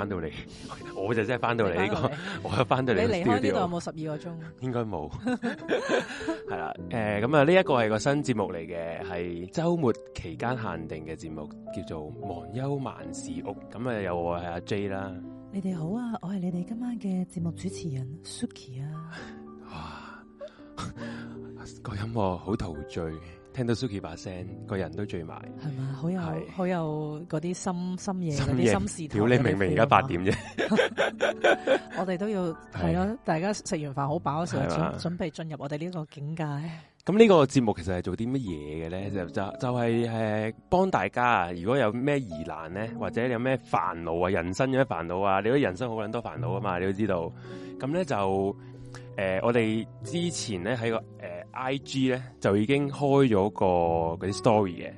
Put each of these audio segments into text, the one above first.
翻到嚟，我就真係翻到嚟呢個，我一翻到嚟。你離開呢度有冇十二個鐘？應該冇。係啦，誒，咁啊，呢一個係個新節目嚟嘅，係周末期間限定嘅節目，叫做忘憂萬事屋。咁啊，有我係阿 J 啦。你哋好啊，我係你哋今晚嘅節目主持人 Suki 啊。哇，個音樂好陶醉。聽到 Suki 把聲，個人都醉埋。係咪？好有好是有嗰啲深深夜心事。屌，你明明現在而家八點啫，我哋都要係咯是。大家食完飯好飽嘅時候，吧準準備進入我哋呢個境界。咁呢個節目其實係做啲乜嘢嘅咧？就就就係、係幫大家啊！如果有咩疑難咧，嗯、或者有咩煩惱啊，人生有咩煩惱啊，你都人生好撚多煩惱啊嘛，嗯、你都知道。咁咧就。誒、呃，我哋之前咧喺個誒、呃、IG 咧就已經開咗個啲 story 嘅，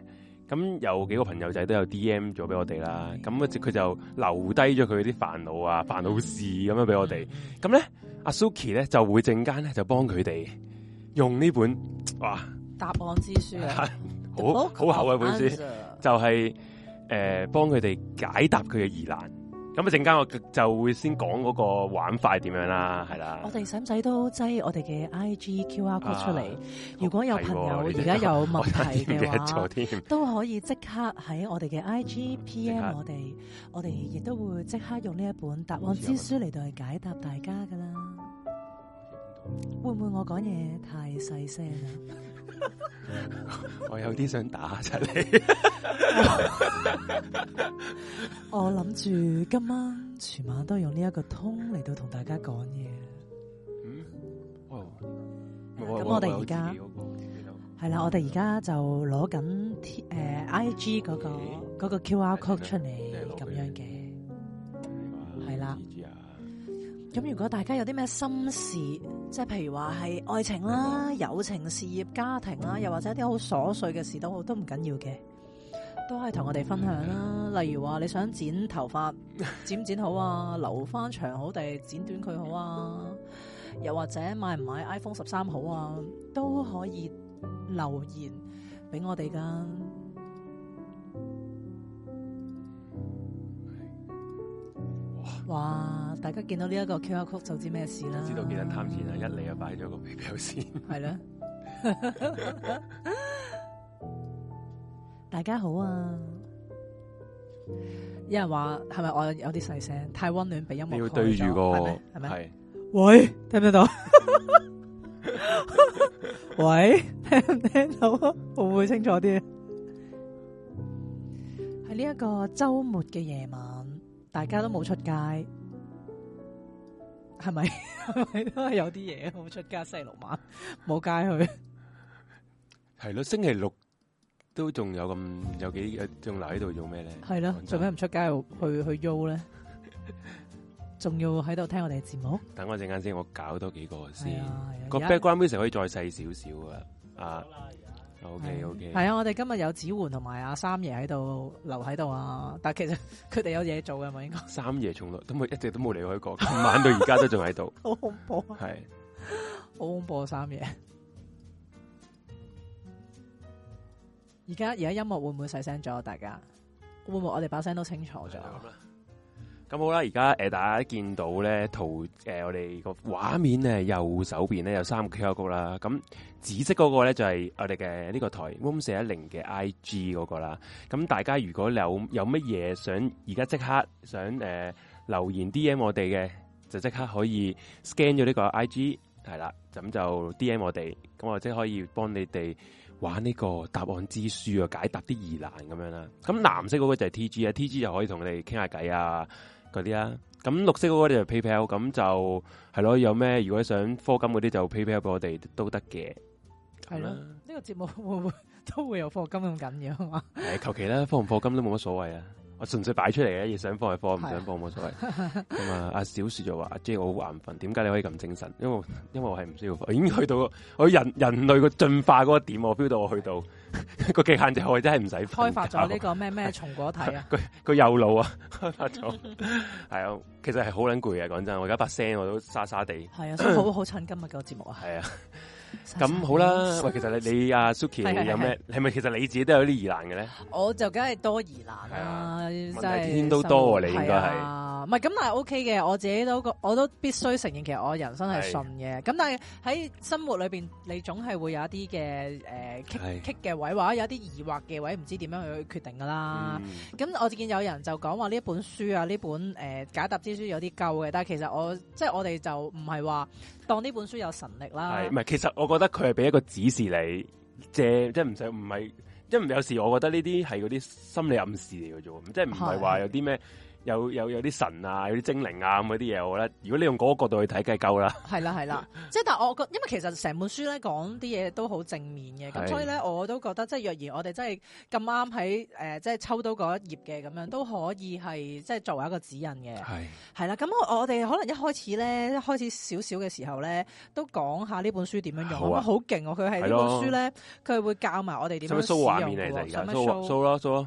咁有幾個朋友仔都有 DM 咗俾我哋啦，咁佢對就留低咗佢啲煩惱啊、煩惱事咁樣俾我哋，咁咧阿 Suki 咧就會陣間咧就幫佢哋用呢本哇答案之書啊，好好 很 Book 厚啊本書，嗯、就係、是、誒、呃、幫佢哋解答佢嘅疑難。咁，一陣間我就會先講嗰個玩法點樣啦，係啦。我哋使唔使都擠我哋嘅 I G Q R code 出嚟？啊、如果有朋友而家有問題嘅話，都可以即刻喺我哋嘅 I G P M，我哋我哋亦都會即刻用呢一本《答案之書》嚟到解答大家噶啦。會唔會我講嘢太細聲呀？ 我有啲想打出嚟，我諗住今晚、全晚都用呢一個通嚟到同大家講嘢。嗯，哦，咁 Yeah, 喂我哋而家係啦，我哋而家就攞緊 T 誒 I G 嗰個、嗯、個 Q R code 出嚟，咁、嗯嗯、樣嘅，係啦。咁如果大家有啲咩心事，即係譬如話係愛情啦、友情、事業、家庭啦，又或者一啲好瑣碎嘅事都好，都唔緊要嘅，都係同我哋分享啦。例如話你想剪頭髮，剪唔剪好啊？留翻長好定剪短佢好啊？又或者買唔買 iPhone 十三好啊？都可以留言俾我哋噶。哇！大家見到呢一個 QR Code，就知咩事啦！知道幾多人貪錢啦，一嚟就擺咗個 B B C。係的 大家好啊！有人話係咪我有啲細聲？太溫暖俾音樂，你要對住個係咪？係是喂，聽唔聽到？ 喂，聽唔聽到？ 會唔會清楚啲？喺呢一個周末嘅夜晚。大家都冇出街，係咪、嗯？咪不 都係有啲嘢，冇出街？ 星期六晚冇街去，係咯。星期六都仲有咁有幾，仲留喺度做咩咧？係咯的，做咩唔出街去去去咧？仲 要喺度聽我哋嘅節目？等我陣間先，我搞多幾個先。個 background music 可以再細少少啊！啊～O K O K，係啊，我哋今日有指煥同埋阿三爺喺度留喺度啊，但係其實佢哋有嘢做嘅嘛應該。三爺從來都冇一直都冇離開過，琴晚到而家都仲喺度。 好恐怖啊！係對，好恐怖、啊、三爺。而家而家音樂會唔會細聲咗？大家會唔會我哋把聲都清楚咗？咁好啦，而家誒，大家見到咧，圖誒、呃，我哋個畫面咧右手邊咧有三個 QR Code 啦。咁紫色嗰個咧就係、是、我哋嘅呢個台 Wom 四一零嘅 I G 嗰個啦。咁大家如果有有乜嘢想而家即刻想誒、呃、留言 D M 我哋嘅，就即刻可以 scan 咗呢個 I G 係啦。咁就 D M 我哋，咁我即可以幫你哋玩呢個答案之書啊，解答啲疑難咁樣啦。咁藍色嗰個就係 T G 啊，T G 就可以同你哋傾下偈啊。嗰啲啊，咁綠色嗰啲就 PayPal，咁就係咯，有咩如果想科金嗰啲就 PayPal 俾我哋都得嘅，係咯的，呢個節目會唔會都會有科金咁緊要？嘛，誒求其啦，科唔科金都冇乜所謂啊。我純粹擺出嚟嘅，要想放係放，唔想放冇是、啊、所謂。咁、 嗯、啊小雪說，阿小樹就話：阿 J 我好眼瞓，點解你可以咁精神？因為因為我係唔需要放，我已經去到我人人類個進化嗰個點，我 feel 到我去到個極是、啊、 限就我真係唔使。開發咗呢個咩咩松果體啊？佢佢右腦啊，開發咗。係 啊，其實係好撚攰啊。講真，我而家把聲我都沙沙地。係啊，所以好好襯今日嘅節目啊。係啊。咁好啦，喂， 其實你你啊 Suki 有咩？係咪其實你自己都有啲疑難嘅咧？我就梗係多疑難啦、啊，的真係天天都多喎、啊。你應該係，唔係咁，但係 O K 嘅。我自己都覺我都必須承認，其實我人生係順嘅。咁是的 但係喺生活裏邊，你總係會有一啲嘅誒棘棘嘅位，或者有一啲疑惑嘅位，唔知點樣去決定噶啦。咁、嗯、我見有人就講話呢一本書啊，呢本誒、呃、解答之書有啲夠嘅，但係其實我即係我哋就唔係話。當呢本書有神力啦，係唔係？其實我覺得佢係俾一個指示你，借即係唔使，唔係，即係有時我覺得呢啲係嗰啲心理暗示嚟嘅啫，即係唔係話有啲咩。有有有啲神啊，有啲精靈啊，咁嗰啲嘢，我覺得如果你用嗰個角度去睇，梗係夠啦。係啦係啦，即係但我覺，因為其實成本書咧講啲嘢都好正面嘅，咁所以咧我都覺得即係若然我哋真係咁啱喺誒，即係抽到嗰一頁嘅咁樣，都可以係即係作為一個指引嘅。係係啦，咁我哋可能一開始咧，一開始少少嘅時候咧，都講下呢本書點樣用，好勁哦！佢係呢本書咧，佢會教埋我哋點樣使用。掃畫面嚟噶，掃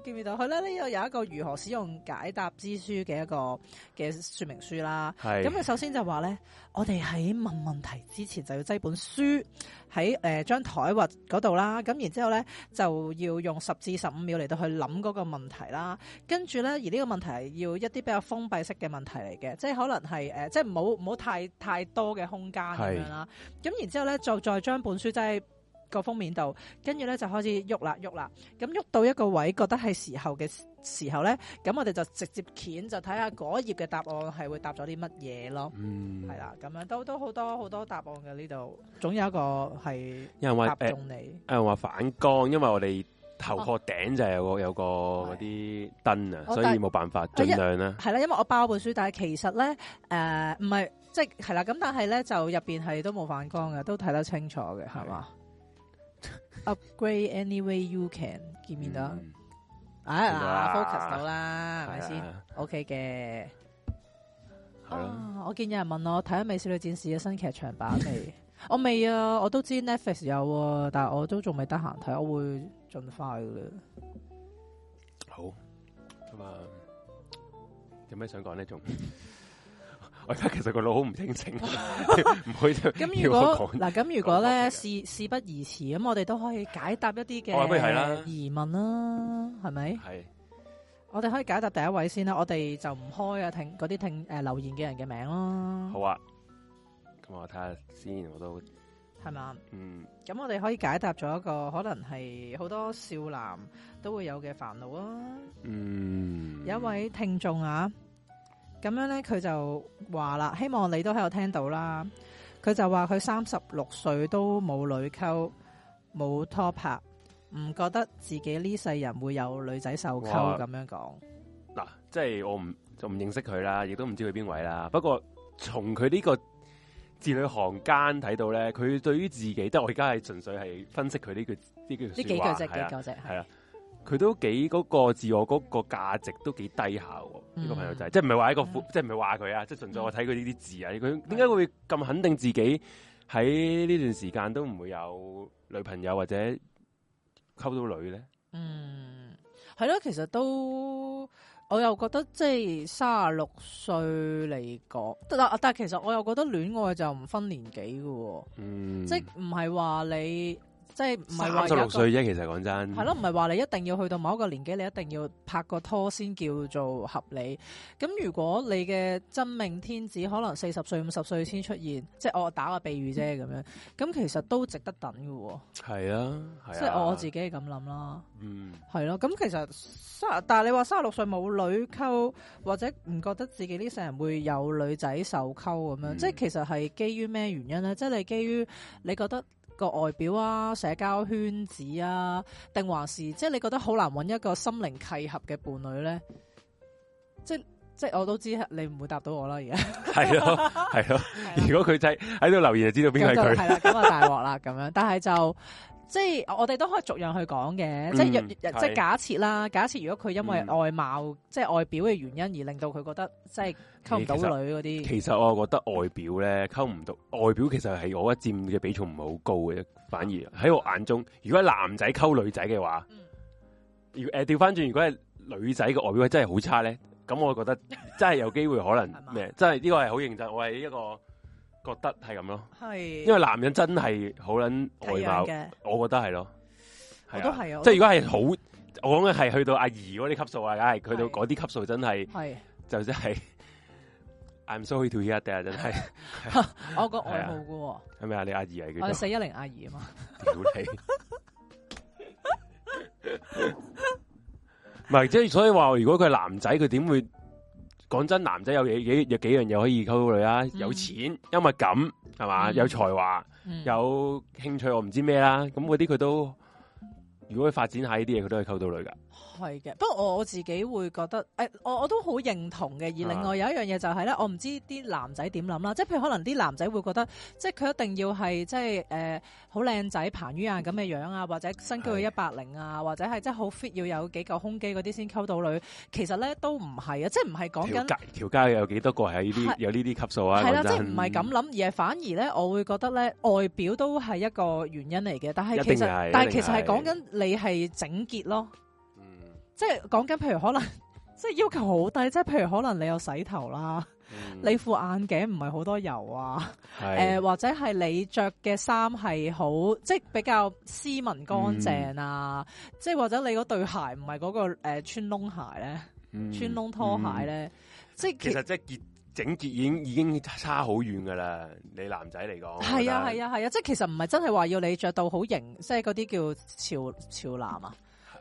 見唔見到佢咧？呢度有一個如何使用解答之書嘅一個嘅說明書啦。係咁佢首先就話咧，我哋喺問問題之前就要擠本書喺誒張台或嗰度啦。咁、呃、然之後咧，就要用十至十五秒嚟到去諗嗰個問題啦。跟住咧，而呢個問題係要一啲比較封閉式嘅問題嚟嘅，即、就、係、是、可能係誒，即係唔好唔好太太多嘅空間咁樣啦。咁是然之後咧，就再將本書即係。個封面度，跟住咧就開始喐啦喐啦，咁喐到一個位，覺得係時候嘅時候咧，咁我哋就直接掀，就睇下嗰頁嘅答案係會答咗啲乜嘢咯。嗯，係啦，咁樣都都好多好多答案嘅呢度，總有一個係答中你。有人話反光，因為我哋頭殼頂就有，、啊、有個有個嗰啲燈啊，的所以冇辦法，盡但量啦。係啦，因為我包本書，但係其實咧，誒、呃，唔係，即係係啦，咁但係咧就入邊係都冇反光嘅，都睇得清楚嘅，係嘛？Upgrade anyway you can，、嗯、見面到，嗯、啊 focus 到啦，係咪先？OK 嘅的吧、啊，我見有人問我睇咗《美少女戰士》嘅新劇場版未？ 我未啊，我都知 Netflix 有、啊，但係我都仲未得閒睇，我會盡快嘅啦。好咁啊，有咩想講呢？仲？ 我真係其實個腦好唔清醒，唔 會咁如果嗱，咁 如果咧 事 事不宜遲，咁我哋都可以解答一啲嘅疑問啦，係咪、哦？係，是是是我哋可以解答第一位先啦、啊，我哋就唔開啊聽嗰啲聽誒、呃、留言嘅人嘅名咯、啊。好啊，咁我睇下先，我都係嘛？吧嗯，咁我哋可以解答咗一個可能係好多少男都會有嘅煩惱啊。嗯，有一位聽眾啊。咁樣咧，佢就話啦，希望你都喺度聽到啦。佢就話佢三十六歲都冇女溝，冇拖拍，唔覺得自己呢世人會有女仔受溝咁樣講。嗱，即係我唔就唔認識佢啦，亦都唔知佢邊位啦。不過從佢呢個字裏行間睇到咧，佢對於自己，即我而家係純粹係分析佢呢句呢句説話，係啊。佢都幾嗰、那個自我嗰個價值都幾低下喎、哦，呢、這個朋友仔、就是，嗯、即係唔係話一個、嗯、即係唔係話佢啊，嗯、即係純粹我睇佢呢啲字啊，佢點解會咁肯定自己喺呢段時間都唔會有女朋友或者溝到女咧？嗯，係咯，其實都我又覺得即係三十六歲嚟講，但但係其實我又覺得戀愛就唔分年紀噶、哦，嗯、即係唔係話你。即係唔係話卅六歲啫，其實講真，係咯，唔係話你一定要去到某一個年紀，你一定要拍個拖先叫做合理。咁如果你嘅真命天子可能四十歲、五十歲先出現，即係我、哦、打個比喻啫咁樣。咁其實都值得等嘅。係啊，即係、啊、我自己係咁諗啦。嗯、啊，係咯。咁其實卅，但係你話卅六歲冇女溝，或者唔覺得自己呢世人會有女仔受溝咁樣，即係其實係基於咩原因咧？即係你基於你覺得。個外表啊，社交圈子啊，定還是即係你覺得好難揾一個心靈契合嘅伴侶咧？即係即係我都知你唔會答到我啦，而家係咯係咯， 了如果佢仔喺度留言，就知道邊個係佢係啦，咁啊大鑊啦咁樣，但係就。即係我哋都可以逐樣去講嘅，嗯、即係即係假設啦。嗯、假設如果佢因為外貌，嗯、即係外表嘅原因而令到佢覺得即係溝唔到女嗰啲，其實我覺得外表咧溝唔到，嗯、外表其實係我覺得佔嘅比重唔係好高嘅。嗯、反而喺我眼中，如果係男仔溝女仔嘅話，要誒調翻轉，如果係女仔嘅外表真係好差咧，咁我覺得真係有機會可能咩？ 是嗎真係呢個係好認真，我係一個。覺得係咁咯，因為男人真係好捻外貌，我覺得係咯，我都係，即係如果係好，我講嘅係去到阿姨嗰啲級數啊，梗係去到嗰啲級數真係，係就真係，I'm sorry to you，但係真係，我個外貌噶，係咪啊？你阿姨啊？我四一零阿姨啊嘛，屌你，唔係即係所以話，如果佢係男仔，佢點會？講真，男仔有幾有幾有幾樣嘢可以溝到女啦，有錢、音樂感，係嘛，嗯、有才華，有興趣，我唔知咩啦，咁嗰啲佢都如果佢發展下呢啲嘢，佢都可以溝到女噶。係嘅，不過我自己會覺得，誒、哎，我我都好認同嘅。而另外有一樣嘢就係、是、咧，我唔知啲男仔點諗啦，即係譬如可能啲男仔會覺得，即係佢一定要係即係誒，好、呃、靚仔、彭于晏咁嘅樣啊，或者身高要一百零啊，或者係即係好 fit 要有幾嚿胸肌嗰啲先溝到女。其實咧都唔係是啊，即係唔係講緊隔條街有幾多個係呢啲有呢啲級數啊？係啦正，即係唔係咁諗，而係反而咧我會覺得咧外表都係一個原因嚟嘅。但係其實但係其實係講緊你係整潔咯。即係講緊，譬如可能即係、就是、要求好低，即係譬如可能你有洗頭啦，嗯、你副眼鏡唔係好多油啊，誒係、呃、或者係你着嘅衫係好即係比較斯文乾淨、嗯、啊，即係或者你嗰對鞋唔係嗰個誒穿窿鞋咧，穿窿、嗯、拖鞋咧，即係、嗯嗯、其實即係整潔已經已經差好遠噶啦，你男仔嚟講係啊係啊係啊，即係、啊啊啊就是、其實唔係真係話要你着到好型，即係嗰啲叫潮潮男啊。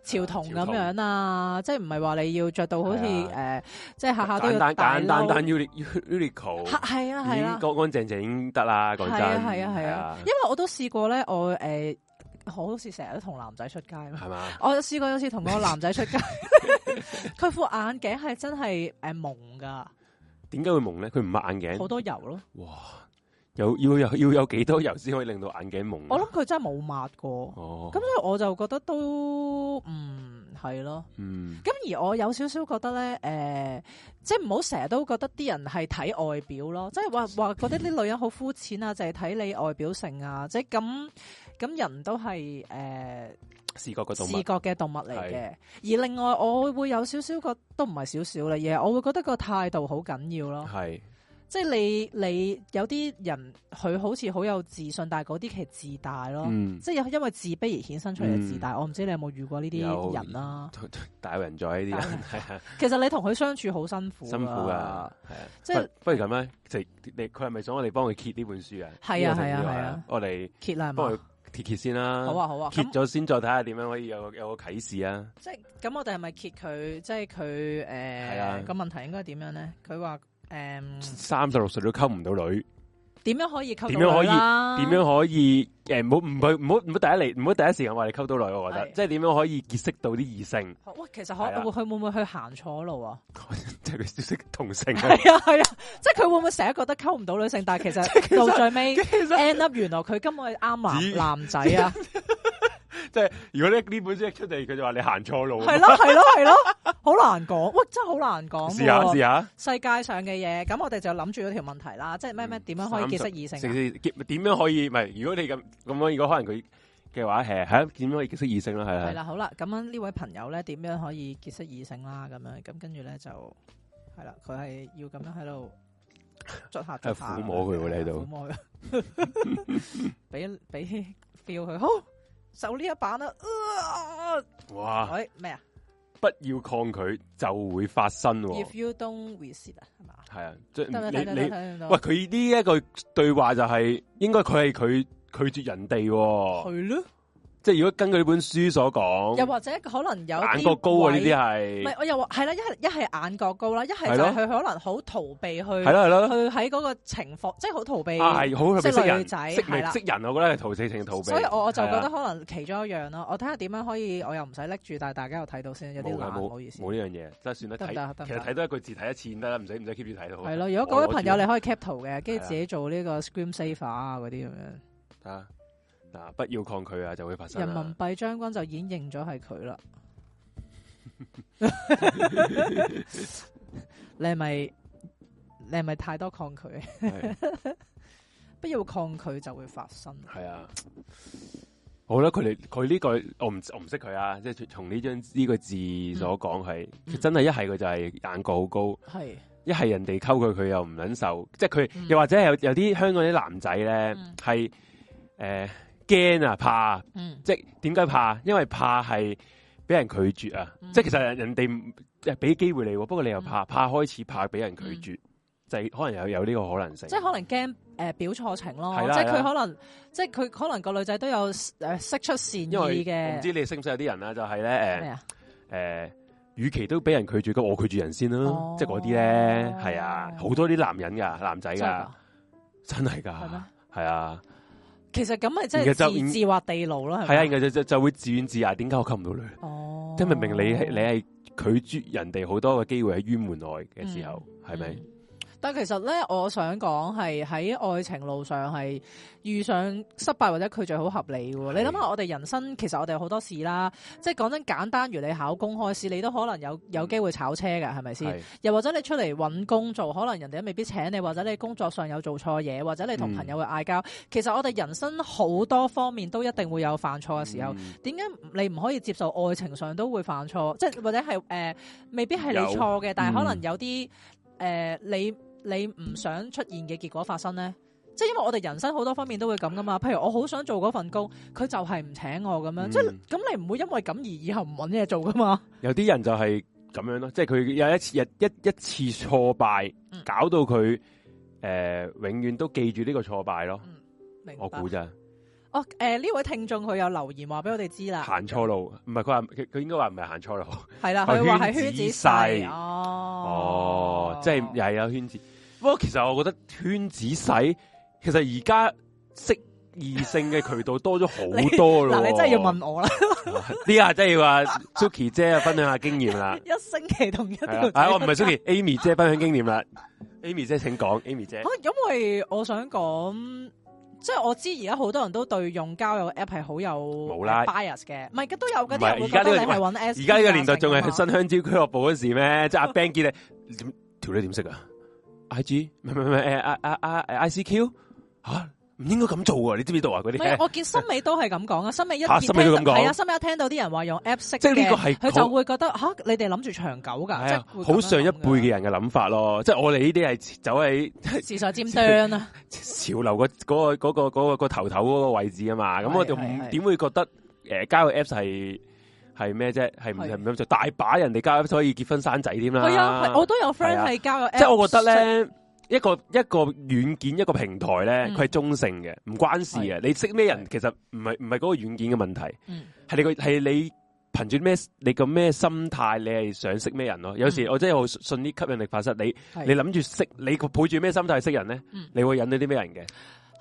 潮童咁樣啊，即係唔係話你要着到好似誒，即係下下都要，簡簡單單，Uniqlo，係啊係啊，乾乾淨淨得啦。講真係啊係啊，因為我都試過咧，我誒，好似成日都同男仔出街嘛，係嘛，我試過有次同個男仔出街，佢副眼鏡係真係誒蒙噶，點解會蒙咧？佢唔抹眼鏡，好多油咯。有要有要有幾多油先可以令到眼鏡蒙？我諗佢真係冇抹過，咁、oh. 所以我就覺得都唔係咯。嗯，咁、嗯、而我有少少覺得咧，誒、呃，即係唔好成日都覺得啲人係睇外表咯，即係話話覺得啲女人好膚淺啊，淨係睇你外表性啊，即係咁咁人都係誒、呃、視覺嘅動物，視覺嘅動物嚟嘅。是而另外我會有少少覺得都唔係少少啦，而我會覺得個態度好緊要咯。係。即係你你有啲人佢好似好有自信，但係嗰啲其實自大咯。即係因為自卑而衍生出嚟嘅自大。我唔知你有冇遇過呢啲人啦。大人在呢啲，係啊。其實你同佢相處好辛苦。辛苦噶，係啊。即係不如咁咧，佢係咪想我哋幫佢揭呢本書啊？係啊係啊，係啊。我哋揭啦，係咪？幫佢揭揭先啦。好啊好啊，揭咗先再睇下點樣可以有有個啟示啊。即係咁，我哋係咪揭佢？即係佢誒個問題應該點樣咧？佢話。誒，三十六歲都溝唔到女，點樣可以溝？點樣可以？點樣可以？誒，唔好唔唔好唔好第一嚟，唔好第一時間話你溝到女，我覺得，即係點樣可以結識到啲異性？其實可佢會唔會去行錯路啊？即係佢識同性係啊係啊，即係佢會唔會成日覺得溝唔到女性？但係其實到最尾，end up 原來佢根本係啱男男仔啊。即係如果呢呢本書一出嚟，佢就話你行錯路是的。係咯係咯係咯，好難講，哇真係好難講。試下試下，試下世界上嘅嘢咁，我哋就諗住嗰條問題啦，即係咩咩點樣可以結識異性，啊？點樣可以係？如果你咁咁樣，如果可能佢嘅話，係係點樣可以結識異性咯？係啦，係啦，好啦，咁樣呢位朋友咧，點樣可以結識異性啦，啊？咁樣咁跟住咧就係啦，佢係要咁樣喺度捽下撫、啊、摸佢喎，喺度對，俾俾 feel 佢好。 就呢一版啦、啊！呃、哇，喂麼，咩啊？不要抗拒，就會發生、喎。If you don't wish it，係嘛？係啊，即係等你等等你等等喂佢呢一句對話就係應該佢係佢拒絕人哋喎，係咯。即係如果根據呢本書所講，又或者可能有眼角高啊？呢啲係唔係？我又話係啦，一係一係眼角高啦，一係就係佢可能好逃避去係咯係咯，去喺嗰個情況，即係好逃避。係好，即係女仔識識人，我覺得係逃避情逃避。所以，我我就覺得可能其中一樣咯。我睇下點樣可以，我又唔使拎住，但係大家又睇到先，有啲難唔好意思。冇呢樣嘢，即係算得睇。其實睇多一個字睇一次得啦，唔使唔使 keep 住睇到。係咯，如果嗰位朋友你可以 cap 圖嘅，跟住自己做呢個 screen saver 啊嗰啲咁樣。得。啊！不要抗拒啊，就會發生，啊。人民幣將軍就已經認咗係佢啦。你係咪你係咪太多抗拒？ 啊、 不要抗拒就會發生。係啊，我覺得佢哋佢呢句，我唔、這個、我唔識佢啊。即、就、係、是、從呢張呢、這個字所講係，嗯、真係一係佢就係眼角好高，係一係人哋溝佢佢又唔忍受，嗯、即係佢又或者有有啲香港啲男仔咧係誒。嗯驚啊，怕，即係點解怕？因為怕係俾人拒絕啊！即係其實人哋即係俾機會你，不過你又怕，怕開始怕俾人拒絕，就係可能有有呢個可能性。即係可能驚誒表錯情咯，即係佢可能，即係佢可能個女仔都有誒釋出善意嘅。唔知你識唔識有啲人啊？就係咧誒誒，與其都俾人拒絕，咁我拒絕人先囉。即係嗰啲咧係啊，好多啲男人噶男仔噶，真係噶係啊。其實咁咪即係自怨自挖地牢咯，係啊，就就就會自怨自艾，點解我吸唔到女？聽、哦、明唔明你？你係你係拒絕人哋好多嘅機會喺冤門外嘅時候，係咪、嗯？嗯但其實咧，我想講係喺愛情路上係遇上失敗或者拒絕好合理嘅。是的 你諗下，我哋人生其實我哋好多事啦，即係講真簡單，如你考公開試，你都可能有有機會炒車嘅，係咪先？是的 又或者你出嚟搵工做，可能人哋都未必請你，或者你工作上有做錯嘢，或者你同朋友會嗌交。嗯、其實我哋人生好多方面都一定會有犯錯嘅時候。點解、嗯、你唔可以接受愛情上都會犯錯？即係或者係誒、呃，未必係你錯嘅，嗯、但係可能有啲誒、呃、你。你唔想出現嘅結果發生咧，即係因為我哋人生好多方面都會咁噶嘛。譬如我好想做嗰份工，佢就係唔請我咁、嗯、樣，樣，即係咁你唔會因為咁而以後唔揾嘢做噶嘛？有啲人就係咁樣咯，即係佢有一次一一一,一次挫敗，嗯、搞到佢誒、呃、永遠都記住呢個挫敗咯。白我估咋？哦誒呢、呃、位聽眾佢有留言話俾我哋知啦，行錯路唔係佢話佢應該話唔係行錯路，係啦佢話係圈子細哦哦，哦即係又係有圈子。不過其實我覺得圈子細，其實而家識異性嘅渠道多咗好多咯。嗱，你真係要問我啦，呢下真係要話 Suki 姐分享下經驗啦。一星期同一度，係我唔係 Suki，Amy 姐分享經驗啦。Amy 姐請講，Amy 姐。因為我想講，即係我知而家好多人都對用交友 app 係好有 bias 嘅，唔係嘅都有嘅。而家呢個年代仲係新香蕉俱樂部嗰時咩？即係阿 Ben 見你點條女點識啊？I G 唔唔唔誒，I C Q 吓、啊，唔應該咁做啊！你知唔知道啊？嗰啲是 我見森美都係咁講啊，森美一森美咁講，係啊，森美一聽到啲人話用 app 識，即係呢個係佢就會覺得吓好、啊，你哋諗住長久噶，好、啊、上一輩嘅人嘅諗法咯，即係 我哋呢啲係走喺時勢尖端啊， 潮流個、嗰個嗰、嗰個、嗰個嗰個、嗰個頭頭嗰個位置啊嘛，咁對我就點會覺得誒，交、呃、個 app 係。係咩啫？係唔係咁做？大把人哋交所以結婚生仔添啦。係啊，我都有 friend 係交友，即係我覺得咧，一個一個軟件一個平台咧，佢係中性嘅，唔關事嘅。你識咩人，其實唔係唔係嗰個軟件嘅問題。嗯，係你個係你憑住咩？你個咩心態？你係想識咩人咯？有時我真係好信啲吸引力法則。你你諗住識你抱住咩心態識人咧？你會引到啲咩人嘅？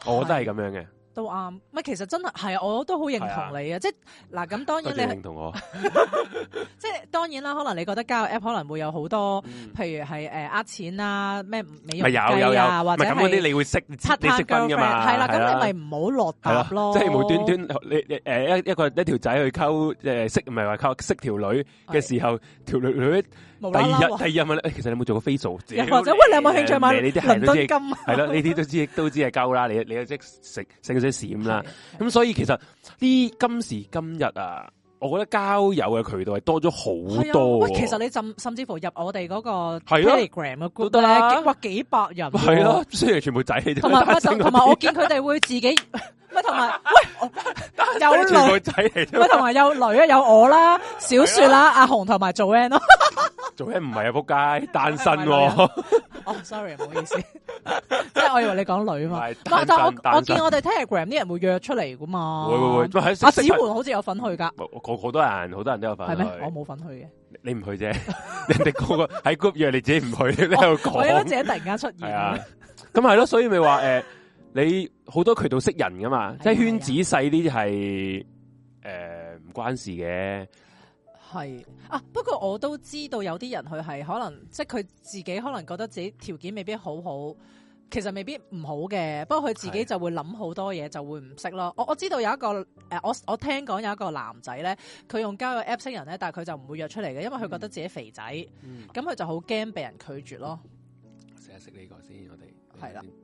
我覺得係咁樣嘅。都啱，唔係其實真係係，我都好認同你啊！即係嗱，咁當然你認同我即，即係當然啦。可能你覺得交友 app 可能會有好多，嗯、譬如係誒呃錢啊，咩美容計啊，或者咁嗰啲，你會識七天 girlfriend 係啦。咁你咪唔好落搭咯。即、就、係、是、無端端你誒、呃、一一個一條仔去溝誒、呃、識唔係話溝識條女嘅時，時候，條女女。第二日，第二日咧，其實你有冇做過 facial？又或者，喂，你有冇興趣買呢啲倫敦金？係啦，呢啲都知，都知係夠啦。你，你又即係食成日閃啦。咁所以其實呢今時今日啊，我覺得交友嘅渠道係多咗好多。喂，其實你甚甚至乎入我哋嗰個 Telegram 嘅 group 咧，幾幾百人。係咯，雖然全部仔同埋，同埋我見佢哋會自己。同埋，有女仔，咪同埋有女啊，有我啦，小雪啦，阿紅同埋做 N 咯，做 N 唔係啊仆街，單身喎。哦 sorry，唔好意思，即係我以為你講女啊嘛。但係我我見我哋 Telegram 啲人會約出嚟噶嘛。會會會，阿子桓好似有份去噶。個好多人，好多人都有份去。係咪？我冇份去嘅。你唔去啫？人哋個個喺 group 約你自己唔去，你喺度講。你都自己突然間出現。啊。咁係咯，所以咪話誒，你。好多渠道識人噶嘛，的啊、即係圈子細啲係誒唔關事嘅，係啊。不過我都知道有啲人佢係可能即係佢自己可能覺得自己條件未必好好，其實未必唔好嘅。不過佢自己就會諗好多嘢，就會唔識咯。是的 我我知道有一個誒、呃，我我聽講有一個男仔咧，佢用交友 app 識人咧，但係佢就唔會約出嚟嘅，因為佢覺得自己肥仔，咁佢、嗯、就好驚俾人拒絕咯。成日識呢個先，我哋係啦。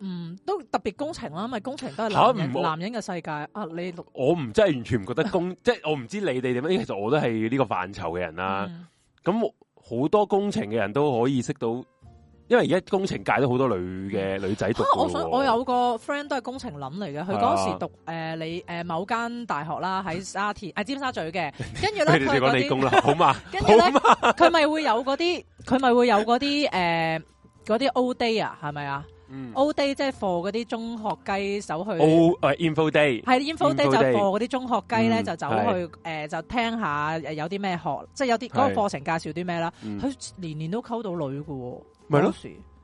嗯，都特別工程啦，因為工程都係男人、啊、男人嘅世界我啊！你我唔真係完全唔覺得工，即係 我唔知你哋點樣。其實我都係呢個範疇嘅人啦。咁好、嗯、多工程嘅人都可以識到，因為而家工程界都好多女嘅女仔、啊、我想我有個 friend 都係工程諗嚟嘅，佢嗰時讀誒是、啊呃、你誒、呃、某間大學啦，喺沙田誒尖沙咀嘅。跟住咧佢就講理工啦，好嘛？跟住佢咪會有嗰啲，佢咪會有嗰啲誒嗰啲 old day 啊？係咪啊？O day 即係 for 嗰啲中學雞走去，誒，Info Day，係 Info Day 就 for 嗰啲中學雞咧就走去誒就聽下有啲咩學，即係有啲嗰個課程介紹啲咩啦。佢年年都溝到女嘅，咪咯，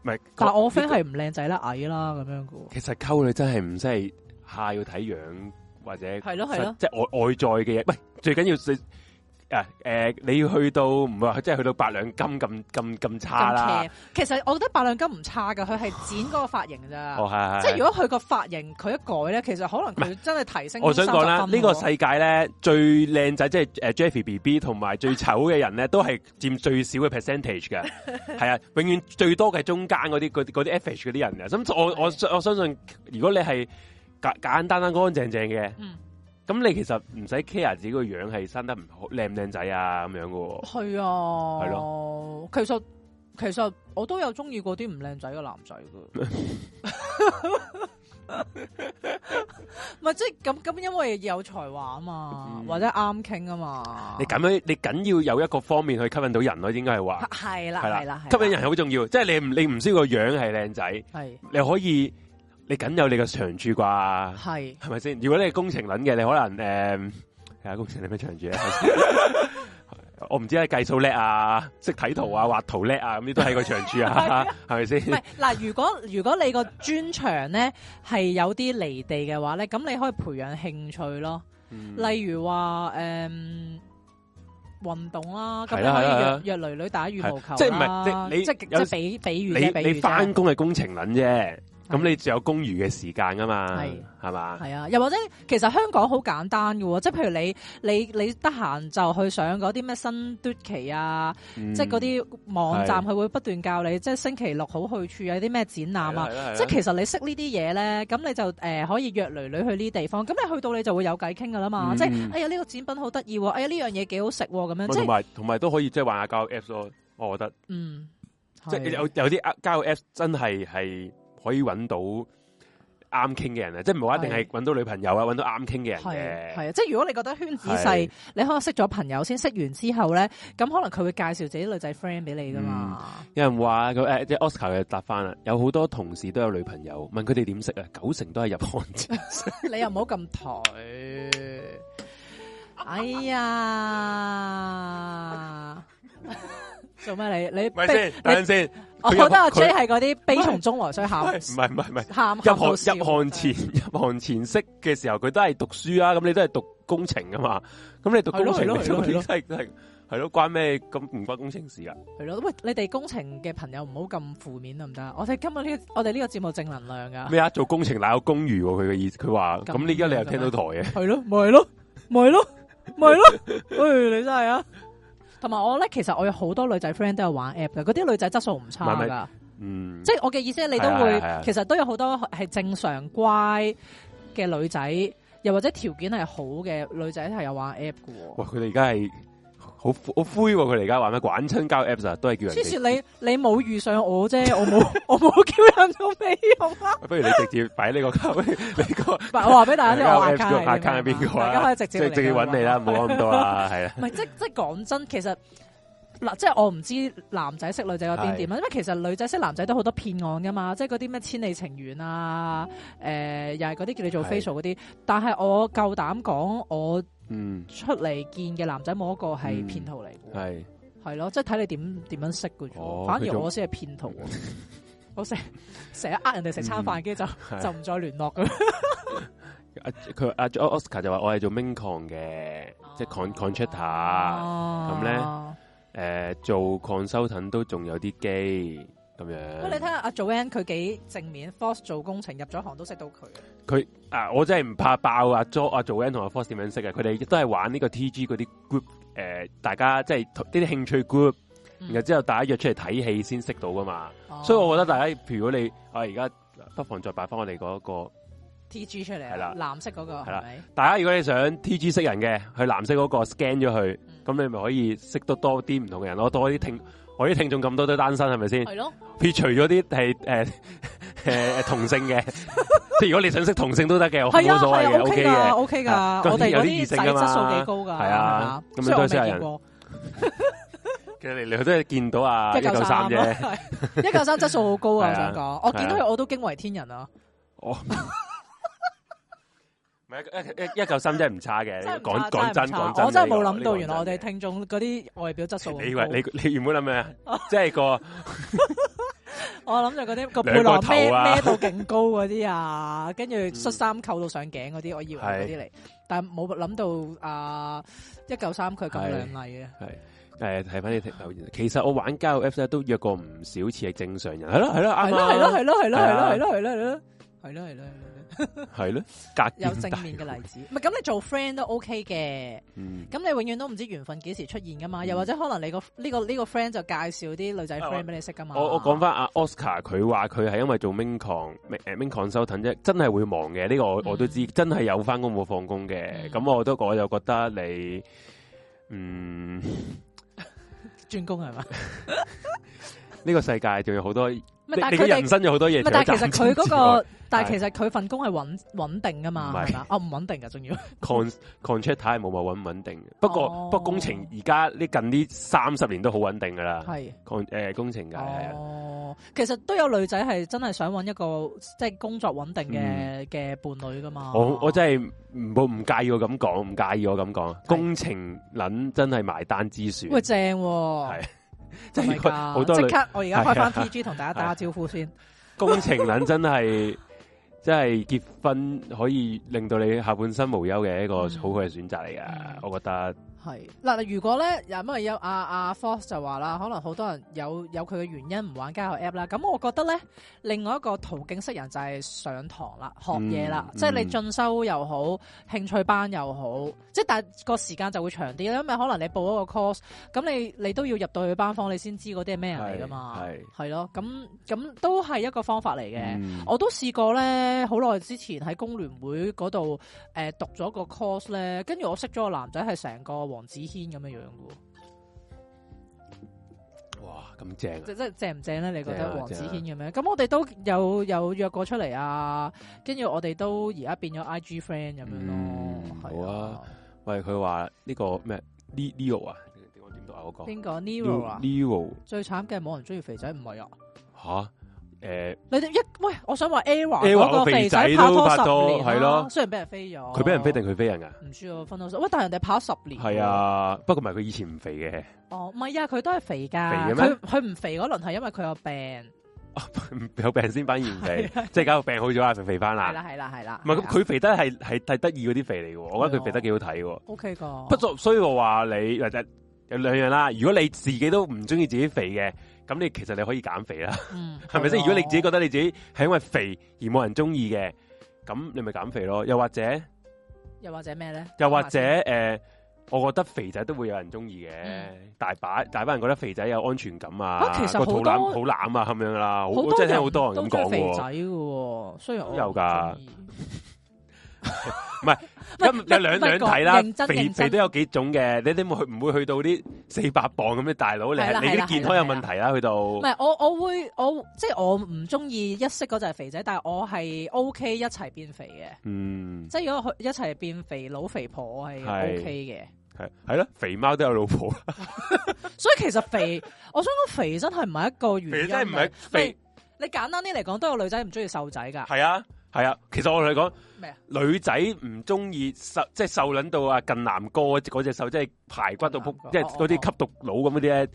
咪。但係我 friend 係唔靚仔啦，矮啦咁樣嘅。其實溝女真係唔使係下要睇樣或者係咯係咯，即係外外在嘅嘢。喂，最緊要誒，誒、啊呃，你要去到唔會話，即係去到八兩金咁咁咁差啦。其實我覺得八兩金唔差噶，佢係剪嗰個髮型噶咋。哦，係即係如果佢個髮型佢一改咧，其實可能佢真係提升。我想講啦，呢、呢個世界咧最靚仔即係誒 Jeffy B B 同埋最醜嘅人咧都係佔最少嘅 percentage 㗎。係 啊，永遠最多嘅係中間嗰啲嗰啲嗰啲嗰啲人嘅。咁我我我相信，如果你係簡簡單單乾淨淨嘅。嗯咁你其實唔使 care 自己個樣係生得唔好靚唔靚仔啊咁樣噶喎。係啊，係咯。其實其實我都有中意過啲唔靚仔嘅男仔噶。唔係即係咁咁，因為有才華啊嘛，嗯、或者啱傾啊嘛。你咁樣，你緊要有一個方面去吸引到人咯，應該係話。係啊，係啦係啦係吸引人係好重要。即係你唔你唔需要個樣係靚仔，係你可以。你梗有你個長處啩？係係咪先？如果你係工程輪嘅，你可能誒，係啊，工程你咩長處啊？我唔知係計數叻啊，識睇圖啊，畫圖叻啊，咁啲都係個長處啊？係咪先？唔係嗱，如果如果你個專長咧係有啲離地嘅話咧，咁你可以培養興趣咯。例如話誒運動啦，咁可以約約囡囡打羽毛球即係唔係？你即係即比比喻咧？你翻工係工程輪啫。咁你就有公餘嘅時間噶嘛？係係嘛？係啊吧！又或者，其實香港好簡單噶，即係譬如你你你得閒就去上嗰啲咩新 Doot 期啊，嗯、即係嗰啲網站佢會不斷教你，的即係星期六好去處有啲咩展覽啊。即係其實你識呢啲嘢咧，咁你就誒、呃、可以約女女去呢啲地方。咁你去到你就會有偈傾噶啦嘛。嗯、即係哎呀呢、這個展品好得意，哎呀呢樣嘢幾好食咁樣。同埋同埋都可以即係玩下交友 app 咯。我覺得，嗯，即係有有啲交友 app 真係係。可以揾到啱傾嘅人啊，即係唔係話一定係揾到女朋友啊，揾是到啱傾嘅人嘅，係啊，即係如果你覺得圈子細，是你可能識咗朋友先，識完之後咧，咁可能佢會介紹自己女仔 friend 俾你噶嘛，嗯。有人話佢誒，即係 Oscar 又答翻啦，有好多同事都有女朋友，問佢哋點識啊，九成都係入行啫。 你又唔好咁抬， 哎呀， 做咩你你？咪先等陣先。我覺得阿 J 係嗰啲悲從中來，所以喊唔係唔係唔係，入行入行前入行前識嘅時候，佢都係讀書啊。咁你都係讀工程啊嘛？咁你讀工程嘅重係都係係咯，關咩咁唔關工程事啊？係咯，喂，你哋工程嘅朋友唔好咁負面得唔得啊！我哋今日呢我哋呢個節目正能量噶。咩啊？做工程哪有公寓喎，佢嘅意思，佢話咁，你而家你又聽到台嘅係咯，咪咯，咪咯，咪咯，喂，你真係啊！同埋我咧，其實我有好多女仔 friend 都有玩 app 嘅，嗰啲女仔質素唔差㗎，嗯，即我嘅意思係你都會，啊啊啊、其實都有好多係正常乖嘅女仔，又或者條件係好嘅女仔係有玩 app 㗎喎。喂，佢哋而家係。好好灰喎，佢而家話咩？滾親交友 Apps 啊，都係叫人。黐線，你你冇遇上我啫，我冇我冇叫人做美容啊！不如你直接擺喺呢個呢個。我話俾大家聽，account 係邊個啊？大家可以直接直接揾你啦，唔好講咁多啦，係啊。唔係，即即講真，其實。嗱，即係我唔知男仔識女仔個點點，因為其實女仔識男仔都好多騙案噶嘛，即係嗰啲咩千里情緣啊，誒又係嗰啲叫你做 facial 嗰啲，但係我夠膽講我，嗯，出嚟見嘅男仔冇一個係騙徒嚟嘅，係係咯，即係睇你點點樣識嘅。反而我先係騙徒，我成日呃人哋食餐飯，跟住就就唔再聯絡㗎喇。佢阿 Oscar 就話我係做 main con 嘅，即係 con contractor 咁咧。誒、呃，做抗收躉都仲有啲機咁樣。不過你睇下阿 Joan 佢幾正面，Force 做工程入咗行都識到佢。佢啊，我真係唔怕爆阿、啊啊、Jo 阿 Joan 同阿 Force 點樣識嘅。佢哋都係玩呢個 T G 嗰啲 group，誒，大家即係呢啲興趣 group，然後之後大家約出嚟睇戲先識到㗎嘛。嗯、所以我覺得大家，譬如果你啊而家不妨再擺翻我哋嗰、嗰個。個。T G 出嚟係啦，藍色嗰個係咪？大家如果你想 T G 識人嘅，去藍色嗰個 scan 咗佢，咁你咪可以識得多啲唔同嘅人咯。多啲聽我啲聽眾咁多都單身係咪先？係咯，撇除咗啲係誒誒同性嘅，即係如果你想識同性都得嘅，係係 OK 嘅 OK 噶。我哋有啲異性質素幾高噶，係啊，仲未見過。其實你你都係見到啊，一九三啫，一九三質素好高啊！我想講，我見到佢我都驚為天人啊！我。唔係一一一舊衫真係唔差嘅，講講真講真，我真係冇諗到，原來我哋聽眾嗰啲外表質素，你以為你你原本諗咩？即係個，我諗住嗰啲個背囊孭孭到勁高嗰啲啊，跟住恤衫扣到上頸嗰啲，我以為嗰啲嚟，但係冇諗到啊，一舊衫佢咁靚麗啊！係誒，睇翻啲留言，其實我玩交友 Apps 咧都約過唔少次係正常人，係咯係咯係咯係咯係咯係咯係咯係咯係咯係咯係咯。係咯， 有正面嘅例子。唔係咁，你做 friend 都 OK 嘅。咁、嗯、你永遠都唔知緣分幾時出現噶嘛？嗯、又或者可能你、這個呢、這個呢、這個 friend 就介紹啲女仔 friend 俾你識噶嘛？我我講翻阿 Oscar，佢話佢係因為做 mincon，mincon 收緊啫，Sultan，真係會忙嘅。呢、這個我我都知，真係有翻工冇放工嘅。咁、嗯、我都我又覺得你，嗯，轉 工係嘛？呢 個世界仲有好多。但佢人生有好多嘢。但係其實佢嗰個，但係其實佢份工係穩穩定噶嘛，係咪啊？哦，唔穩定啊，仲要 contract 睇係冇話穩唔穩定。不過不過工程而家呢近呢三十年都好穩定噶啦。係。Con 誒工程界係啊。哦，其實都有女仔係真係想搵一個即係工作穩定嘅嘅伴侶噶嘛。我我真係唔唔介意我咁講，唔介意我咁講。工程撚真係埋單之選。喂，正。係。真係噶， 即我多刻我而家開翻 TG 同、啊、大家打下招呼先、啊啊。工程撚真係，即係 結婚可以令到你下半身無憂嘅一個好嘅選擇嚟噶，嗯、我覺得。係嗱，如果咧，因為有阿阿 Fox 就話啦，可能好多人有有佢嘅原因唔玩交友 App 啦。咁我覺得咧，另外一個途徑識人就係上堂啦，學嘢啦，即係、嗯、你進修又好，嗯、興趣班又好，即係但係個時間就會長啲啦。因為可能你報一個 course，咁你你都要入到去班房，你先知嗰啲係咩人嚟噶嘛。係係咯，咁咁都係一個方法嚟嘅。嗯、我都試過咧，好耐之前喺工聯會嗰度誒讀咗個 course 咧，跟住我識咗個男仔係成個。黃子軒咁樣樣喎，哇咁正、啊、正！即即正唔正咧？你覺得黃子軒咁樣？咁、啊啊、我哋都有有約過出嚟啊，跟住我哋都而家變咗 IG friend 咁樣咯。嗯、啊好啊，嗯、喂，佢話呢個咩？Neo 啊？點我點讀啊？我講邊、那個 Neo 啊？Neo 最慘嘅冇人中意肥仔唔係啊？吓？誒，你哋一喂，我想話 Air，嗰個肥仔拍拖十年，係咯，雖然俾人飛咗，佢俾人飛定佢飛人噶？唔知啊，分到手。喂，但係人哋跑十年，係啊，不過唔係佢以前唔肥嘅。哦，唔係啊，佢都係肥噶，佢佢唔肥嗰輪係因為佢有病，有病先反而唔肥，即係搞到病好咗啊，肥翻啦，係啦係啦係啦。唔係咁，佢肥得係係係得意嗰啲肥嚟嘅，我覺得佢肥得幾好睇嘅，OK 噶。不過，所以我話你誒。有兩樣啦，如果你自己都唔中意自己肥嘅，咁你其實你可以減肥啦，係咪先？是是嗯、如果你自己覺得你自己係因為肥而冇人中意嘅，咁你咪減肥咯。又或者，又或者咩咧？又或者誒、呃，我覺得肥仔都會有人中意嘅，大把大把人覺得肥仔有安全感啊，個、啊、肚腩好攬啊，咁樣啦、啊，我真係聽好多人咁講喎。有㗎。唔係，咁有兩兩樣睇啦，肥肥都有幾種嘅，你你唔去唔會去到啲四百磅咁嘅大佬嚟，你啲健康有問題啦，去到。唔係，我我會我即係我唔中意一式嗰就係肥仔，但係我係 O K 一齊變肥嘅，嗯，即係如果一齊變肥老肥婆，我係 O K 嘅，係係咯，肥貓都有老婆，所以其實肥，我想講肥真係唔係一個原因，唔係肥你簡單啲嚟講，都有女仔唔中意瘦仔噶，係啊。係啊，其實我同你講，女仔唔中意瘦，即係瘦撚到啊近南哥嗰隻瘦，即係排骨到扑，即係嗰啲吸毒佬咁嗰啲咧，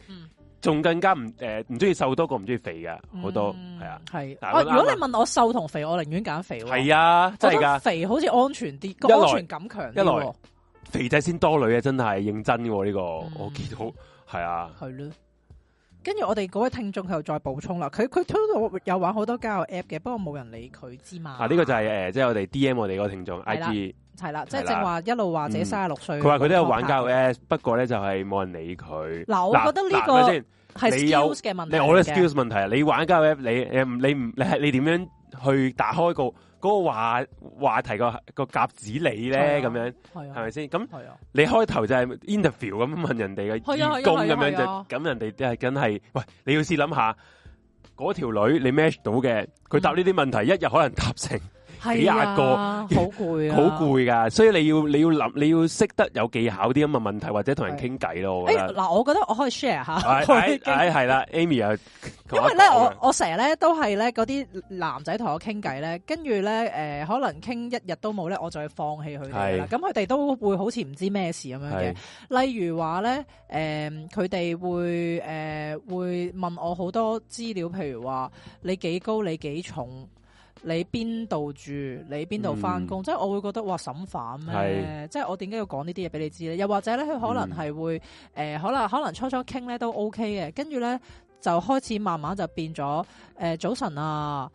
仲更加唔誒唔中意瘦多過唔中意肥噶好多係啊。係如果你問我瘦同肥，我寧願揀肥。係啊，真係噶，肥好似安全啲，安全感強。一來肥仔先多女啊，真係認真喎。呢個，我見到係啊，係咯。跟住我哋嗰位聽眾佢又再補充啦，佢佢都有玩好多交友 app 嘅，不過冇人理佢之嘛。啊，呢個就係誒，即係我哋 D.M 我哋嗰個聽眾 I.G。係啦了，即係正話一路話者三十六歲。佢話佢都有玩交友 app，不過咧就係冇人理佢。嗱，我覺得呢個係 skills 嘅問題。你我啲 skills 問題啊？你玩交友 app，你誒你唔你係你點樣去打開個？嗰話話題、那個個夾子你咧咁樣，係咪先？咁、啊、你開頭就係 interview 咁問人哋嘅義工咁、啊啊、樣，就咁、啊啊啊啊、人哋都係梗係喂，你要試諗下嗰條女你 match 到嘅，佢答呢啲問題、嗯、一日可能答成。 是啊、幾廿個，好攰啊，好攰噶，所以你要你要諗，你要識得有技巧啲咁嘅問題，或者同人傾偈咯。誒，嗱，我覺得我可以 share 下！我啲經驗係啦，Amy 啊！因為咧，我我成日咧都係咧嗰啲男仔同我傾偈咧，跟住咧誒，可能傾一日都冇咧，我就會放棄佢哋啦。咁佢哋都會好似唔知咩事咁樣嘅。對 例如話咧，誒、呃，佢哋會誒、呃、會問我好多資料，譬如話你幾高，你幾重。你邊度住？你邊度翻工？嗯、即係我會覺得哇，審犯咩？係即係我點解要講呢啲嘢俾你知咧？又或者咧，佢可能係會可能、嗯呃、可能初初傾咧都 OK 嘅，跟住咧就開始慢慢就變咗誒、呃，早晨啊，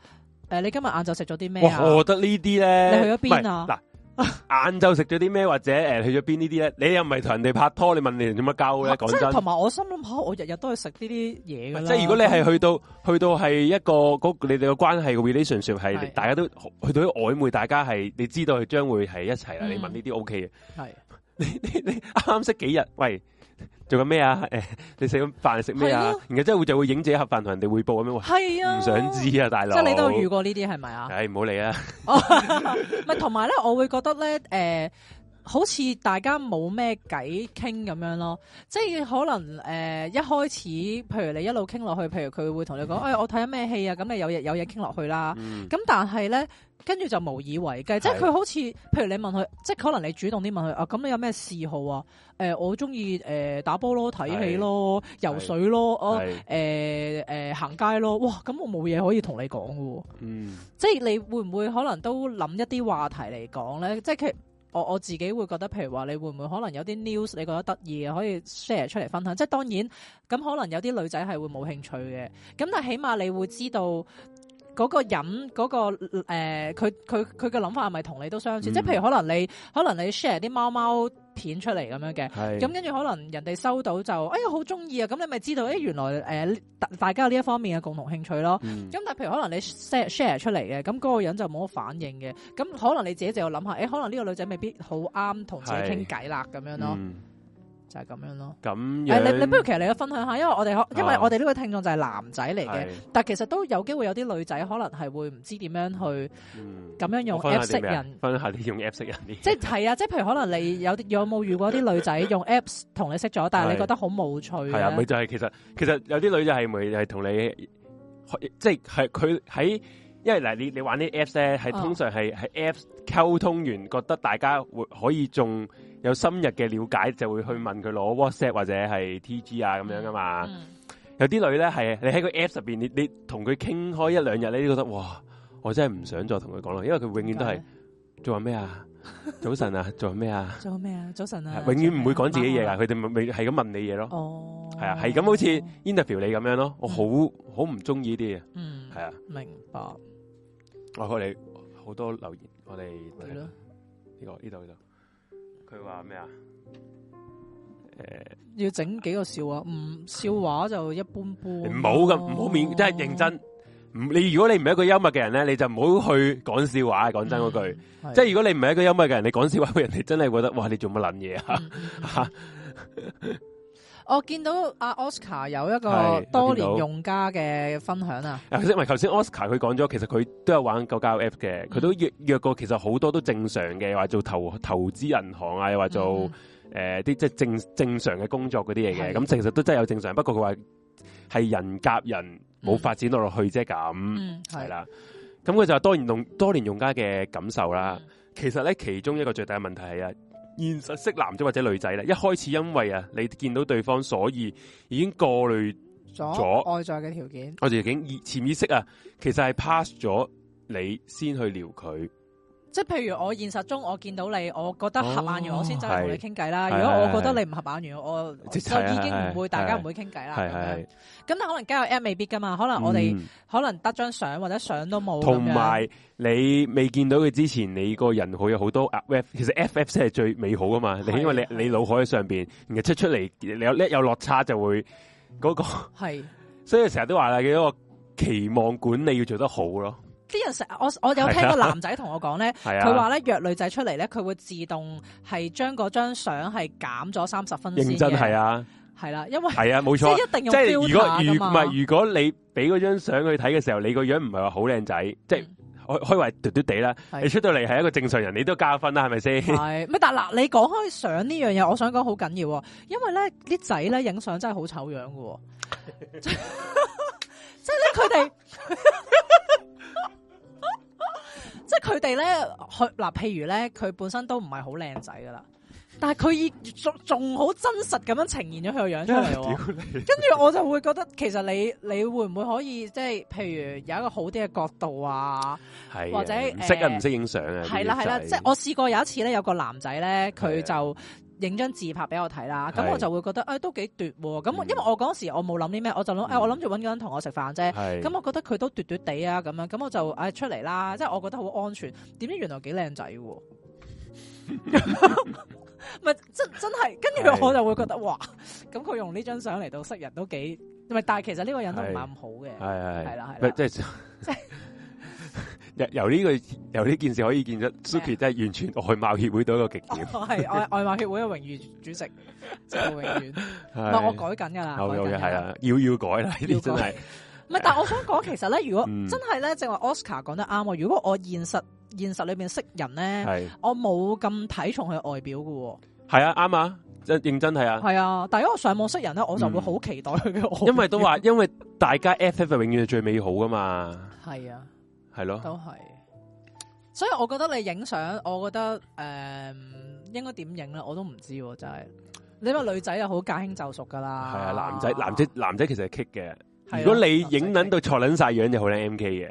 呃、你今日晏晝食咗啲咩啊？我覺得呢啲咧，你去咗邊啊？晏晝食咗啲咩？或者誒，去咗邊呢啲咧？你又唔係同人哋拍拖？你問你點樣交咧？講真，同埋我心諗下，我日日都去食呢啲嘢啦。不即係如果你係去到但 去到係一個嗰你哋嘅關係嘅 relationship 係是大家都去到啲曖昧，大家係你知道佢將會係一齊啦。你問呢啲 OK 嘅，係你你你啱啱識幾日？喂。做緊咩啊？誒、哎，你食緊飯食咩啊？是啊然後真係會就會影自己一盒飯同人哋匯報咁樣，係是啊，唔想知啊，大佬。即係你都有遇過是是、哎、呢啲係咪啊？唉，唔好理啊。咪同埋咧，我會覺得咧，誒、呃。好似大家冇咩偈傾咁樣咯，即係可能誒、呃，一開始，譬如你一路傾落去，譬如佢會同你講，誒、嗯哎，我睇緊咩戲啊？咁你有嘢有嘢傾落去啦。咁、嗯、但係咧，跟住就無以為繼，嗯、即係佢好似，譬如你問佢，即係可能你主動啲問佢，啊，咁你有咩嗜好啊？誒、呃，我中意誒打波咯、睇戲咯、嗯、游水咯、哦、嗯，誒誒行街咯。哇，咁我冇嘢可以同你講噶。嗯，即係你會唔會可能都諗一啲話題嚟講咧？即係佢我我自己會覺得，譬如話，你會唔會可能有啲 news 你覺得得意嘅，可以 share 出嚟分享？即係當然，咁可能有啲女仔係會冇興趣嘅，咁但起碼你會知道。嗰個人嗰、嗰個誒佢佢佢嘅諗法係咪同你都相似？嗯、即係譬如可能你可能你 share 啲貓貓片出嚟咁樣嘅，咁跟住可能人哋收到就哎呀好中意啊！咁你咪知道誒、哎、原來、呃、大家有呢一方面嘅共同興趣咯。咁、嗯、但係譬如可能你 share share 出嚟嘅，咁、嗰、嗰個人就冇乜反應嘅。咁可能你自己就有諗下、哎、可能呢個女仔未必好啱同自己傾偈啦咁樣咯。嗯就係咁樣咯。咁樣、哎、你你不如其實嚟個分享下，因為我哋、哦、因為我哋呢個聽眾就係男仔嚟嘅，是的 但係其實都有機會有啲女仔可能係會唔知點樣去咁樣用 Apps、嗯、識人。分享下啲用 Apps 識人。啲？即係係啊，即係譬如可能你有有冇遇過啲女仔用 Apps 同你識咗， 但係你覺得好冇趣。係啊，佢就係其實其實有啲女仔係咪係同你即係係佢喺，因為嗱你你玩啲 Apps 咧，係通常係喺 Apps 溝通完，覺得大家會可以仲。有深入嘅了解，就會去問佢攞 WhatsApp 或者係 TG 啊，咁樣噶嘛。有啲女咧係你喺個 App 入邊，你你同佢傾開一兩日，你都覺得哇，我真係唔想再同佢講啦，因為佢永遠都係做緊咩啊，早晨啊，做緊咩啊，做緊咩啊，早晨啊，永遠唔會講自己嘢啊，佢哋咪係咁問你嘢咯。哦，係啊，係咁好似 interview 你咁樣咯，我好好唔中意啲啊。嗯，係啊，明白。我我哋好多留言，我哋係咯，呢個呢度呢度。佢話咩啊？誒，呃、要整幾個笑話啊？唔笑話就一般般，啊不。唔好咁，唔好面，即係認真。唔你如果你唔係一個幽默嘅人咧，你就唔好去講笑話。講真嗰句，即係 是的 如果你唔係一個幽默嘅人，你講笑話，人哋真係覺得哇，你做乜捻嘢啊？嗯嗯 我見到阿 Oscar 有一個多年用家嘅分，分享啊，因為頭先 Oscar 佢講咗，其實佢都有玩夠交 App 嘅，佢、嗯、都約約過，其實好多都正常嘅，話做投投資銀行啊，又話做誒啲、嗯呃、即係正正，正常嘅工作嗰啲嘢嘅，咁是的 其實都真係有正常，不過佢話係人夾人冇發展到落去啫咁，係啦，咁佢就話多年用多年用家嘅感受啦，嗯、其實咧其中一個最大嘅問題係啊。現實識男仔或者女仔啦，一開始因為啊，你見到對方，所以已經過濾咗外在嘅條件，我哋已經潛意識啊，其實係 pass 咗你先去撩佢。即係譬如我現實中我見到你，我覺得合眼緣，我先真係同你傾偈啦。如果我覺得你唔合眼緣，我就已經唔會大家唔會傾偈啦。咁咁但可能梗係有 app 未必噶嘛，可能我哋可能得張相或者相都冇。同埋你未見到佢之前，你個人好有好多 a p p f，其實 ff 先係最美好噶嘛。你因為你你腦海喺上邊，然後出出嚟你有有落差就會嗰個係，所以成日都話啦，佢一個期望管理要做得好咯。啲人成日我我有聽個男仔同我講咧，佢話咧，約女仔出嚟，咧佢會自動係將嗰張相係減咗三十分先。認真係啊，為啊，係啦，因為係啊，冇錯，即係一定要。即係如果如唔係嘛，如果你俾嗰張相去睇嘅時候，你個樣唔係話好靚仔，即係開開胃嘟嘟地啦，是啊，你出到嚟係一個正常人，你都加分是是啦，係咪先？係，但嗱，你講開相呢樣嘢，我想講好緊要，因為咧啲仔咧影相真係好醜樣嘅， 即係咧佢哋。 即係佢哋咧，去嗱，譬如咧，佢本身都唔係好靚仔噶啦，但係佢已仲仲好真實咁樣呈現咗佢個樣出嚟。跟住 我就會覺得，其實你你會唔會可以即係，譬如有一個好啲嘅角度啊，啊或者識啊，唔識影相啊。係啦係啦，啊、即係我試過有一次咧，有個男仔咧，佢、啊、就。影張自拍俾我睇啦，咁我就會覺得誒、哎、都幾奪、啊，咁、嗯、因為我嗰時我冇諗啲咩，我就諗誒、哎、我諗住搵個人同我食飯啫，咁、嗯、我覺得佢都奪奪地啊咁樣，咁我就誒、哎、出嚟啦，即係我覺得好安全，點知原來幾靚仔喎，係 真真係，跟住我就會覺得哇，咁佢用呢張相嚟到識人都幾，係但係其實呢個人都唔係咁好嘅，係係係啦係即係即係。 由呢個由呢件事可以見出，Suki 真係完全外貌協會到一個極點。我係外外貌協會嘅榮譽主席，就永遠係我改緊噶啦，改緊係啊，要要改啦，呢啲真係。唔係，但係我想講，其實咧，如果真係咧，正話 Oscar 講得啱，如果我現實現實裏面識人咧，我冇咁睇重佢外表噶。係啊，啱啊，認認真係啊，係啊。但係如果上網識人咧，我就會好期待佢嘅。因為都話，因為大家 F F 永遠係最美好噶嘛。係啊。係是咯，都係，所以我覺得你影相，我覺得誒、呃，應該點影咧，我都唔知，就係。你個女仔又好駕輕就熟噶啦，係啊，男仔男仔男仔其實係棘嘅。如果你影捻到錯捻晒樣就好捻 MK 嘅，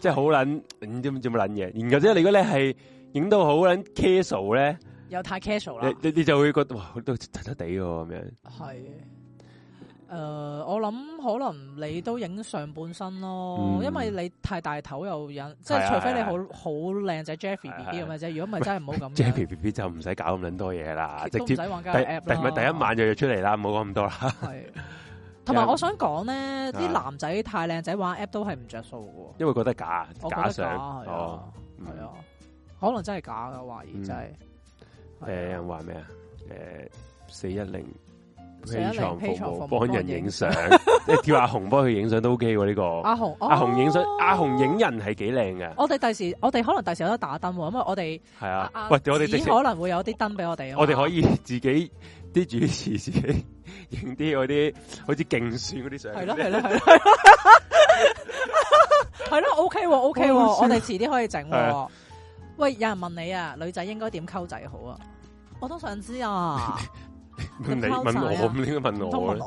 即係好捻你知唔知點捻嘢？然後即係如果你係影到好捻 casual 咧，又太 casual 啦，你你就會覺得哇，都突得地咁樣。係。誒，我諗可能你都影上半身咯，因為你太大頭又影，即係除非你好好靚仔 Jeffy BB 咁嘅啫。如果唔係真係唔好咁。Jeffy BB 就唔使搞咁撚多嘢啦，直接第第第一晚就約出嚟啦，唔好講咁多啦。同埋我想講咧，啲男仔太靚仔玩 app 都係唔着數喎，因為覺得假假相係啊，係啊，可能真係假嘅懷疑真係。誒人話咩啊？誒四一零。起床服務，幫人影相，你叫阿紅幫佢影相都 OK 喎。呢個阿紅，阿紅影相，阿紅影人係幾靚嘅。我哋第時，我哋可能第時有得打燈，因為我哋係啊，喂，我哋只可能會有啲燈俾我哋。啊。我哋可以自己啲主持自己影啲嗰啲，好似勁算嗰啲相。係咯，係咯，係咯，係咯，係咯 OK OK，我哋遲啲可以整。喂，有人問你啊，女仔應該點溝仔好啊？我都想知啊。問你問我咁應該問我咧？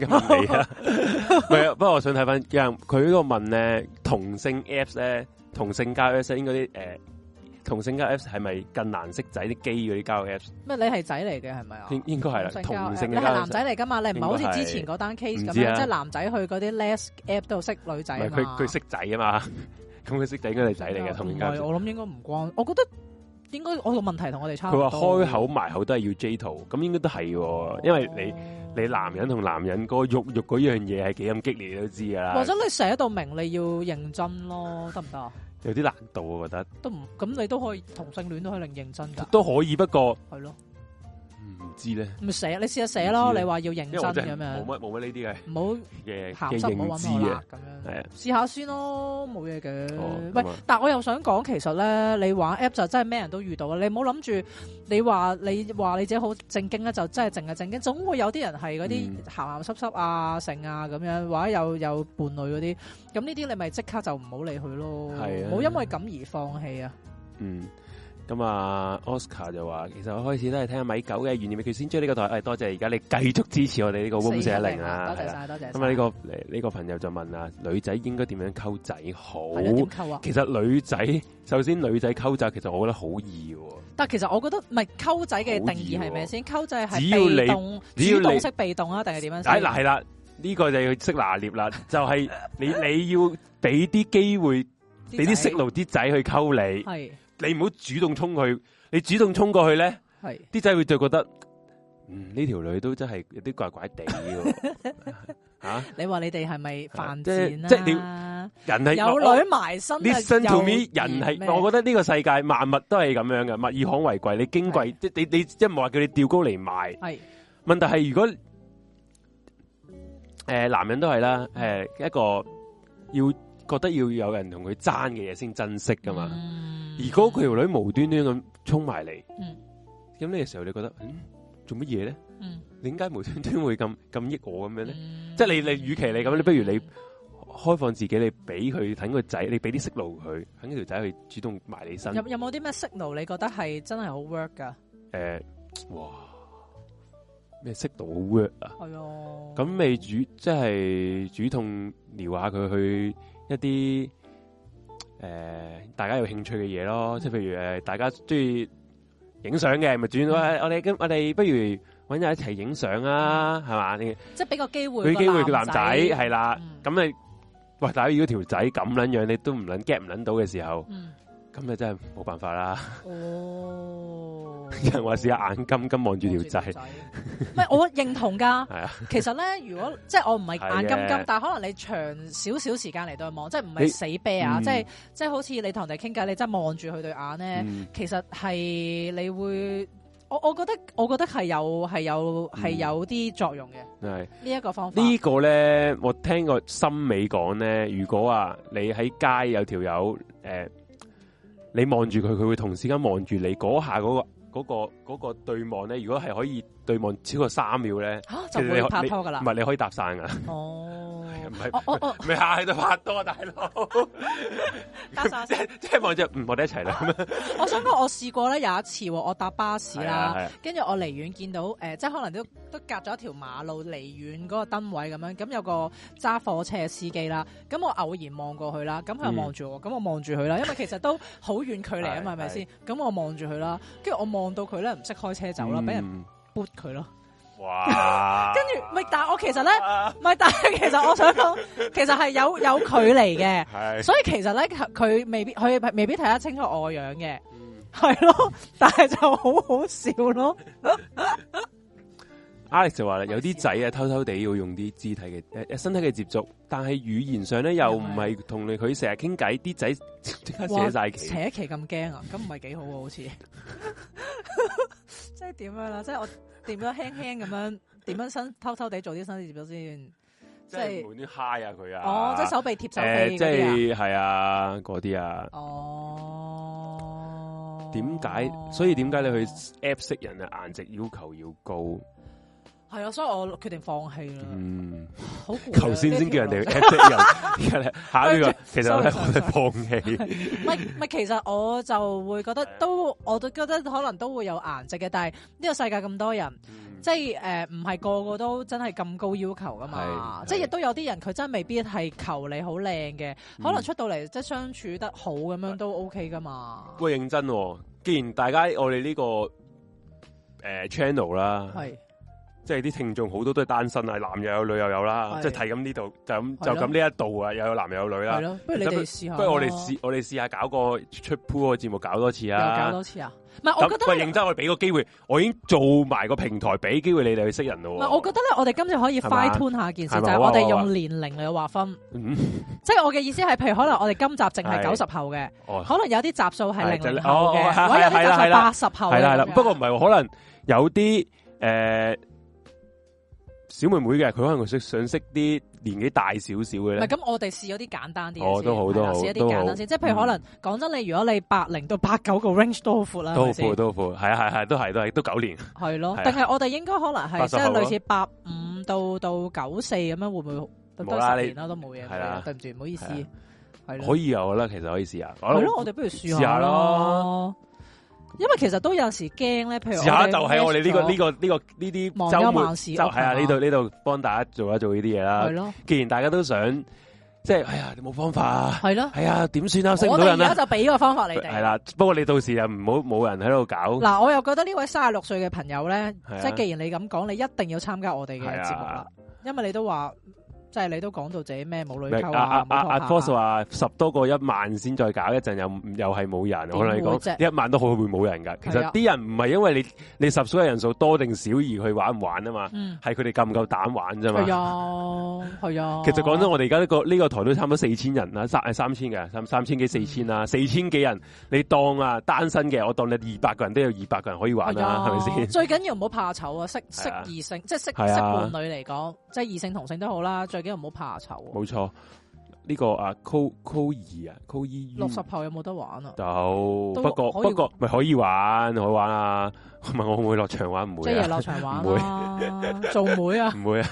咁你啊，不過我想睇翻，佢呢個問咧，同性 apps 咧 app、呃，同性交友 apps app 應該啲誒，同性交友 apps 係咪更難識仔啲基嗰啲交友 apps？乜你係仔嚟嘅，係咪啊？應應該係啦，同性你係男仔嚟噶嘛？你唔係好似之前嗰單 case 咁樣，即係男仔去嗰啲 les app 度識女仔。佢佢識仔啊嘛？咁佢識仔應該係仔嚟嘅同性交友。我諗應該唔關，我覺得。應該我個問題同我哋差唔多，佢話開口埋口都係要 J 圖，咁應該都係，因為你你男人同男人個肉肉嗰樣嘢，係幾咁激烈你都知噶啦。或者你寫到明，你要認真咯，得唔得？有啲難度我覺得都。都唔咁，你都可以同性戀都可以認真噶，都可以。不過係咯。知咧，唔寫，你試下寫咯。你話要認真咁樣，冇乜冇乜呢啲嘅，唔好鹹濕，唔好揾我啦咁樣。係啊，試下先咯，冇嘢嘅。哦、喂，咁樣但係我又想講，其實咧，你玩 app 就真係咩人都遇到嘅。你唔好諗住，你話你話你自己好正經咧，就真係淨係正經。總會有啲人係嗰啲鹹鹹濕濕啊、性啊咁樣，或者有有伴侶嗰啲。咁呢啲你咪即刻就唔好理佢咯，唔好的因為咁而放棄啊。嗯。咁啊，Oscar 就話，其實我開始都係聽米狗嘅意見，佢先追呢個台。誒，多謝而家你繼續支持我哋呢個 w o m s e r 零啊！多謝晒，多謝。咁啊，呢個嚟，呢個朋友就問啊，女仔應該點樣溝仔好？點溝啊？其實女仔，首先女仔溝仔，其實我覺得好易。但其實我覺得唔係溝仔嘅定義係咩先？溝仔係被動，主動識被動啊，定係點樣？哎，嗱係啦，呢個就要識拿捏啦。就係你你要俾啲機會，俾啲識路啲仔去溝你。你唔好主動衝佢，你主動衝過去咧，啲仔是會就覺得，嗯，呢條女都真係有啲怪怪地嘅、啊，吓、 啊？你話你哋係咪犯即賤啦？人係有女埋身，listen to me，人係是，麼我覺得呢個世界萬物都係咁樣嘅，物以罕為貴，你矜貴是，即係你你即係唔好話叫你吊高嚟賣。係是，問題係如果，誒、呃、男人都係啦，誒、呃、一個要。覺得要有人同佢爭嘅嘢先珍惜噶嘛？嗯、而如果佢條女無端端咁衝埋嚟，咁呢、嗯、個時候你覺得，做乜嘢咧？點解、嗯、無端端會咁咁益我咁樣咧？嗯、即係你你，與其你咁，嗯、你不如你開放自己，你俾佢睇個仔，你俾啲 signal 佢，等條仔去主動埋你身。有冇啲咩 signal？你覺得係真係好 work 噶？誒、呃，哇，咩 signal 好 work 啊？係咯、哦，咁你主即係主動撩下佢去。一啲誒、呃，大家有興趣嘅嘢咯，即係譬如誒、呃，大家中意影相嘅，咪轉到我哋咁，我哋不如揾人一齊影相啊，係嘛、嗯？你即係俾個機會，俾機會叫男仔係啦，咁你喂、呃，但係如果條仔咁撚樣，樣，你都唔撚 get 唔撚到嘅時候。嗯今日真係冇辦法啦！哦，我試下眼金金望住條仔，唔係我認同噶。係是啊，其實咧，如果即係我唔係眼金金，是的 但係可能你長少少時間嚟到去望，即係唔係死啤啊、嗯！即係即係，好似你同人哋傾偈，你真係望住佢對眼咧，嗯、其實係你會，我我覺得，我覺得係有，係有，係有啲、嗯、作用嘅。係呢一個方法，呢個咧，我聽個森美講咧，如果啊，你喺街有條友誒。呃你望住佢，佢會同時間望住你，嗰下嗰個嗰個。嗰個對望咧，如果係可以對望超過三秒咧，嚇就會有拍拖噶啦。唔係你可以搭訕噶。哦，唔係，咪下喺度拍拖啊，大佬搭訕即即望住，唔望得一齊啦。我想講，我試過咧有一次，我搭巴士啦，跟住我離遠見到誒，即係可能都都隔咗一條馬路，離遠嗰個燈位咁樣。咁有個揸貨車嘅司機啦，咁我偶然望過去啦，咁佢望住我，咁我望住佢啦，因為其實都好遠距離啊嘛，係咪先？咁我望住佢啦，跟住我望到佢咧。唔識開車走啦，俾、嗯、人撥佢咯。哇！跟住， 咪但係我其實咧，咪哇但係其實我想講， 其實係有有距離嘅，是所以其實咧佢未必佢未必睇得清楚我樣嘅，係、嗯、咯，但係就好好笑咯。 Alex 就話啦，有啲仔啊，偷偷地要用啲肢體嘅誒，身體嘅接觸，但係語言上咧又唔係同佢。佢成日傾偈，啲仔扯晒旗，扯旗咁驚啊，咁唔係幾好啊，好似即係點樣啦？即係我點樣輕輕咁樣點樣身偷偷地做啲身體接觸先，即係滿啲嗨 i 啊佢啊哦，即係手臂貼手臂嗰、呃、即係係啊嗰啲啊哦，點解？所以點解你去 app 識人啊？顏值要求要高。係啊，所以我決定放棄啦。嗯，好。頭先先叫人哋 accept 人，下一個，其實我哋放棄。唔係唔係，其實我就會覺得都，我都覺得可能都會有顏值嘅，但係呢個世界咁多人，即係誒唔係個個都真係咁高要求噶嘛。即係亦都有啲人佢真係未必係求你好靚嘅，可能出到嚟即係相處得好咁樣都 OK 噶嘛。喂，認真，既然大家我哋呢個誒 channel 啦，係。即係啲聽眾好多都係單身啊，男又有女又有啦，即係睇緊呢度就咁就咁呢一度啊，又有男又有女啦。不如你哋試下，不如我哋試我哋試下搞個出 pool 個節目，搞多次啊，搞多次啊。唔係，我覺得認真，我哋俾個機會，我已經做埋個平台，俾機會你哋去識人咯。唔係，我覺得咧，我哋今次可以 fast turn 下件事，就係我哋用年齡嚟劃分，即係我嘅意思係，譬如可能我哋今集淨係九十後嘅，可能有啲集數係零零後可或者八十後。係啦係啦，不過唔係，可能有啲誒。小妹妹嘅，佢可能會識想識啲年紀大少少嘅，係咁，我哋試咗啲簡單啲。哦，都好多，都好。試一啲簡單先，即係譬如可能講真，你如果你八零到八九，個 range 都好闊啦。都好闊，都好闊，係啊係係，都係都係都九年。係咯，但係我哋應該可能係即係類似八五到到九四咁樣，會唔會多十年啦？都冇嘢，係啦，對唔住唔好意思，係可以有啦，其實可以試下。係咯，我哋不如試下咯。因為其實都有時驚咧，譬如吓就喺我哋呢個呢個呢個呢啲周末係啊，呢度呢度幫大家做一做呢啲嘢啦。係咯，既然大家都想，即係哎呀冇方法，係咯，係啊，點算啊？剩咗人啦，就俾個方法你哋。係啦，不過你到時又唔好冇人喺度搞。嗱，我又覺得呢位三十六歲嘅朋友咧，即係既然你咁講，你一定要參加我哋嘅節目啦，因為你都話。即係你都講到自己咩冇女溝啊？阿阿阿 Force 話十多個一萬先再搞一陣，又又係冇人。我同你講，一萬都好會冇人㗎。其實啲人唔係因為你你訂閱嘅人數多定少而去玩唔玩啊嘛，係佢哋夠唔夠膽玩啫嘛。係啊，係啊。其實講真，我哋而家呢個呢個台都差唔多四千人啦，三千嘅，三千幾四千啦，四千幾人，你當啊單身嘅，我當你二百個人都有二百個人可以玩啊，係咪先？最緊要唔好怕醜啊，識識異性，即係識識伴侶嚟講，即係異性同性都好啦，最而家又唔好怕醜，冇錯。呢個阿 Co Co 二啊，Co 二六十後有冇得玩啊？就，不過不過咪可以玩，可以玩啊！唔係我會落場玩，唔會即係落場玩，唔會做妹啊？唔會啊！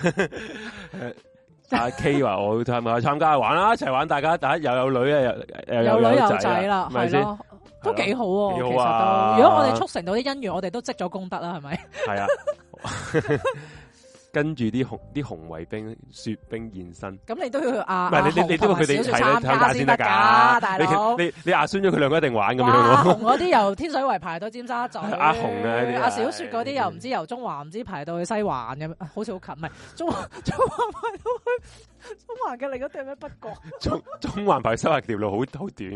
阿 K 話我係咪參加玩啦？一齊玩，大家大家又有女誒，又有女有仔啦，係咪先？都幾好哦，其實都。如果我哋促成到啲姻緣，我哋都積咗功德啦，係咪？係啊。跟住啲紅啲紅衛兵、雪兵現身，咁你都要去阿唔係你你都要佢哋一齊睇下先得噶。你你你阿孫咗佢兩個一定玩咁樣。哇，紅嗰啲由天水圍排到尖沙咀，阿熊啊，阿小雪嗰啲又唔知由中環唔知排到去西環咁，好似好近。唔係中中環排到去中環嘅另一對咩？北角中中環排西環條路好好短，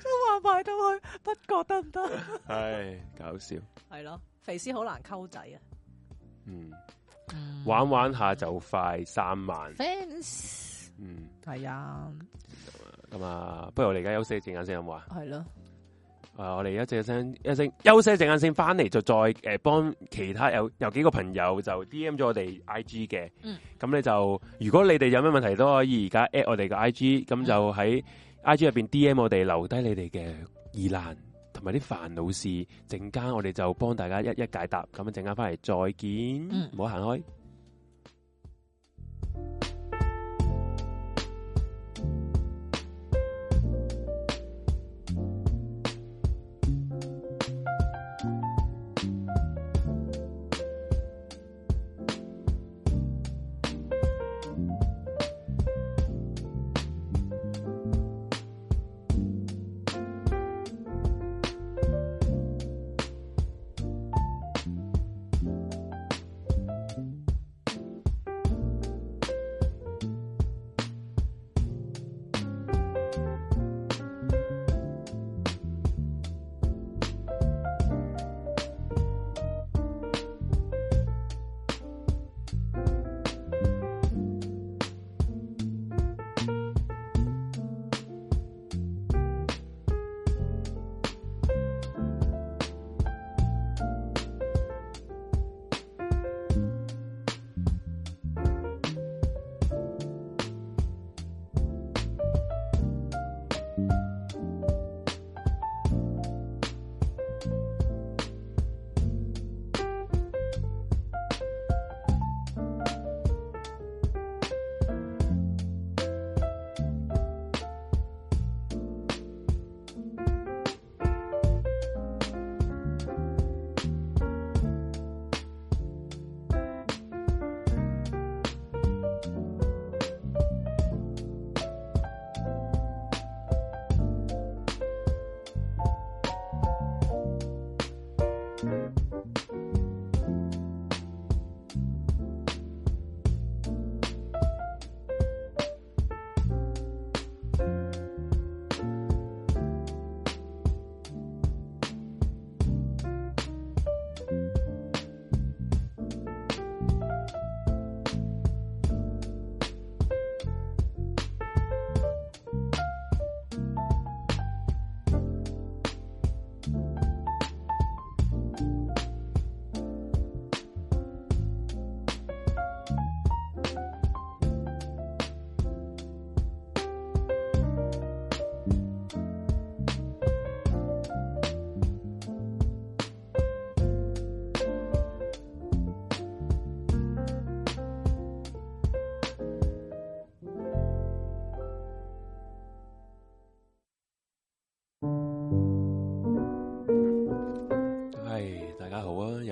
中環排到去北角得唔得？唉，搞笑。係咯，肥師好難溝仔啊！嗯，玩玩下就快三萬。嗯，係啊、嗯，咁啊的、嗯，不如我哋而家休息一陣間先，好唔好啊？係咯，啊，我哋一陣一陣一陣休息一陣間先，翻嚟就再誒幫、呃、其他有有幾個朋友就 D M 咗我哋 I G 嘅。咁咧、嗯、就如果你哋有咩問題都可以而家 at 我哋個 I G，咁就喺 I G 入邊 D M 我哋留低你哋嘅疑難。同埋啲煩惱事，陣間我哋就幫大家一一解答。咁陣間翻嚟再見，嗯，唔好行開。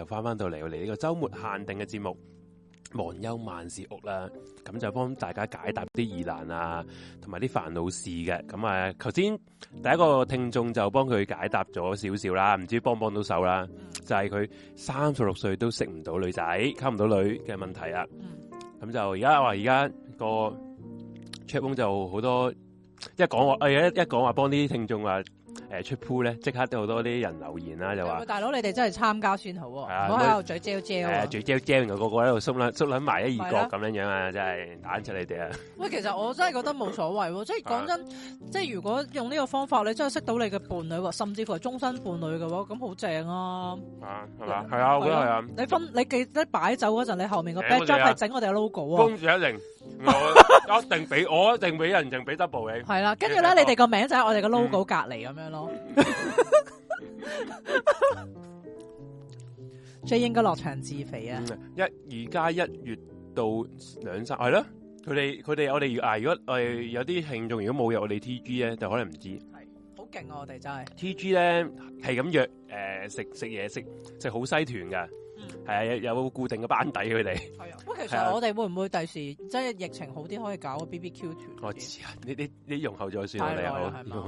翻翻到嚟，我哋呢個周末限定嘅節目《忘憂萬事屋》啊啦，咁就幫大家解答啲疑難啊，同埋啲煩惱事嘅。咁啊，頭先第一個聽眾就幫佢解答咗少少啦，唔知幫唔幫到手啦。就係佢三十六歲都識唔到女仔，溝唔到女嘅問題啦。咁就而家話而家個 chat room 就好多，一講話誒一一講話幫啲聽眾啊。誒，出鋪呢，即刻都好多啲人留言啦，就話，大佬，你哋真係參加先好，喎，唔好喺度嘴嚼嚼，嘴嚼嚼，然後個個喺度縮攣，縮攣埋一二角咁樣樣啊！真係，打出你哋啊！喂，其實我真係覺得冇所謂，即係講真，即係如果用呢個方法，你真係識到你嘅伴侶喎，甚至乎係終身伴侶嘅喎，咁好正啊！係啊，係嘛？係啊，我覺得係啊。你分你記得擺酒嗰陣，你後面個背景係整我哋嘅 logo 啊，公字一零。 我一定俾我一定俾人哋俾得部你，係啦、啊，跟住咧，啊、你哋個名就喺我哋個 logo 隔籬咁樣咯。最應該落場自肥啊、嗯！一而家一月到兩三係咯，佢哋佢哋我哋啊，如果我哋、呃、有啲聽眾如果冇入我哋 T G 咧，就可能唔知。係好勁啊！我哋真係 T G 咧係咁約誒食食嘢食食好西團嘅。係啊，有冇固定嘅班底佢哋？係啊，喂，其實我哋會唔會第時即係疫情好啲，可以搞個 BBQ 團？我知啊，你你你融合咗先，我哋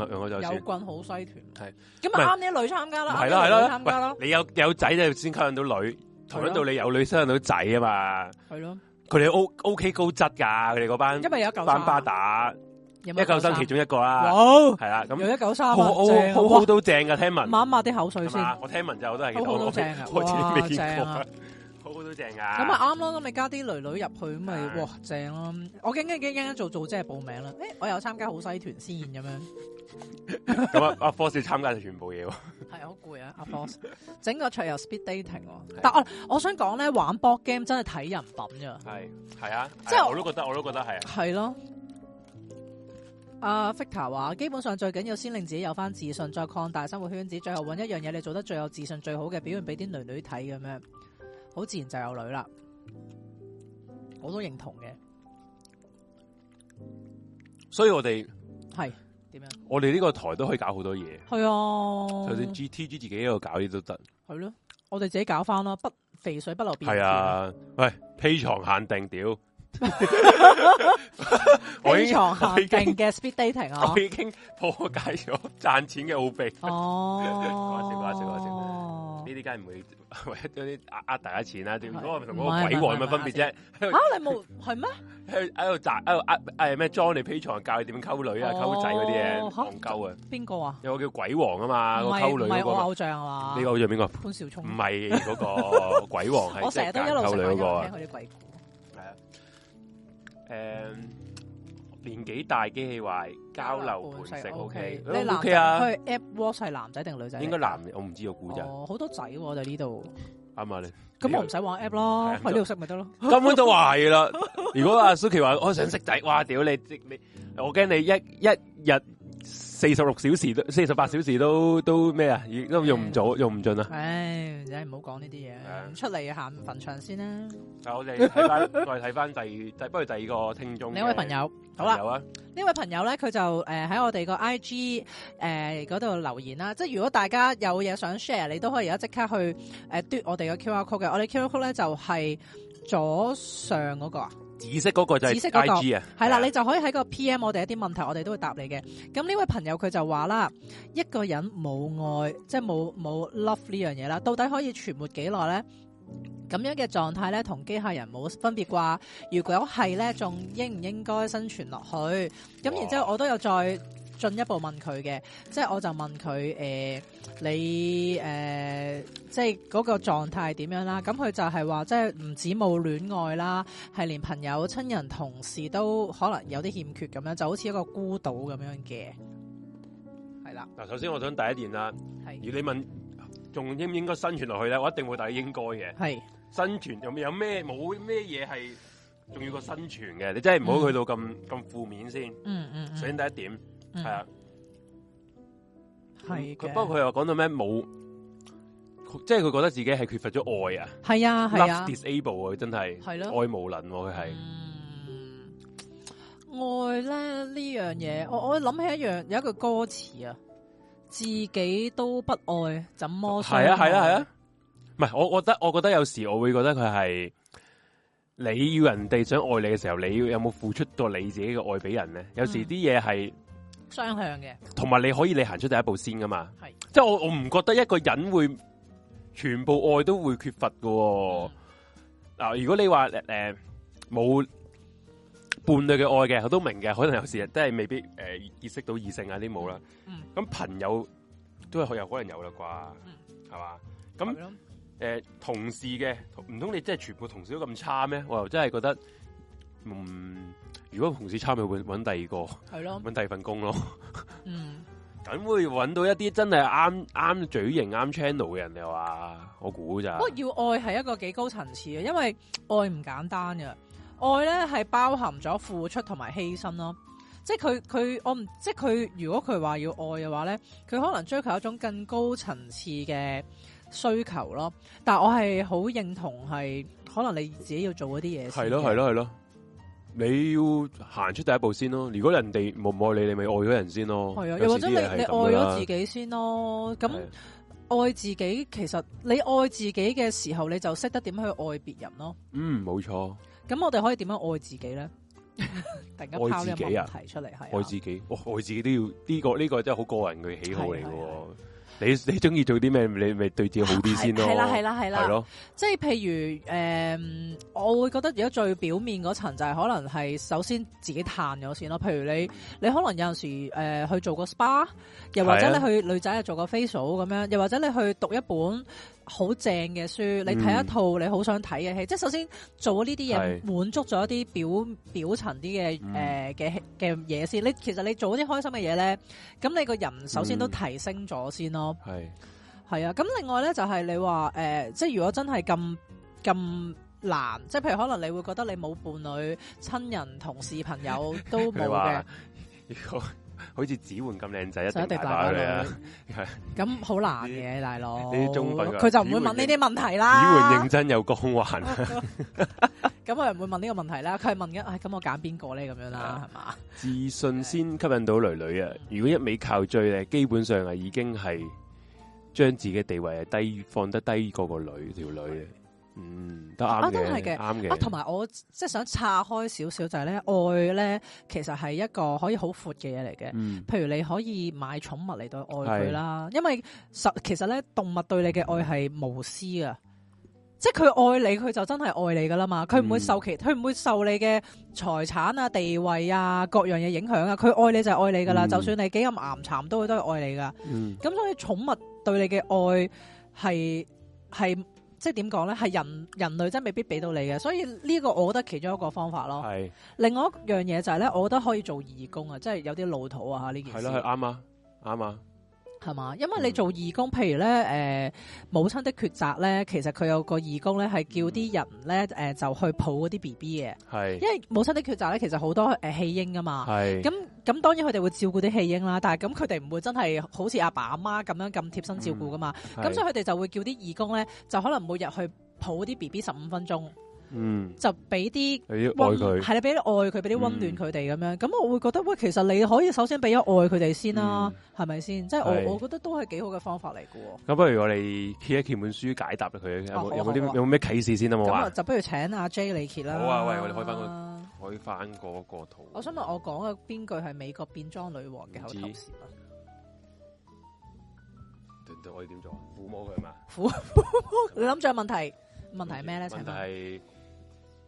融合咗先。有棍好西團係，咁啊啱啲女參加啦，係咯係咯參加咯。你有有仔就先吸引到女，同樣道理你有女吸引到仔啊嘛。係咯，佢哋 O OK 高質㗎，佢哋嗰班因為有九班巴打。一九三其中一個啊，好係啦，咁有一九三，好好好都正噶，聽聞抹抹啲口水先，我聽聞就都係好好都正啊，好好都正噶，咁啊啱咯，咁咪加啲女女入去，咁咪哇正咯，我驚驚驚驚做做即係報名啦，誒，我有參加好西團先咁樣，咁阿阿 f o 參加就全部嘢喎，係好攰啊，阿 f o 整個桌遊 speed dating，但我想講咧玩博 game 真係睇人品咋，係係啊，即係我都覺得我都覺得係，係咯。阿 Victor 話：基本上最緊要先令自己有翻自信，再擴大生活圈子，最後揾一樣嘢你做得最有自信、最好嘅表現俾啲女女睇咁樣，好自然就有女啦。我都認同嘅。所以我哋係點樣？我哋呢個台都可以搞好多嘢。係啊，就算 G T G 自己喺度搞呢都得。係咯、啊，我哋自己搞翻咯，不肥水不流邊。係啊，喂，披床限定屌。我床下定嘅 speed dating 啊，我已經破解咗賺錢嘅奧秘。哦，呢啲梗唔會嗰啲壓壓大家錢啦。點解我同嗰個鬼王有乜分別啫？吓，你冇係咩？喺度詐喺度壓誒咩裝嚟？P 床教你點樣溝女啊溝仔嗰啲嘢，戇鳩啊！邊個啊？有個叫鬼王啊嘛，個溝女個嘛。你個偶像邊個？潘少聰。唔係嗰個鬼王，我成日都一路溝女嗰個。誒，年紀大，機器壞，交流盤食 OK，你男？佢 App Watch 係男仔定女仔？應該男，我唔知個故仔。哦，好多仔喎，我哋呢度啱嘛你？咁我唔使玩 App 啦，喺呢度識咪得咯？根本都話係啦。如果阿 Suki 話我想識仔，哇！屌你，你我驚你一一日。四十六小時都四十八小時都都咩啊？都用唔咗唉用唔盡啊！唉，真係唔好講呢啲嘢，唉出嚟行墳場先啦，啊。我哋睇翻再睇翻第第，不如第二個聽眾。你位朋友，好啦，呢位朋友咧，佢就喺我哋個 I G 誒嗰度留言啦。即係如果大家有嘢想 share，你都可以而家即刻去誒篤、呃、我哋個 QR code 嘅。我哋 QR code 咧就係、是、左上嗰個，啊。紫色嗰個就係 I G 啊，係啦，你就可以喺個 P M 我哋一啲問題，我哋都會答你嘅。咁呢位朋友佢就話啦，一個人冇愛即係冇冇 love 呢樣嘢啦，到底可以存活幾耐咧？咁樣嘅狀態咧，同機械人冇分別啩？如果係咧，仲應唔應該生存落去？咁然哇之後，我都有再。進一步問佢嘅，即係我就問佢誒、呃，你誒、呃，即係嗰個狀態點樣啦？咁佢就係話，即係唔止冇戀愛啦，係連朋友、親人、同事都可能有啲欠缺咁樣，就好似一個孤島咁樣嘅，係啦。嗱，首先我想第一點啦，是而你問仲應唔應該生存落去咧？我一定會答應該嘅。係是生存有有咩冇咩嘢係仲要過生存嘅？嗯、你真係唔好去到咁咁、嗯、負面先。嗯，嗯嗯。首先第一點。係啊，係、嗯。不過佢又講到咩冇，即係佢覺得自己係缺乏咗愛啊。係啊係啊，disable 啊，是啊啊真係係咯，啊、愛無能佢、啊、係、嗯。愛咧呢樣嘢，我我諗起一樣，有一句歌詞啊，自己都不愛，怎麼係啊係啊係啊？唔係、啊，我、啊啊、我覺得，我覺得有時我會覺得佢係，你要人哋想愛你嘅時候，你要有冇付出過你自己嘅愛俾人咧？有時啲嘢係。雙向嘅，同埋你可以你行出第一步先噶嘛。是即係我我唔覺得一個人會全部愛都會缺乏嘅，哦。嗱，嗯，如果你話誒冇伴侶嘅愛嘅，我都明嘅，可能有時真係未必誒結、呃、識到異性啊啲冇啦。咁、嗯、朋友都係可有可能有啦啩，係嘛、嗯？咁誒吧、呃、同事嘅，唔通你真係全部同事都咁差咩？我又真係覺得唔。嗯如果同事差，咪揾揾第二個，係咯，揾第二份工咯。 嗯，咁會揾到一啲真係啱啱嘴型、啱 channel 嘅人嚟話，我估咋？不過要愛係一個幾高層次嘅，因為愛唔簡單嘅，愛咧係包含咗付出同埋犧牲咯。即係佢佢，我唔即係佢。如果佢話要愛嘅話咧，佢可能追求一種更高層次嘅需求咯。但係我係好認同係，可能你自己要做嗰啲嘢。係咯，係咯，係咯。你要行出第一步先咯，如果人哋唔愛你，你咪愛咗人先咯。係啊，又時或者你你愛咗自己先咯。咁的愛自己，其實你愛自己嘅時候，你就識得點樣去愛別人咯。嗯，冇錯。咁我哋可以點樣愛自己咧？突然間拋啲問題出嚟，係愛,、啊、愛自己，哦、愛自己都要呢、這個呢、這個真係好個人嘅喜好嚟嘅。你你中意做啲咩？你咪對自己好啲先咯。係啦係啦係啦，係咯。了即係譬如誒、呃，我會覺得而家最表面嗰層就係可能係首先自己嘆咗先咯。譬如你你可能有陣時誒、呃、去做個 spa，又或者你去女仔啊做個 facial 咁樣，又或者你去讀一本。好正嘅書，你睇一套你好想睇嘅戲，嗯、即係首先做呢啲嘢滿足咗一啲表表層啲嘅呃嘅嘅嘢先。你其實你做啲開心嘅嘢咧，咁你個人首先都提升咗先咯。係係、嗯、啊，咁另外咧就係、是、你話、呃、即係如果真係咁咁難，即係譬如可能你會覺得你冇伴侶、親人、同事、朋友都冇嘅。好似子煥咁靚仔，一定打佢啊！咁好 難嘅你大佬哥，佢就唔會問呢啲問題啦。子煥認真又光環，咁啊唔會問呢個問題啦。佢係問一，咁、哎、我揀邊個咧咁樣啦，係嘛、啊？吧自信先吸引到女女啊！ 如果一味靠追咧，基本上啊已經係將自己地位係低放得低過個女條女。嗯，都啱嘅，啱嘅。啊，同埋的、啊、我即係想岔開少少就係、是、咧，愛咧其實係一個可以好闊嘅嘢嚟嘅。嗯、譬如你可以買寵物嚟到愛佢啦，的因為實其實咧動物對你嘅愛係無私噶，即係佢愛你佢就真係愛你噶啦嘛，佢唔會受其佢唔、嗯、會受你嘅財產啊、地位啊、各樣嘢影響啊，佢愛你就係愛你噶啦，嗯、就算你幾咁岩巉，都會都係愛你噶。咁、嗯、所以寵物對你嘅愛係係。是即係點講咧？係人人類真係未必俾到你嘅，所以呢個我覺得其中一個方法咯。係是另外一樣嘢就係咧，我覺得可以做義工啊，即係有啲老土啊呢件事。事係囉，係啱啊，啱啊。係嘛？因為你做義工，嗯、譬如咧，誒、呃、母親的抉擇咧，其實佢有個義工咧，係叫啲人咧，就去抱嗰啲 B B 嘅。是 因為母親的抉擇咧，其實好多誒棄嬰噶嘛。咁咁是 當然佢哋會照顧啲棄嬰啦，但係咁佢哋唔會真係好似阿爸阿媽咁樣咁貼身照顧噶嘛。咁、嗯、所以佢哋就會叫啲義工咧，就可能每日去抱啲 B B 十五分鐘。嗯，就俾啲愛佢，係啦，俾啲愛佢，俾啲溫暖佢哋咁樣，咁我會覺得喂，其實你可以首先俾咗愛佢哋先啦，係咪先？即係我我覺得都係幾好嘅方法嚟嘅。咁不如我哋揭一揭本書解答佢，有冇啲有咩啟示先啊？冇話，就不如請阿 Jie 嚟揭啦。好啊，喂，我哋開翻開翻嗰個圖。我想問，我講嘅邊句係美國變裝女王嘅口頭禪？對可以點做啊？撫摸佢嘛？撫撫摸，你諗住問題？問題係咩咧？問題係。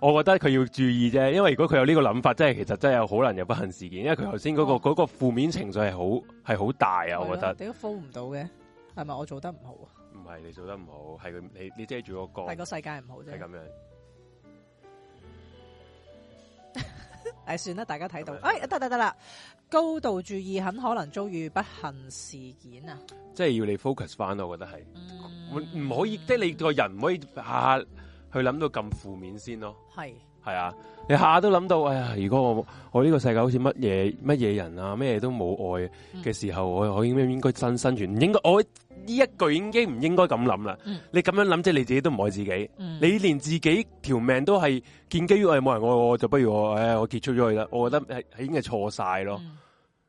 我覺得佢要注意啫，因為如果佢有呢個諗法，真係其實真係有可能有不幸事件，因為佢頭先嗰個嗰個負面情緒係好係好大啊！我覺得點都 focus 唔到嘅，係咪我做得唔好啊？唔係你做得唔好，係你你遮住個光，係個世界唔好啫，係咁樣。誒， 算啦，大家睇到，哎，得得得啦，高度注意，很可能遭遇不幸事件啊！即係要你 focus 翻，我覺得係唔、嗯、可以，嗯、即係你個人唔可以下、啊去諗到咁負面先咯，係係是啊，你下下都諗到哎呀，如果我我呢個世界好似乜嘢乜嘢人啊，咩都冇愛嘅時候，我、嗯、我應唔應該生生存？唔應該，我呢一句已經唔應該咁諗啦。嗯、你咁樣諗，即係你自己都唔愛自己，嗯、你連自己條命都係見基於愛冇人愛我，我就不如我誒、哎，我結束咗佢啦。我覺得係已經係錯晒咯，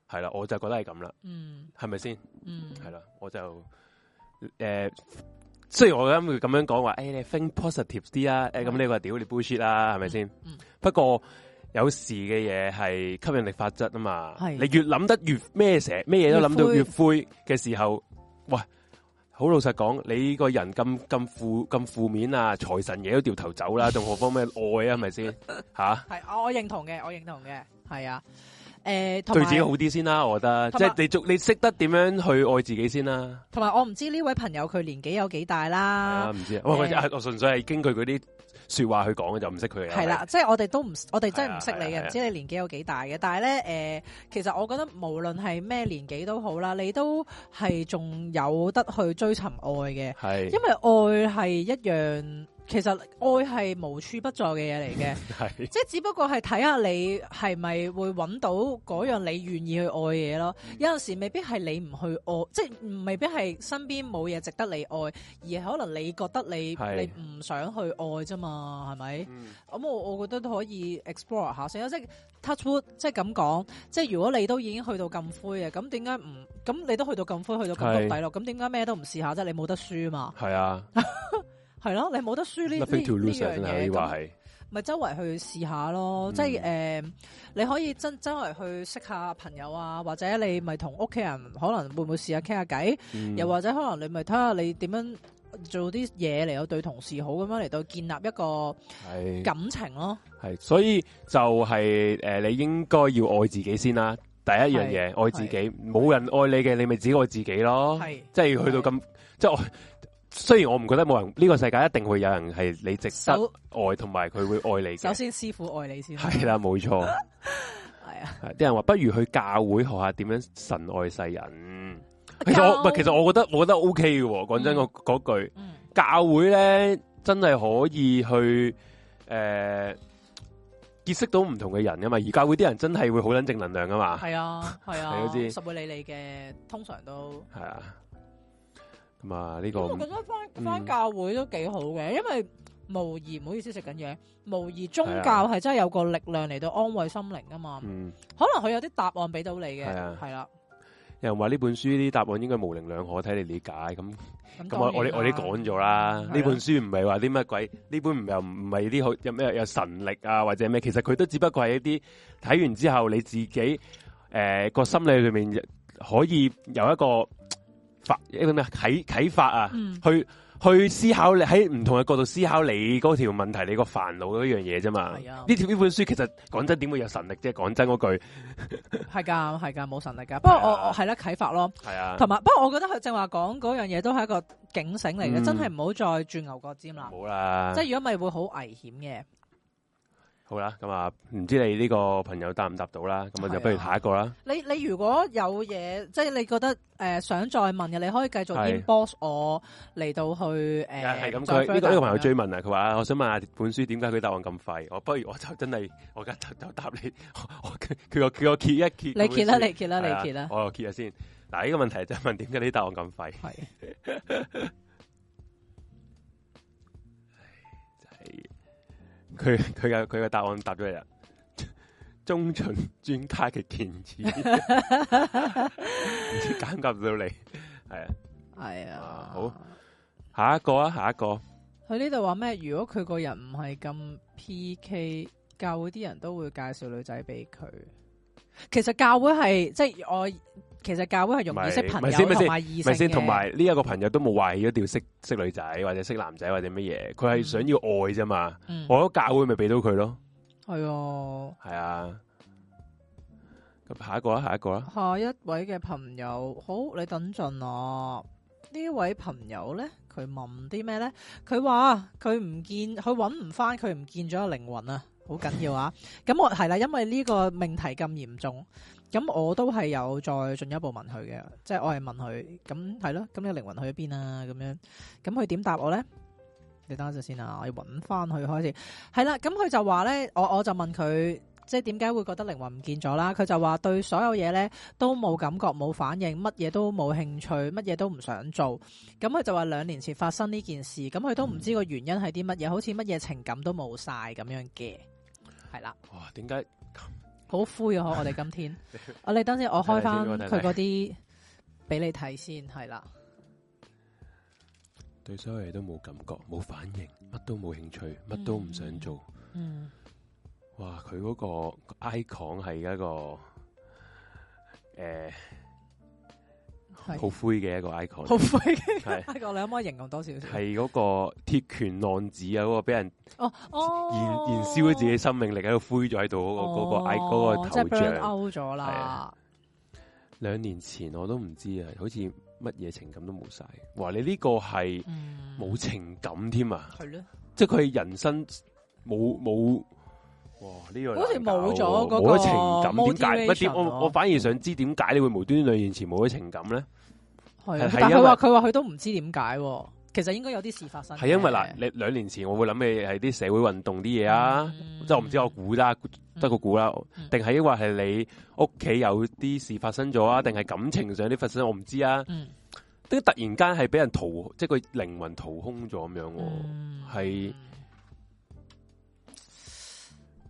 係啦、嗯啊，我就覺得係咁啦，嗯，係咪先？嗯，係啦、啊，我就誒。呃雖然我咁會咁樣講話，誒、欸，你 think positive 啲啊，誒、嗯，咁呢、欸、個屌你 bullshit 啦、啊，係咪先？嗯。不過有時嘅嘢係吸引力法則啊嘛，係的。你越諗得越咩蛇，咩嘢都諗到越灰嘅時候，喂灰，好老實講，你個人咁咁負咁負面啊，財神嘢都掉頭走啦、啊，仲 何況咩愛啊，係咪先？吓、 啊。係，我認同嘅，我認同嘅，係啊。誒，對、哎、自己好啲先啦、啊，我覺得，有即係你你，你識得點樣去愛自己先啦、啊。同埋，我唔知呢位朋友佢年紀有幾大啦。啊，唔知。哎、我、啊、我純粹係根據嗰啲說話去講嘅，就唔識佢。係啦，即係我哋都唔，我哋真係唔識你嘅，唔知你年紀有幾大嘅。但係咧，誒、呃，其實我覺得無論係咩年紀都好啦，你都係仲有得去追尋愛嘅。係的，因為愛係一樣。其實愛係無處不在嘅嘢嚟嘅， 是即係只不過係睇下你係咪會揾到嗰樣你願意去愛嘅嘢咯。嗯、有陣時未必係你唔去愛，即係未必係身邊冇嘢值得你愛，而可能你覺得你是你唔想去愛啫嘛，係咪？咁我、嗯嗯、我覺得都可以 explore 下先，即係 touch wood，即係咁講，即係如果你都已經去到咁灰嘅，咁點解唔咁你都去到咁灰，去到咁谷底咯？咁點解咩都唔試下啫？即係你冇得輸嘛？係啊。 係咯，你冇得輸呢呢樣嘢，咪周圍去試下咯。即係誒，你可以周周圍去識下朋友啊，或者你咪同屋企人可能會唔會試下傾下偈？又或者可能你咪睇下你點樣做啲嘢嚟到對同事好咁樣嚟到建立一個感情咯。係，所以就係誒，你應該要愛自己先啦。第一樣嘢，愛自己，冇人愛你嘅，你咪只愛自己咯。係，即係去到咁，即係愛。雖然我唔覺得冇人呢、這個世界一定會有人係你值得愛，同埋佢會愛你的。首先，師傅愛你先。係啦，冇錯。係 啊。啲人話不如去教會學一下點樣神愛世人。教其實我唔覺得我覺得 O K 嘅。講真，我嗰、OK 嗯、句，嗯、教會咧真係可以去誒、呃、結識到唔同嘅人噶嘛。而教會啲人真係會好捻正能量噶嘛。係啊，係啊，唔 會理你嘅，通常都係啊。咁啊，呢、這個咁我覺得返返教會都幾好嘅，嗯、因為無疑唔好意思食緊嘢，無疑宗教係真係有個力量嚟到安慰心靈㗎嘛。嗯、可能佢有啲答案俾到你嘅，係啦。有人話呢本書啲答案應該模棱兩可，睇你理解。咁咁我我哋我哋講咗啦，呢的本書唔係話啲乜鬼，呢 本又唔唔係啲好有咩有神力啊或者咩，其實佢都只不過係一啲睇完之後你自己誒個、呃、心理裏面可以有一個。一咩啟啟發啊，嗯、去去思考你喺唔同嘅角度思考你嗰條問題，你個煩惱嗰樣嘢啫嘛。呢條呢本書其實講真點會有神力啫？講真嗰句係噶係噶冇神力噶，不過 我是的我係得啟發咯。係啊的，同埋不過我覺得佢正話講嗰樣嘢都係一個警醒嚟嘅，嗯、真係唔好再鑽牛角尖了啦。冇啦，即係如果咪會好危險嘅。好啦，咁、嗯、啊，唔知你呢個朋友答唔答到啦？咁啊，就不如下一個啦。啊、你你如果有嘢，即係你覺得誒、呃、想再問嘅，你可以繼續 inbox,、啊、 我嚟到去誒。係、呃、咁，佢呢個呢個朋友追問啊，佢話我想問下本書點解佢答案咁快？我不如我就真係我而家就答你。我佢佢個佢個揭一揭，你揭啦，你揭啦，你揭啦，我揭下先。嗱，呢個問題就係問點解你答案咁快、啊？ 佢佢嘅佢嘅答案答咗人，中盡專家嘅填詞，唔知解答唔到你？係啊，係啊、哎呀，好，下一個啊，下一個。佢呢度話咩？如果佢個人唔係咁 PK，教會啲人都會介紹女仔俾佢。其實教會係即係我。其實教會係容易是識朋友同埋異性嘅，咪先？同埋呢一個朋友都冇話要掉識識女仔或者識男仔或者乜嘢，佢係想要愛啫嘛。嗯、我覺得教會咪俾到佢咯，嗯。係啊，係啊。咁下一個啦，下一個啦，啊。下一，啊、下一位嘅朋友，好，你等陣啊。呢位朋友咧，佢問啲咩咧？佢話佢唔見，佢搵唔翻，佢唔見咗個靈魂啊，好緊要啊！咁 我係啦，因為呢個命題咁嚴重。咁我都係有再進一步問佢嘅，即係我係問佢，咁係咯，咁你靈魂去咗邊啊？咁樣，咁佢點答我咧？你等陣先啊，我要搵翻佢開始。係啦，咁佢就話咧，我我就問佢，即係點解會覺得靈魂唔見咗啦？佢就話對所有嘢，咧都冇感覺冇反應，乜嘢都冇興趣，乜嘢都唔想做。咁佢就話兩年前發生呢件事，咁佢都唔知個原因係啲乜嘢，好似乜嘢情感都冇晒，咁樣嘅。係啦，哇，點解？好灰啊！ 我哋今天，我哋等陣，我開翻佢嗰啲俾你睇先，係啦。對所有嘢都冇感覺，冇反應，乜都冇興趣，乜都唔想做。嗯。嗯，哇！佢嗰個 icon 係一個，誒、呃。好灰嘅一個 icon，好灰嘅 icon， 是你可唔可以形容多少少？係嗰個鐵拳浪子啊，嗰、嗰個俾人哦、oh, oh, 燃燃燒咗自己生命力喺度灰咗喺度，嗰個嗰個 i 嗰個頭像勾咗 t 咗啦。兩年前我都唔知啊，好似乜嘢情感都冇晒。哇，你呢個係冇情感添啊？係咯、嗯，即係佢人生冇冇。哇！呢、這個好似冇咗個情感，點解？點 iv 我我反而想知點解你會無端端兩年前冇咗情感咧？係啊、嗯，但係佢話佢話佢都唔知點解。其實應該有啲事發生。係因為嗱，你兩年前我會諗起係啲社會運動啲嘢啊。就、嗯、我唔知，我估啦，得個估啦。定係因為係你屋企有啲事發生咗啊？定係感情上啲發生？我唔知啊。嗯，都突然間係俾人逃，即係個靈魂掏空咗咁樣、啊。嗯，係。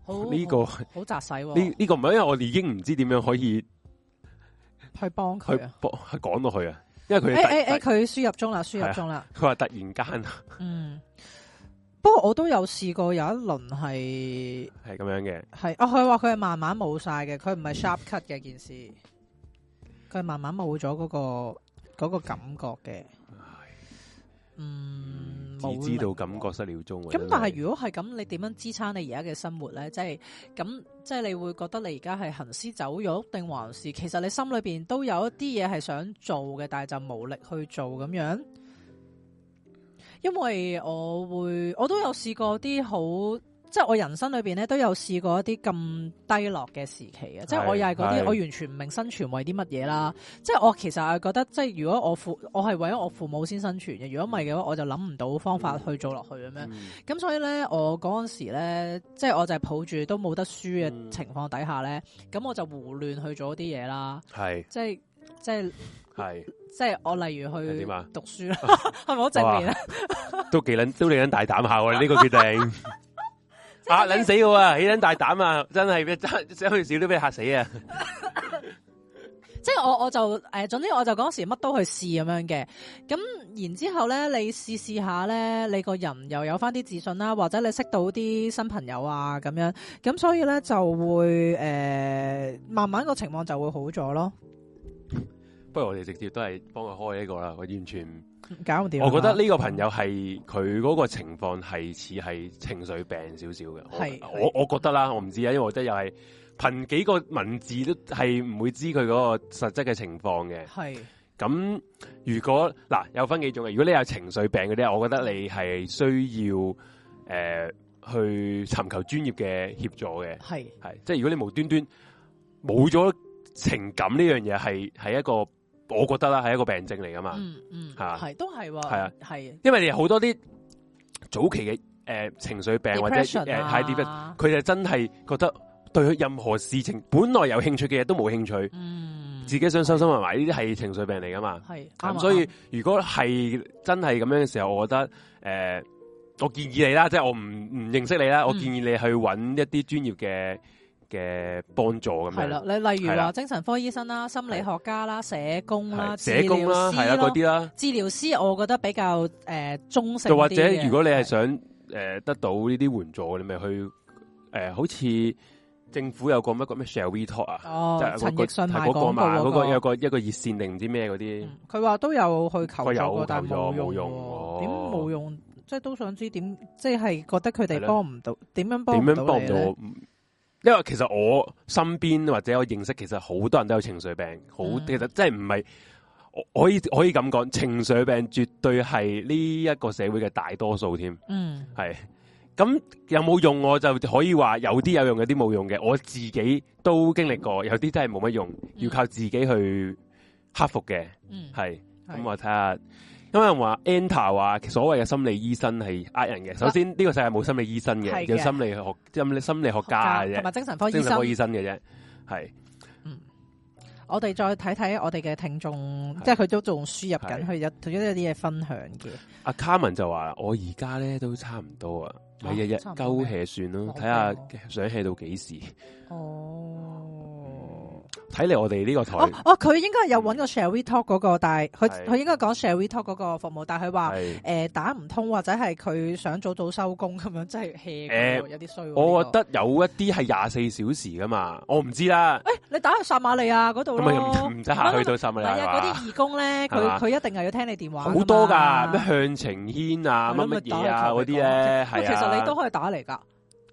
呢、呢個、哦、好紮實呢呢個唔係，因為我哋已經唔知點樣可以去幫佢啊，去講到佢啊，因為佢誒誒佢輸入中啦，輸入中啦，佢話、啊、突然間嗯， 嗯，不過我都有試過有一輪係係咁樣嘅。係啊，佢話佢係慢慢冇晒嘅，佢唔係 sharp cut 嘅件事，佢係 慢慢冇咗嗰個、嗰個感覺嘅，嗯。哎知道感覺失了蹤，咁但係如果係咁，嗯、你點樣支撐你而家嘅生活呢？即係咁，即係、就是、你會覺得你而家係行屍走肉定還是其實你心裏邊都有一啲嘢係想做嘅，但係就無力去做咁樣。因為我會，我都有試過啲好。即係我人生裏邊咧，都有試過一啲咁低落嘅時期嘅。即係我又係嗰啲，我完全唔明生存為啲乜嘢啦。即係我其實係覺得，即係如果我父，我係為咗我父母先生存嘅。如果唔係嘅話，我就諗唔到方法去做落去咁樣。咁所以咧，我嗰陣時咧，即係我就係抱住都冇得輸嘅情況底下咧，咁我就胡亂去做啲嘢啦。係，即係，即係，係，即係我例如去點讀書啦，係咪好正面？都幾捻，都幾捻大膽下喎，呢個決定。吓，撚、 啊、死喎！起卵大膽啊！ 真係俾爭少去試都俾吓死啊！即係我我就誒，總之我就嗰時乜都去試咁樣嘅。咁然之後咧，你試試下咧，你個人又有返啲自信啦，或者你識到啲新朋友啊，咁樣。咁所以咧就會誒、呃，慢慢個情況就會好咗咯。不如我哋直接都係幫佢開呢個啦，佢完全搞掂定。我覺得呢個朋友係佢嗰個情況係似係情緒病少少嘅。係我是是我，我覺得啦，我唔知啊，因為我覺得又係憑幾個文字都係唔會知佢嗰個實質嘅情況嘅。係咁是是，如果嗱有分幾種嘅，如果你有情緒病嗰啲，我覺得你係需要誒、呃、去尋求專業嘅協助嘅。係係是是，即係如果你無端端冇咗情感呢樣嘢，係係一個。我覺得啦，係一個病症嚟噶嘛，係都係，係啊，係，因為好多啲早期嘅誒情緒病或者誒係啲佢就真係覺得對佢任何事情本來有興趣嘅嘢都冇興趣，嗯，自己想收收埋埋呢啲係情緒病嚟噶嘛，係，咁所以如果係真係咁樣嘅時候，我覺得誒，我建議你啦，即係我唔唔認識你啦，我建議你去揾一啲專業嘅。嘅幫助咁樣係啦，你例如話精神科醫生啦、心理學家啦、社工啦、社工啦，係啊嗰啲啦。治療師我覺得比較誒中性，就或者如果你係想誒得到呢啲援助，你咪去誒，好似政府有個乜乜咩 Shall We Talk 啊，哦，陳奕迅買過嘛，嗰個有個一個熱線定唔知咩嗰啲。佢話都有去求助，但係冇用，點冇用？即係都想知點，即係覺得佢哋幫唔到，點樣幫唔到你咧？因為其實我身邊或者我認識，其實好多人都有情緒病，好、嗯、其實即係唔係，我可以可以咁講，情緒病絕對係呢一個社會嘅大多數添。嗯，係。咁有冇用我就可以話有啲有用，有啲冇用嘅。我自己都經歷過，有啲真係冇乜用，要靠自己去克服嘅。嗯，係。咁我睇下，有人話安塔話所謂嘅心理醫生係呃人嘅。首先呢個世界冇心理醫生嘅，有心理學、有心理學家嘅，同埋精神科醫生嘅啫。係，嗯，我哋再睇睇我哋嘅聽眾，即係佢都仲輸入緊，佢有同咗啲啲嘢分享嘅。阿 Carmen 就話：我而家咧都差唔多啊，係日日溝氣算咯，睇下想氣到幾時。哦。睇嚟我哋呢個台哦佢應該係有揾個 Shall We Talk 嗰個，但係佢佢應該講 Shall We Talk 嗰個服務，但係佢話誒打唔通或者係佢想早早收工咁樣，真係 hea 誒有啲衰。我覺得有一啲係廿四小時噶嘛，我唔知啦。誒，你打去撒瑪利亞嗰度唔使行去到撒瑪利亞啊？嗰啲義工咧，佢佢一定係要聽你電話。好多噶，咩向晴軒啊，乜乜嘢啊，嗰啲咧其實你都可以打嚟噶。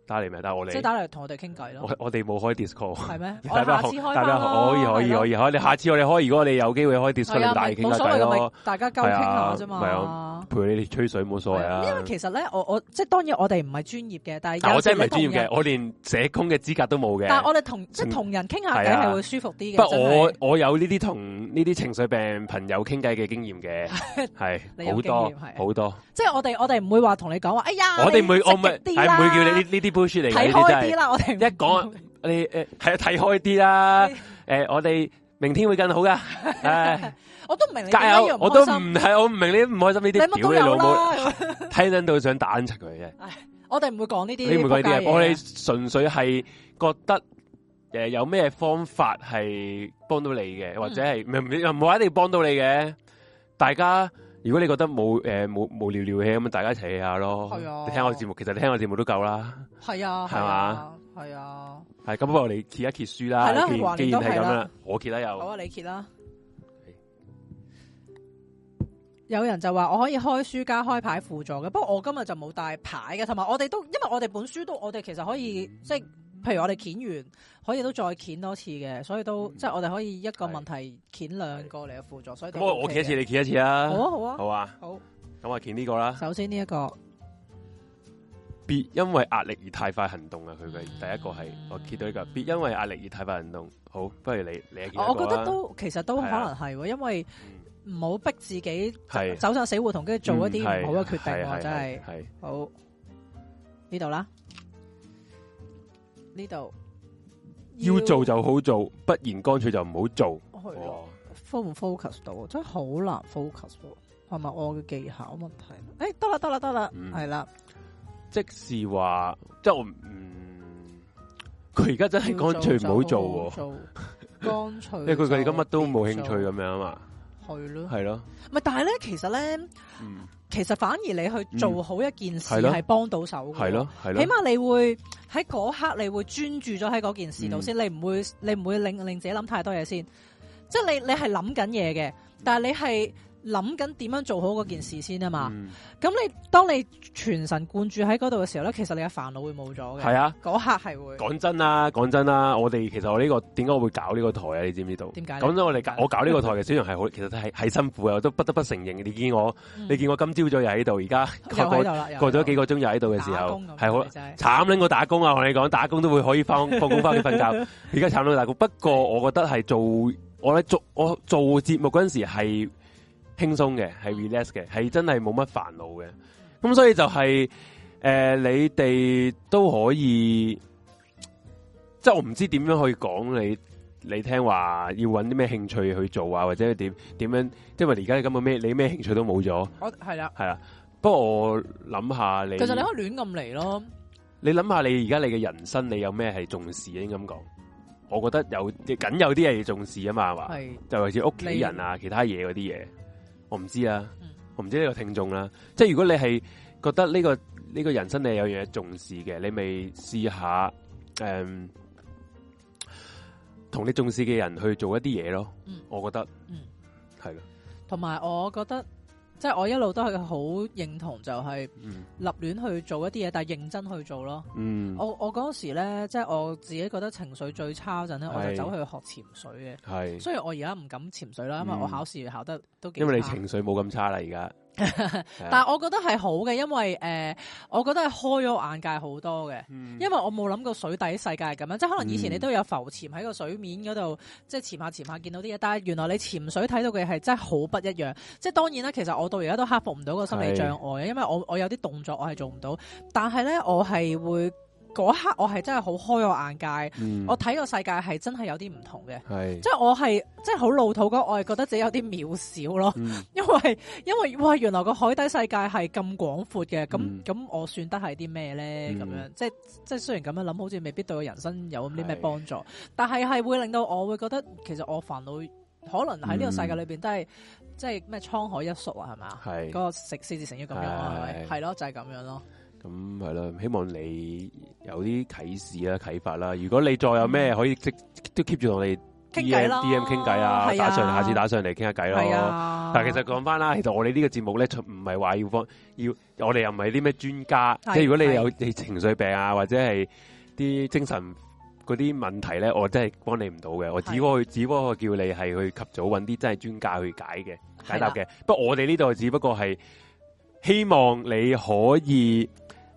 打嚟咪打我嚟。即打嚟同我哋傾偈咯。我哋冇開 disco。係咩？我下次開。大家可以可以可以你下次我哋開，如果你有機會開 disco 大傾偈咯。大家交流下啫嘛。陪你哋吹水冇所謂啊。因為其實咧，我我即係當然我哋唔係專業嘅，但係我真係唔係專業嘅，我連社工嘅資格都冇嘅。但係我哋同即係同人傾下偈係會舒服啲嘅。不過我我有呢啲同呢啲情緒病朋友傾偈嘅經驗嘅，係好多好多。即係我哋我哋唔會話同你講話，哎呀，我哋唔會我唔係唔會叫你呢啲。睇開啲啦，我哋一講你誒，係睇開啲啦。誒、 呃，我哋明天會更好噶、哎。 我都唔明你，加油！我不你不你都唔係，我唔明你唔開心呢啲屌你老母睇真到想打親佢啫。我哋唔會講呢啲，你唔會講呢啲，我哋純粹係覺得誒，有咩方法係幫到你嘅，嗯、或者係又唔係話一定幫到你嘅，大家。如果你覺得冇誒，冇無聊聊嘅，咁大家一齊下咯。係啊，你聽我節目，其實你聽我節目都夠啦。係啊，係嘛，係啊。係咁吧，不過、啊啊、我哋揭一揭書啦。係咯、啊，既然係咁樣，我揭啦、啊、又。好啊，你揭啦、啊。是有人就話我可以開書加開牌輔助嘅，不過我今日就冇帶牌嘅，同埋我哋都，因為我哋本書都，我哋其實可以即係。嗯譬如我哋鉗完，可以都再鉗多次嘅，所以都即係我哋可以一個問題鉗兩個嚟嘅輔助，所以。我鉗一次，你鉗一次啊。好啊，好啊，好啊，好。咁啊，鉗呢個啦。首先呢一個，別因為壓力而太快行動啊！佢嘅第一個係我鉗到呢個，別因為壓力而太快行動。好，不如你你鉗。我覺得都其實都可能係，因為唔好逼自己係走死胡同，佢做一啲唔好嘅決定，真係。係。好，呢度啦。呢度要，要做就好做，不然乾脆就唔好做。係咯，focus 唔 focus 到真係好難 focus 係咪我嘅技巧問題？誒、欸，得啦得啦得啦，係啦、嗯了。即使話即係我唔，佢而家真係乾脆唔好做，乾 脆做。因佢而家乜都冇興趣咁樣嘛，係咯，係咯。咪但係咧，其實咧。嗯其實反而你去做好一件事係幫到手嘅。係咯，嗯，係咯，係咯，起碼你會喺嗰刻你會專注咗喺嗰件事度先，嗯，你唔會你唔會令令自己諗太多嘢先，即係你你係諗緊嘢嘅，但係你係。諗緊點樣做好嗰件事先啊嘛！咁你當你全神貫注喺嗰度嘅時候咧，其實你嘅煩惱會冇咗嘅。係啊，嗰刻係會。講真啦，講真啦，我哋其實我呢個點解我會搞呢個台啊？你知唔知道？點解？講真我哋搞我搞呢個台嘅小楊係好，其實係係辛苦嘅，都不得不承認。你見我，你見我今朝早又喺度，而家過咗幾個鐘又喺度嘅時候，係好慘。拎我打工啊！我同你講，打工都會可以放放工翻去瞓覺，而家慘到打工。不過我覺得係做我咧做我做節目嗰陣時係。輕鬆嘅係 relax 嘅係真係冇乜煩惱嘅，咁所以就係、是、誒、呃、你哋都可以，即係我唔知點樣去講你你聽話要揾啲咩興趣去做啊，或者點點樣，樣，因為而家咁嘅咩你咩興趣都冇咗，我係啦，係啦，不過我諗下你，其實你可以亂咁嚟咯，你諗下你而家你嘅人生你有咩係重視應該咁講，我覺得有，僅有啲嘢要重視啊嘛，係嘛的，就類似屋企人啊你其他嘢嗰啲嘢。我唔知啊，嗯、我唔知呢個聽眾啦、啊。即係如果你係覺得呢、這個呢、這個人生你有嘢重視嘅，你咪試下誒，同、嗯、你重視嘅人去做一啲嘢咯。嗯、我覺得，嗯，係咯的。同埋我覺得。即係我一路都係好認同就是、嗯，就係立亂去做一啲嘢，但係認真去做咯。嗯、我我嗰時咧，即、就、係、是、我自己覺得情緒最差嗰陣咧，是我就走去學潛水嘅。係是，雖然我而家唔敢潛水啦，嗯、因為我考試考得都幾差。因為你情緒冇咁差啦，而家。 但係我覺得係好嘅，因為誒、呃，我覺得係開咗眼界好多嘅，因為我冇諗過水底世界咁樣，即係可能以前你都有浮潛喺個水面嗰度，即係潛下潛下見到啲嘢，但係原來你潛水睇到嘅係真係好不一樣。即係當然啦，其實我到而家都克服唔到個心理障礙啊，因為我我有啲動作我係做唔到，但係咧我係會。嗰刻我係真係好開我眼界，我睇個世界係真係有啲唔同嘅，即係我係即係好老土嗰，我係覺得自己有啲渺小咯，因為因為哇原來個海底世界係咁廣闊嘅，咁咁我算得係啲咩咧？咁樣即即雖然咁樣諗，好似未必對我人生有啲咩幫助，但係係會令到我會覺得其實我煩惱可能喺呢個世界裏邊，都係即係咩滄海一粟啊，係嘛？嗰個四字成語咁樣咯，就係咁樣咯。咁係啦，希望你有啲啟示啦、啟發啦。如果你再有咩、嗯、可以，即都 keep 住同我哋 DM 傾偈啊，打上，下次打上嚟傾下偈咯。啊、但係其實講翻啦，其實我哋呢個節目咧，唔係話要幫，要我哋又唔係啲咩專家。是即係如果你有你情緒病啊，是或者係啲精神嗰啲問題咧，我真係幫你唔到嘅。我只，是只不過，只叫你係去及早搵啲真係專家去解嘅、啊、解答嘅。不過，我哋呢度只不過係希望你可以。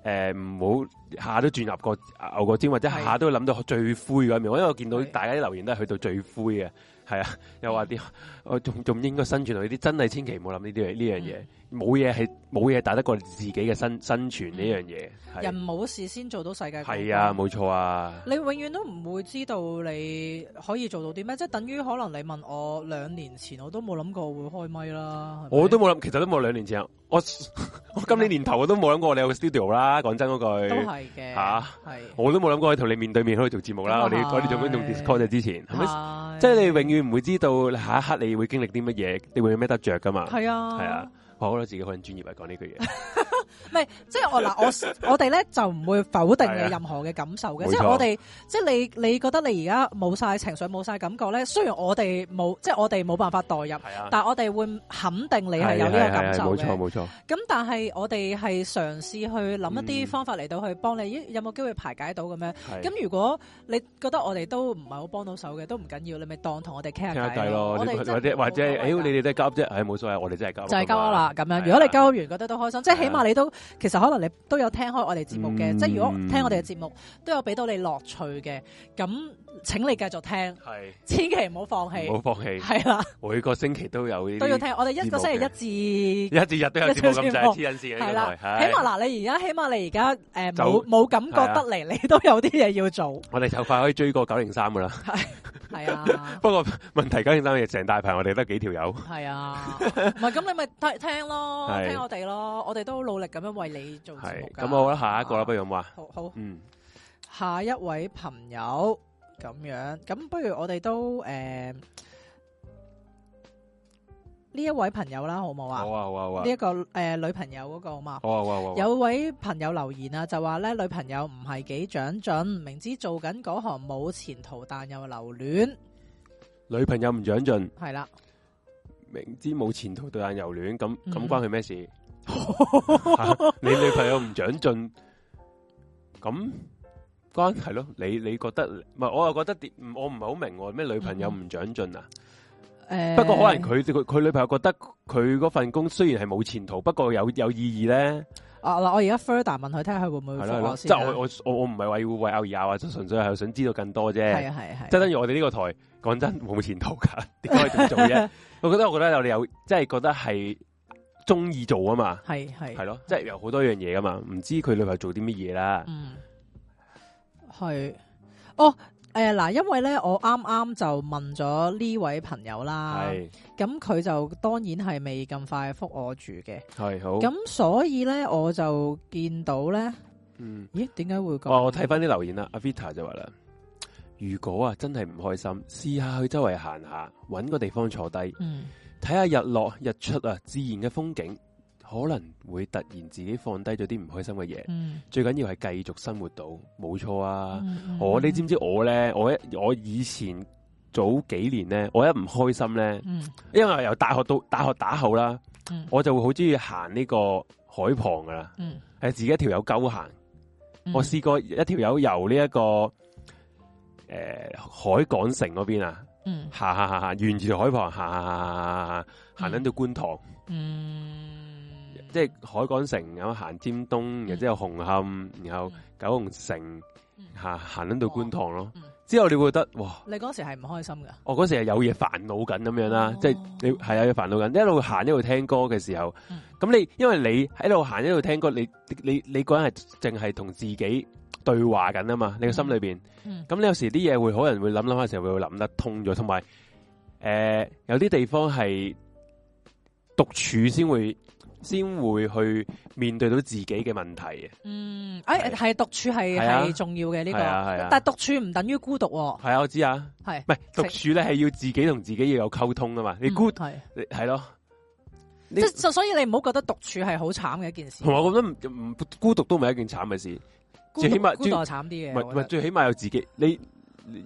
誒唔好下都轉入個牛角尖，或者下下都諗到最灰嗰一面。我是的 因為見到大家啲留言都係去到最灰嘅，係啊，又話啲我仲仲應該生存到呢啲，真係千祈唔好諗呢啲呢樣嘢。嗯冇嘢係冇嘢打得過自己嘅生生存呢樣嘢，嗯、是人冇事先做到世界冠軍係，係啊，冇錯啊！你永遠都唔會知道你可以做到啲咩，即係等於可能你問我兩年，年前，我都冇諗過會開咪啦。我都冇諗，其實都冇兩年前，我我今年年頭我都冇諗過你有個 studio 啦。講真嗰句都係嘅吓，啊、的我都冇諗過去同你面對面可以做節目啦。嗯、我哋我哋做咩？做 Discord 嘅之前，係咪？的即係你永遠唔會知道下一刻你會經歷啲乜嘢，你會有咩得着噶嘛？係啊，係啊。好覺自己可能專業嚟講呢句嘢，唔係即係我嗱我我哋咧就唔會否定你任何嘅感受嘅，即係我哋即係你你覺得你而家冇晒情緒冇晒感覺咧，雖然我哋冇即係我哋冇辦法代入，但係我哋會肯定你係有呢個感受嘅，冇錯冇錯。咁但係我哋係嘗試去諗一啲方法嚟到去幫你，有冇機會排解到咁樣？咁如果你覺得我哋都唔係好幫到手嘅，都唔緊要，你咪當同我哋傾下偈咯。我哋或者，或者，你哋都係交，啫，冇所謂，我哋真係交。就係交啦。咁樣，如果你交完覺得都開心，即係起碼你都其實可能你都有聽開我哋節目嘅，即係如果聽我哋嘅節目都有俾到你樂趣嘅，咁請你繼續聽，千祈唔好放棄，唔好放棄，係啦，每個星期都有呢，都要聽，我哋一個星期一至一至日都有節目，咁係天恩寺啦，係起碼嗱，你而家起碼你而家誒冇冇感覺得嚟，你都有啲嘢要做，我哋就快可以追過九零三噶啦。係是啊， 不過問題梗係等你成大排，我哋得幾條友。係啊，唔係咁你咪聽聽咯，聽，咯是 聽我哋咯，我哋都努力咁樣為你做節目。咁是、啊啊、好啦，下一個啦，不如咁話。好，好，嗯，下一位朋友咁樣，咁不如我哋都誒。欸呢一位朋友啦，好唔好啊？好啊，好啊，好啊！呢一、這個誒、呃、女朋友嗰、那個啊嘛，好啊，好啊，有位朋友留言啊，就話咧女朋友唔係幾長進，明知做緊嗰行冇前途，但又留戀。女朋友唔長進，係啦了，明知冇前途，但又留戀，咁咁、嗯、關佢咩事？ 你女朋友唔長進，咁 關係咯？你你覺得唔係？我又覺得點？我唔係好明，咩女朋友唔長進、嗯、啊？誒，不過可能佢佢女朋友覺得佢嗰份工雖然係冇前途，不過有有意義咧。啊，嗱，我而家 Further 問佢，睇下佢會唔會？去。即係我我我唔係話要為拗而拗，就純粹係想知道更多啫。係啊係係，真真如我哋呢個台，講真冇前途噶，點解咁做啫？我覺得我覺得我哋有，即係覺得係中意做啊嘛。係係係咯，即係有好多樣嘢噶嘛，唔知佢女朋友做啲乜嘢啦。係，哦。誒嗱，因為咧我啱啱就問咗呢位朋友啦，咁佢係就當然係未咁快覆我住嘅，係好，咁所以咧我就見到咧，嗯，咦，點解會咁？哦，我睇返啲留言啦，阿 Vita、啊、就話啦，如果啊真係唔開心，試下去周圍行下，搵個地方坐低，嗯，睇下日落、日出啊，自然嘅風景。可能會突然自己放低咗啲唔開心嘅嘢，嗯、最緊要係繼續生活到冇錯啊！嗯、我你知唔知我咧？我一我以前早幾年咧，我一唔開心咧，嗯、因為由大學到大學打後啦，嗯、我就會好鍾意行呢個海旁噶啦，係、嗯、自己一條友鳩行。嗯、我試過一條友由呢一個、呃、海港城嗰邊啊，行下行下沿住海旁行下行下行下行下即係海港城咁行尖東，嗯、然後之後紅磡，然後九龍城吓行，翻、嗯、到觀塘咯。之、哦嗯、後你會覺得哇，你嗰時係唔開心噶？我嗰、哦、時係有嘢煩惱緊咁樣啦，哦、即係你係有嘢煩惱緊。一路行一路聽歌嘅時候，咁、嗯、你因為你喺度行一路聽歌，你你你嗰陣係淨係同自己對話緊啊嘛。你個心裏邊咁，嗯嗯、你有時啲嘢會可能會諗諗下嘅時候，會諗得通咗，同埋誒有啲、呃、地方係獨處先會。先會去面對到自己嘅問題嘅。嗯，誒，係獨處係係重要嘅，呢個，但係獨處唔等於孤獨。係啊，我知啊。係，唔係獨處咧，係要自己同自己要有溝通噶嘛。你孤係係咯，即所以你唔好覺得獨處係好慘嘅一件事。同我覺得唔唔孤獨都唔係一件慘嘅事，最起碼孤獨係慘啲嘅。最起碼有自己，你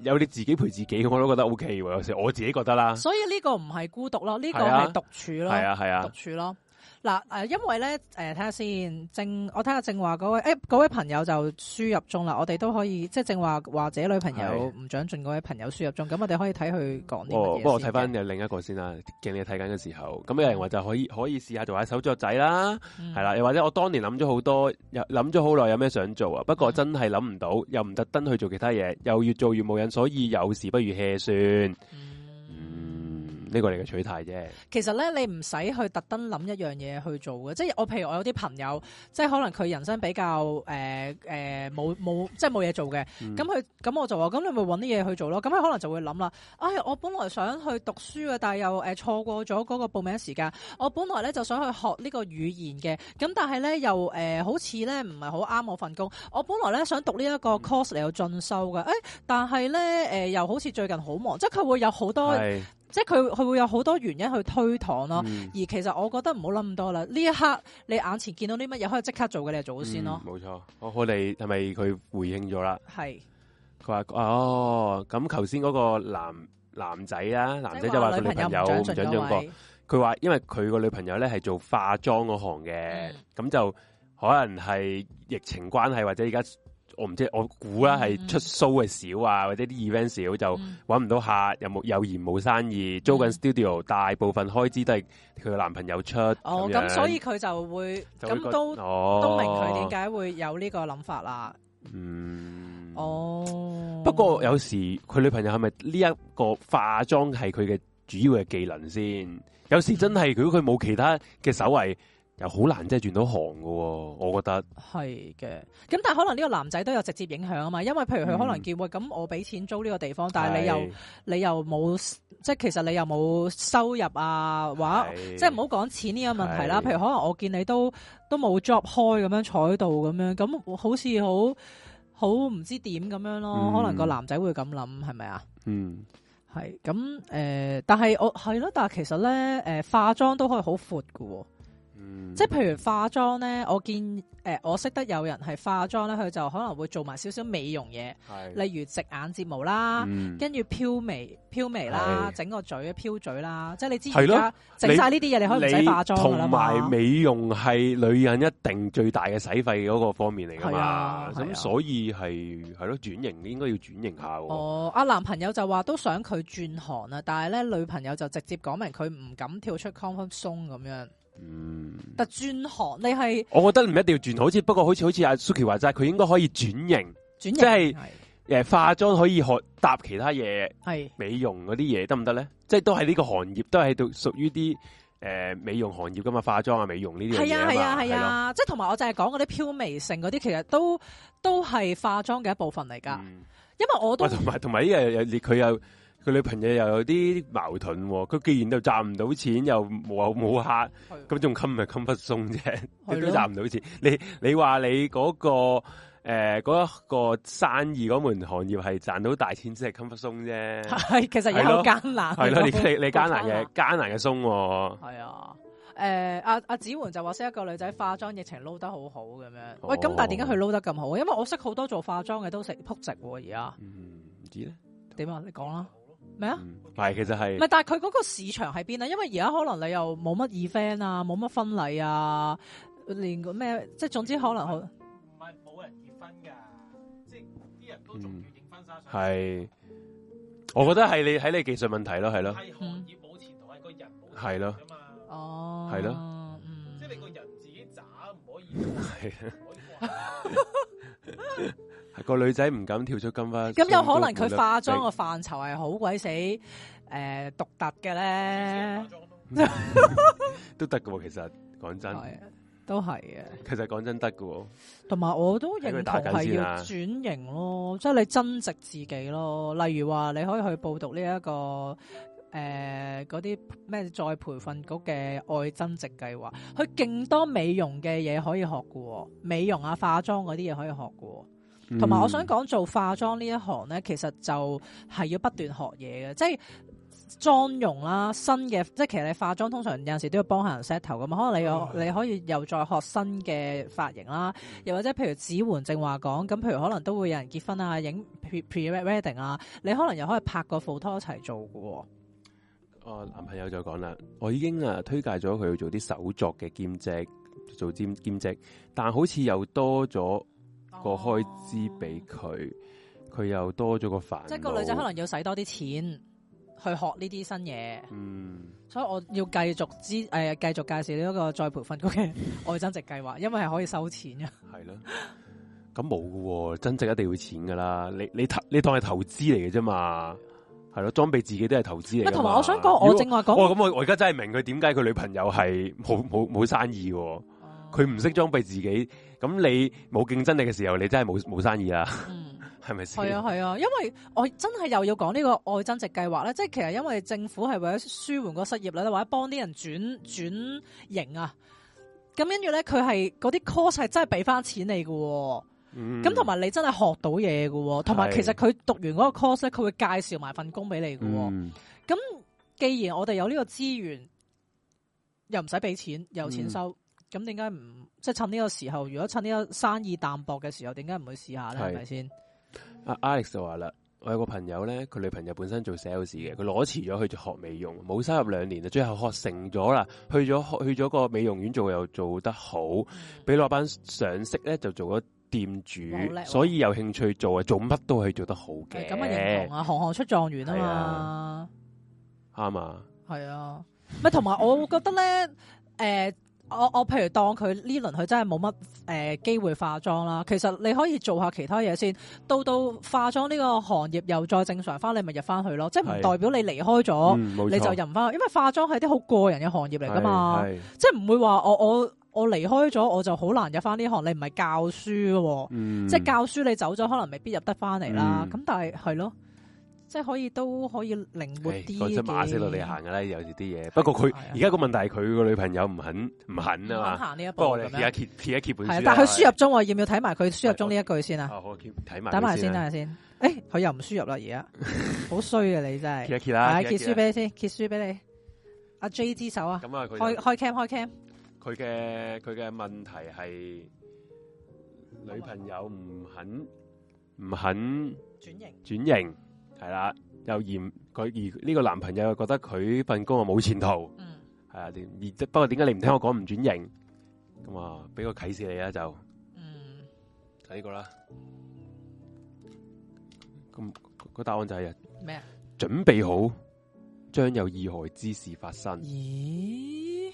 有你自己陪自己，我都覺得 O K。有時我自己覺得啦。所以呢個唔係孤獨咯，呢個係獨處咯。係啊係啊，獨處咯。嗱，因為咧，誒、呃，睇下先，正，我睇下正話嗰位，誒、欸，嗰位朋友就輸入中啦，我哋都可以，即係正話或者女朋友唔想進嗰位朋友輸入中，咁的我哋可以睇佢講啲乜嘢。不過我睇翻有另一個先啦，見你睇緊嘅時候，咁有人話就可以可以試下做下手作仔啦，係啦、嗯，又或者我當年諗咗好多，又諗咗好耐有咩想做啊，不過真係諗唔到，嗯、又唔特登去做其他嘢，又越做越冇癮，所以有時不如棄算。嗯嗯。呢個嚟嘅取態啫。其實咧，你唔使去特登諗一樣嘢去做嘅。即係我譬如我有啲朋友，即係可能佢人生比較誒誒冇冇，即係冇嘢做嘅。咁佢咁我就話，咁你咪搵啲嘢去做咯。咁佢可能就會諗啦。哎，我本來想去讀書嘅，但係又誒、呃、錯過咗嗰個報名時間。我本來咧就想去學呢個語言嘅，咁但係咧又誒、呃、好似咧唔係好啱我份工。我本來咧想讀呢一個 course 嚟有進修嘅，誒、哎，但係咧誒又好似最近好忙，即係佢會有好多。即係佢佢會有好多原因去推搪咯、啊，嗯、而其實我覺得唔好諗咁多啦。呢一刻你眼前見到啲乜嘢可以即刻做嘅，你就做咗先咯、嗯。冇錯，我好哋係咪佢回應咗啦？係佢話哦，咁頭先嗰個男男仔啊，男仔就話佢女朋友佢話因為佢個女朋友咧係做化妝嗰行嘅，咁、嗯、就可能係疫情關係或者而家。我唔知，我估啦，係出 show 嘅少啊，嗯、或者啲 event 少就揾唔到客，又冇有而冇生意，租緊 studio，、嗯、大部分開支都係佢男朋友出。哦，咁樣、嗯、所以佢就會咁都、哦、都明佢點解會有呢個諗法啦。嗯，哦，不過有時佢女朋友係咪呢一個化妝係佢嘅主要嘅技能先？有時真係、嗯、如果佢冇其他嘅手藝。又好難即係轉到行喎。我覺得係嘅。咁但係可能呢個男仔都有直接影響啊嘛，因為譬如佢可能見、嗯、喂咁，我俾錢租呢個地方，但係你又是的 你又冇即係其實你又冇收入啊，話是的 即係唔好講錢呢個問題啦。是的 譬如可能我見你都都冇 job 開咁樣坐喺度咁樣，咁好似好好唔知點咁樣咯。嗯、可能個男仔會咁諗係咪啊？嗯，係咁誒，但係我係咯，但係其實咧誒、呃、化妝都可以好闊喎。嗯、即係譬如化妝咧，我見誒、呃，我識得有人係化妝咧，佢就可能會做埋少少美容嘢，是的 例如植眼睫毛啦，跟住、嗯、飄眉、飄眉啦，是的 整個嘴咧飄嘴啦。即係你知而家整晒呢啲嘢，你可以唔使化妝噶啦嘛。同埋美容係女人一定最大嘅使費嗰個方面嚟噶嘛，咁所以係係咯轉型，應該要轉型下、啊。哦，阿、啊、男朋友就話都想佢轉行啦，但係咧女朋友就直接講明佢唔敢跳出 comfort zone 咁樣。嗯，但轉行你係，我覺得你唔一定要轉，好似不過好似好似阿 Suki 話齋，佢應該可以轉型，即係誒化妝可以學搭其他嘢，係是美容嗰啲嘢得唔得咧？即係、就是、都係呢個行業，都係到屬於啲誒美容行業噶嘛，化妝啊美容呢啲係啊係啊係啊，即係同埋我就係講嗰啲飄眉性嗰啲，其實都都係化妝嘅一部分嚟噶，嗯、因為我都同埋同埋呢嘢，佢又、啊。佢女朋友又有啲矛盾，佢既然都賺唔到錢，又冇冇客，咁仲襟咪襟不鬆啫？亦都賺唔到錢。你你話你嗰、那個誒嗰、呃那個生意嗰門行業係賺到大錢，只係襟不鬆啫。係其實有好艱難，係咯的、嗯、你你艱難嘅艱難嘅鬆。係啊，誒阿阿子桓子媛就話識一個女仔化妝，疫情撈得好好咁樣。哦、喂，咁但係點解佢撈得咁好啊？因為我識好多做化妝嘅都食扑食直而家。唔、嗯、知咧，點啊？你講啦。咩啊？係、嗯、其實係，唔係但係佢嗰個市場喺邊啊？因為而家可能你又冇乜 event 啊，冇乜婚禮啊，連個咩即係總之可能好，唔係冇人結婚噶，即係啲人都仲要影婚紗相。係，我覺得係你喺你技術問題咯，係咯。係行業保持同係個人係咯，吧啊嘛，哦吧，係咯、嗯，即係你個人自己渣唔可以。個女仔唔敢跳出金花，咁有可能佢化妝嘅範疇係好鬼死誒獨、呃、特嘅咧。 都得㗎，其實講真，都係嘅。其實講真得㗎，同埋我都認同係要轉型咯，即係 你增值自己咯。例如話你可以去報讀呢、這、一個誒嗰啲咩再培訓局嘅愛增值計劃，佢勁多美容嘅嘢可以學㗎，美容啊、化妝嗰啲嘢可以學㗎。同埋，我想講做化妝呢一行咧，其實就係要不斷學嘢嘅，即係妝容啦、啊、新嘅，即係其實你化妝通常有陣時都要幫下人 set 頭㗎嘛，可能你可你可以又再學新嘅髮型啦，又或者譬如指環，正話講咁，譬如可能都會有人結婚啊，影 pre wedding 啊，你可能又可以拍個 photo 一齊做噶。哦，男朋友就講啦，我已經啊推介咗佢要做啲手作嘅兼職，做兼兼職，但好似又多咗。個開支俾佢，佢又多咗個煩。即係個女仔可能要使多啲錢去學呢啲新嘢。嗯，所以我要繼續支誒，繼、呃、續介紹呢一個再培訓局嘅外增值計劃， 因為係可以收錢嘅。係咯，咁冇喎，增值一定要錢噶啦。你你投你當係投資嚟嘅啫嘛。係咯，裝備自己都係投資嚟。同埋，我想講，果哦哦、我正話講。我咁我而家真係明佢點解佢女朋友係冇冇冇生意喎，佢唔識裝備自己。咁你冇競爭力嘅時候，你真係冇冇生意啦，係咪先？係 是啊，係啊，因為我真係又要講呢個愛增值計劃咧，即、就、係、是、其實因為政府係為咗舒緩個失業率咧，或者幫啲人轉轉型啊。咁跟住咧，佢係嗰啲 course 係真係俾翻錢你喎、哦。咁同埋你真係學到嘢喎。同埋其實佢讀完嗰個 course 咧，佢會介紹埋份工俾你喎、哦。咁、嗯、既然我哋有呢個資源，又唔使俾錢，有錢收，咁點解唔？即係趁呢個時候，如果趁呢個生意淡薄嘅時候，點解唔去試下咧？係咪先？阿 Alex 就話啦，我有個朋友咧，佢女朋友本身做 sales 嘅，佢攞遲咗，佢就學美容，冇收入兩年啦，最後學成咗啦，去咗去咗個美容院做又做得好，俾老闆賞識咧，就做咗店主，嗯啊、所以有興趣做啊，做乜都係做得好嘅。咁啊，認同啊，行行出狀元啊嘛，啱嘛？係啊，咪同埋我覺得咧，誒、呃。我我譬如當佢呢輪佢真係冇乜誒機會化妝啦，其實你可以做下其他嘢先。到到化妝呢個行業又再正常翻，你咪入翻去咯。即係唔代表你離開咗，是你就入唔翻去。嗯、因為化妝係啲好個人嘅行業嚟噶嘛，即係唔會話我我我離開咗我就好難入翻呢行。你唔係教書，嗯、即係教書你走咗可能未必入得翻嚟啦。咁但係，係咯。嗯即係可以都可以靈活啲，馬死落地行噶啦，有時啲嘢。不過佢而家個問題係佢個女朋友唔肯唔肯啊行呢一步，但佢輸入中，要唔要睇埋佢輸入中呢一句先啊？睇埋。等埋先，等下先。誒，佢又唔輸入啦，而家好衰啊你真係。揭一揭啦，揭書俾你先，揭書俾你。阿 J 之手啊，咁啊，開開 cam 開 cam。佢嘅佢嘅問題係女朋友唔肯唔肯轉型轉型。係啦，又嫌佢而呢個男朋友又覺得佢份工啊冇前途，係啊、嗯，而不過點解你唔聽我講唔轉型咁啊？俾個啟示你啊就，就呢、嗯、個啦。咁、那個答案就係咩啊？麼準備好將有意外之事發生。咦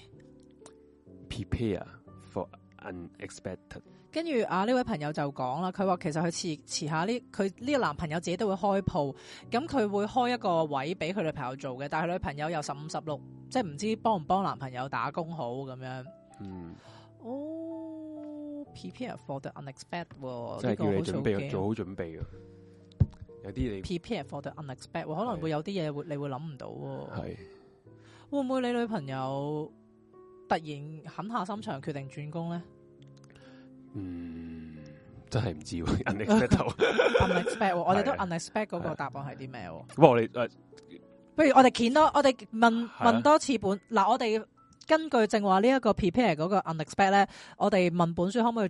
Prepare for unexpected. 跟住啊，呢位朋友就講啦，佢話其實佢遲遲下呢，佢呢個男朋友自己都會開鋪，咁佢會開一個位俾佢女朋友做嘅，但係佢女朋友有十五十六，即係唔知幫唔幫男朋友打工好咁樣。嗯，哦，Prepare for the unexpected，即係要準備，準備要做好準備啊。有啲嘢 Prepare for the unexpected，可能會有啲嘢你會諗唔到。係是會唔會你女朋友突然狠下心腸決定轉工咧？嗯，真係唔知喎 unexpected 我哋都 unexpected 嗰個答案係啲咩？不過我哋不如我哋見多，我哋問問多次本。嗱，我哋根據正話呢一個 prepare 嗰個 unexpected 咧，我哋問本書可唔可以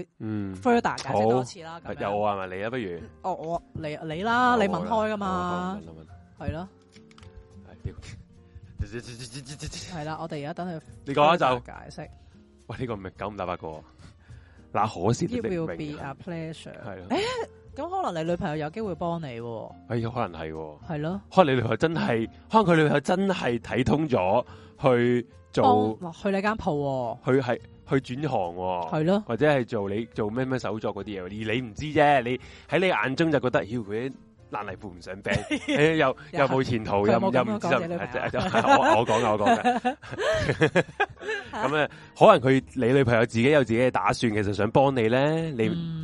再嗯 further 解釋多次啦？有啊，係咪你啊？不如，哦，我你你啦，你問開噶嘛？係咯，係啦，我哋而家等佢，你講就解釋。喂，呢個唔係九五打八個。嗱，可惜 will be a pleasure. 是你明啊！係咯、哎，誒，咁可能你女朋友有機會幫你、哦，哎呀，可能係、哦，係咯的，可能你女朋友真係，可能佢女朋友真係睇通咗去做，去你間鋪、哦，去係去轉行、哦，係咯的，或者係做你做咩咩手作嗰啲嘢，而你唔知啫，你喺你，你眼中就覺得，妖佢。難泥扶唔上病，又又冇前途，又又唔知、啊 我。我講講嘅，我講嘅。 咁可能佢你女朋友自己有自己嘅打算，其實想幫你咧，你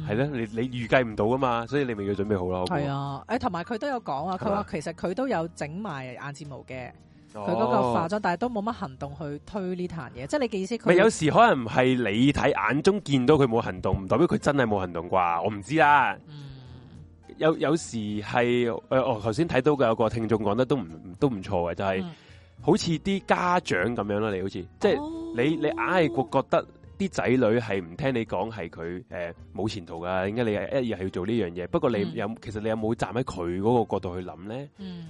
係咧、嗯，你你預計唔到噶嘛，所以你咪要準備好咯。係啊，誒、哎，同埋佢都有講啊，佢話吧其實佢都有整埋眼睫毛嘅，佢嗰、哦、個化妝，但係都冇乜行動去推呢壇嘢。即係你嘅意思，佢有時可能係你睇眼中見到佢冇行動，唔代表佢真係冇行動啩？我唔知啦。嗯有有時係誒，我頭先睇到嘅有個聽眾講得都唔都唔錯嘅，就係、是 mm. 好似啲家長咁樣啦。你好似即係你、oh. 你硬係覺覺得啲仔女係唔聽你講，係佢誒冇前途噶，點解你係一日係要做呢樣嘢？不過你有、mm. 其實你有冇站喺佢嗰個角度去諗咧？Mm.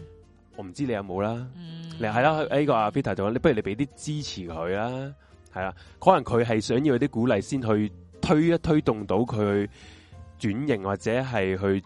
我唔知你有冇啦。Mm. 你係啦、啊，呢、這個阿 Peter 就話你不如你俾啲支持佢啊。係啊，可能佢係想要啲鼓勵先去推一推動到佢轉型或者係去。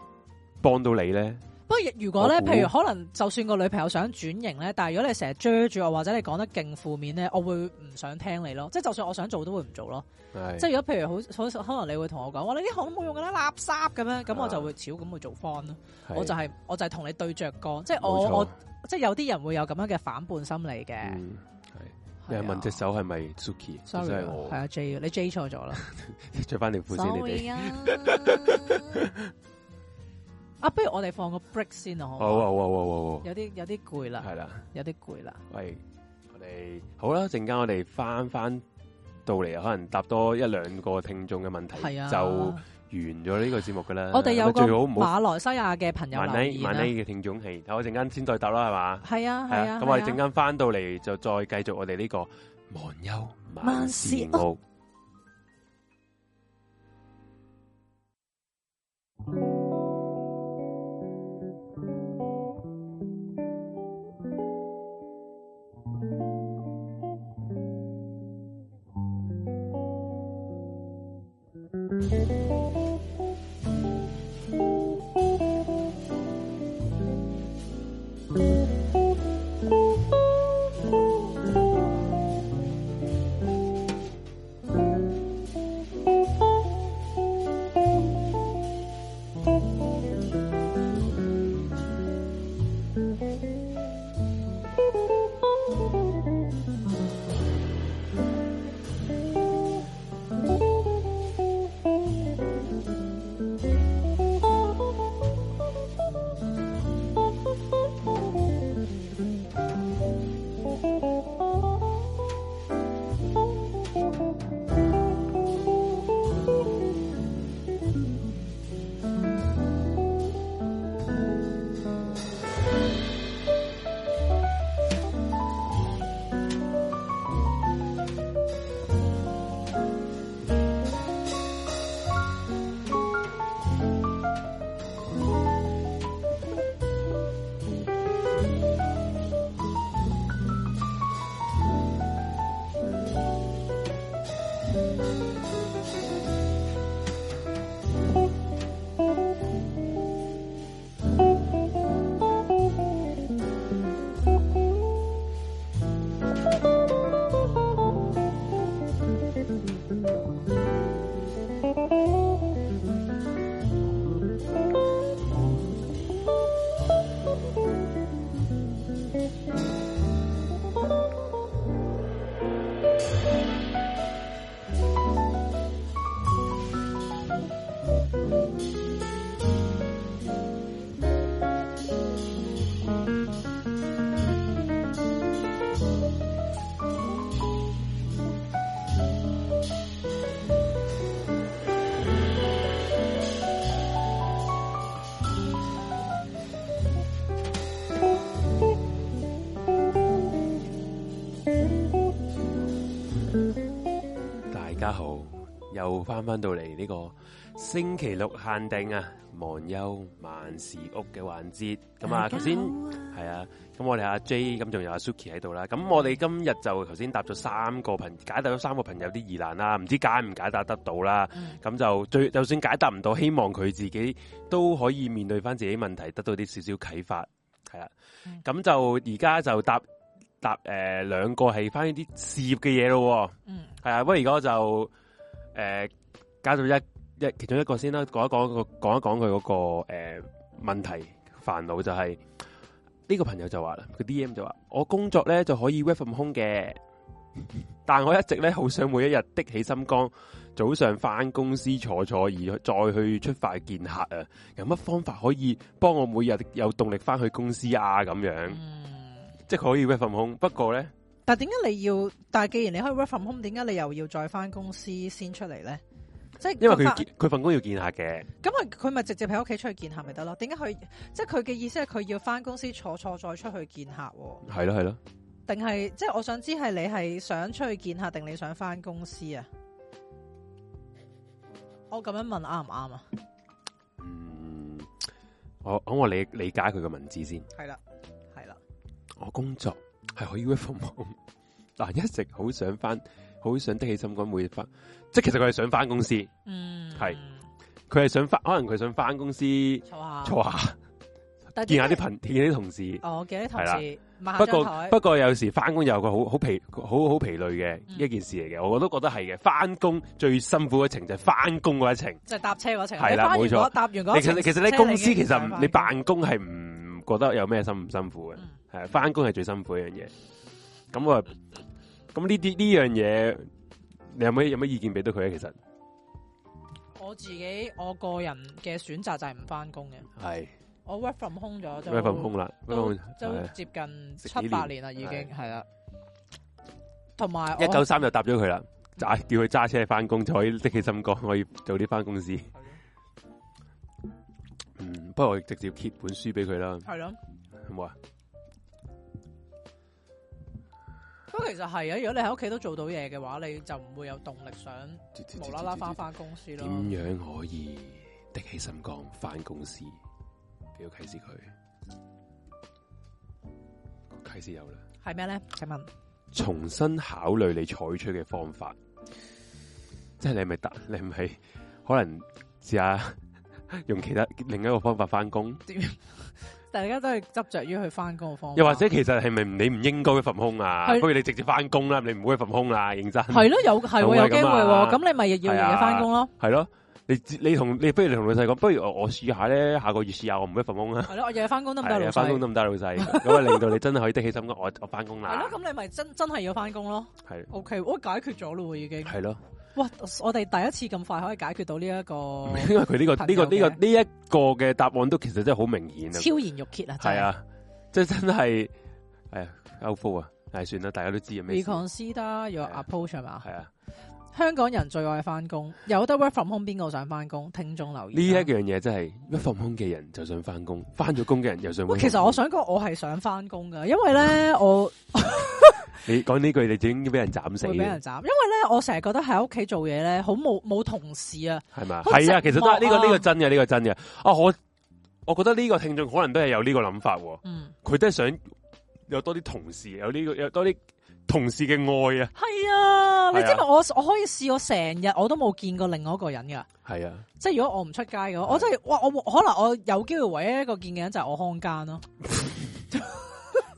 幫到你咧？不過如果咧，譬如可能，就算個女朋友想轉型咧，但係如果你成日追住我，或者你講得勁負面咧，我會唔想聽你咯。即係就算我想做，都會唔做咯。係。即係如果譬如好，好可能你會同我講，我哋呢行好冇用噶啦，垃圾咁樣，咁我就會少咁去做翻咯。我就係我就係同你對着幹。即係我我即係有啲人會有咁樣嘅反叛心理嘅。係。你問隻手係咪 Suki？Sorry，係啊 J，你 J 錯咗啦。着翻條褲先。啊，不如我哋放個 break 先咯，好。好啊，好好好，有啲有啲攰啦，係啦，有啲攰啦。喂，我哋好啦，陣間我哋翻翻到嚟，可能答多一兩個聽眾嘅問題，就完咗呢個節目噶啦。我哋有個馬來西亞嘅朋友，萬呢萬呢嘅聽眾係，睇我陣間先再答啦，係嘛？係啊，係啊。咁我哋陣間翻到嚟，就再繼續我哋呢個忘憂萬事就翻翻到嚟呢個星期六限定啊忘憂萬事屋嘅環節，咁啊頭先係啊，咁、啊、我哋阿 J 咁，仲有阿 Suki 喺度啦。咁我哋今日就頭先答咗三個朋解答咗三個朋友啲疑難啦，唔知解唔解答得到啦。咁、嗯、就最就算解答唔到，希望佢自己都可以面對翻自己問題，得到啲少少啟發。係啦、啊，咁就而家就答答誒兩、呃、個係翻啲事業嘅嘢咯。嗯，係啊，不過而家就。誒、呃，加到一一其中一個先啦，講一講一個講一講佢嗰個誒、呃、問題煩惱、就是，就係呢個朋友就話啦，佢 D M 就話我工作咧就可以 work from home 嘅， 但我一直咧好想每一日的起心肝，早上返公司坐坐而再去出發見客啊，有乜方法可以幫我每日有動力返去公司啊？咁樣，嗯、即係可以 work from home，不過咧。但係點解你要？但係既然你可以 work from home，點解你又要再翻公司先出嚟咧？即係因為佢佢但份工要見客嘅。咁啊，佢咪直接喺屋企出去見客咪得咯？點解佢即係佢嘅意思係佢要翻公司坐坐再出去見客喎啊？係咯係咯。定係即係我想知係你係想出去見客定你想翻公司啊？我咁樣問啱唔啱啊？嗯，我等我理理解佢嘅文字先。係啦，係啦。我工作。係可以 work from home 嗱，一直好想翻，好想得起心肝每日翻，即係其實佢係想翻公司，嗯，係佢係想翻，可能佢想翻公司，坐下坐下，見下啲朋見下啲同事，哦，見啲同事，不過不過有時翻工又個好好疲好好疲累嘅一件事嚟嘅，我都覺得係嘅，翻工最辛苦嘅程就係翻工嗰一程，就係搭車嗰程，係啦，冇錯，搭完其實其實你公司其實你辦公係唔覺得有咩辛唔辛苦嘅。係翻工係最辛苦一樣嘢，咁啊，咁呢啲呢樣嘢，你有冇有冇意見俾到佢咧？其實我自己我個人嘅選擇就係唔翻工嘅，係我 work from home 咗，work from home 啦，都接近七八年啦，已經係啦，同埋一九三就搭咗佢啦，就叫佢揸車翻工，可以的起心肝，可以早啲翻公司。嗯，不過我直接揭本書俾佢啦，係咯，好冇啊？不過其實係啊，如果你喺屋企都做到嘢嘅話，你就唔會有動力想無啦啦翻翻公司咯。點樣可以的起心肝翻公司？畀要啟示佢，啟示有啦。係咩咧？請問 重新考慮你採取嘅方法，即係你係咪得？你係咪可能試下用其他另一個方法翻工？點？ 大家都係執著於去翻工嘅方法，又或者其實係咪你唔應該放空啊？不如你直接翻工啦，你唔好去放空啦，認真。係咯，有係會有機會喎。咁你咪要日日翻工咯。係咯，你你同你不如你同老細講，不如我我試下咧，下個月試下我唔去放空啊。係咯，我日日翻工都唔得老細，翻工都唔得老細，咁啊令到你真係可以的起心肝。我我翻工啦。係咯，咁你咪真真係要翻工咯。係。OK，我都解決咗咯喎，已經。係咯。哇！我哋第一次咁快可以解決到呢一個因為佢呢、呢個呢、呢個呢、呢個呢一、呢個嘅答案都其實真係好明顯啊！超然欲揭啊，係啊，即係真係係歐夫啊，係、哎、算啦，大家都知 approach，啊。Be consistent your approach 嘛，係啊。香港人最愛翻工，有得 work from home，邊個想翻工？聽眾留意呢一樣嘢，真係 work from home 嘅人就想翻工，翻咗工嘅人又想。其實我想講，我係想翻工噶，因為咧我你講呢句，你已經要俾人斬死，俾人斬。因為咧，我成日覺得喺屋企做嘢咧，好冇冇同事啊，係咪吧？係啊，啊，其實都係呢個呢個真嘅呢個真嘅。啊，我我覺得呢個聽眾可能都係有呢個諗法嘅，嗯，佢都係想有多啲同事，有呢個有多啲。同事嘅愛啊，係啊，是啊，你知唔知我我可以試，我成日我都冇見過另外一個人噶，係啊，即係如果我唔出街嘅話是、啊、我真係哇，我可能我有機會唯一一個見嘅人就係我空間咯，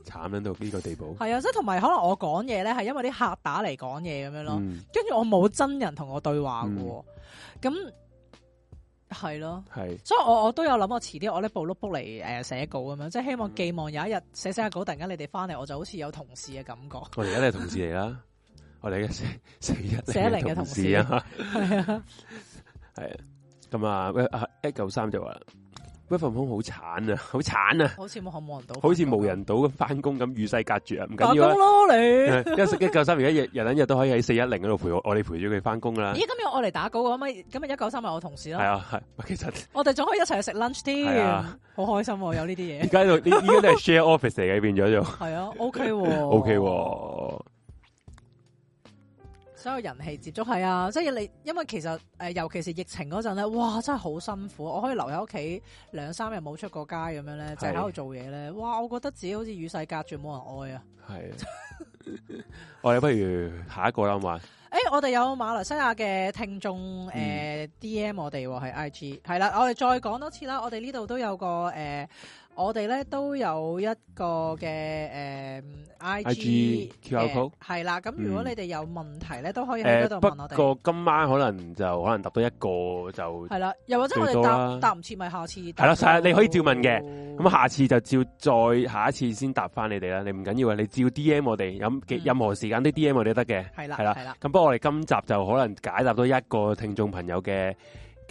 慘 到呢個地步？係啊，即係同埋可能我講嘢咧，係因為啲客打嚟講嘢咁樣咯，跟住、嗯、我冇真人同我對話嘅，咁、嗯。係咯，是所以我我都有諗，遲我遲啲我拎部 notebook 嚟誒寫稿咁樣，即係希望寄望有一日寫寫下稿，嗯、突然間你哋翻嚟，我就好似有同事嘅感覺。我哋而家都係同事嚟啦， 我哋四四日寫嚟嘅同事，同事 啊，係 啊，係咁啊，啊一九三就話。嗰份工好慘啊，好慘啊，好似冇人到，好似無人島咁翻工咁與世隔絕啊，唔緊要啊，打工咯你，一九三而家日日撚日都可以喺四一零嗰度陪我，我哋陪住佢翻工啦。咦，今日我嚟打稿可唔可以？今日一九三係我同事啦。係啊，係，其實我哋仲可以一齊去食 lunch 添，好開心喎！有呢啲嘢，而家呢呢啲都係 share office 嚟嘅，變咗就係啊，OK，OK。Okay 哦 okay 哦所有人氣接觸係啊，即係你，因為其實誒，尤其是疫情嗰陣咧，哇，真係好辛苦，我可以留喺屋企兩三日冇出過街咁樣咧，就喺度做嘢咧，哇，我覺得自己好似與世隔絕，冇人愛啊。係啊，我哋不如下一個啦，好嘛。誒、欸，我哋有馬來西亞嘅聽眾，誒 D M 我哋喎，喺 I G 係啦，我哋再講多次啦，我哋呢度都有個誒。呃我哋咧都有一個嘅誒 IG QR Code，係啦，咁如果你哋有問題咧，嗯、都可以喺嗰度問我哋、呃。不過今晚可能就可能答到一個就係啦，又或者我哋答答唔切咪下次係啦，你可以照問嘅，咁下次就照再下一次先答翻你哋啦。你唔緊要啊，你照 DM 我哋，任何時間啲 DM 我哋都得嘅。係啦，係啦，係啦。咁不過我哋今集就可能解答到一個聽眾朋友嘅。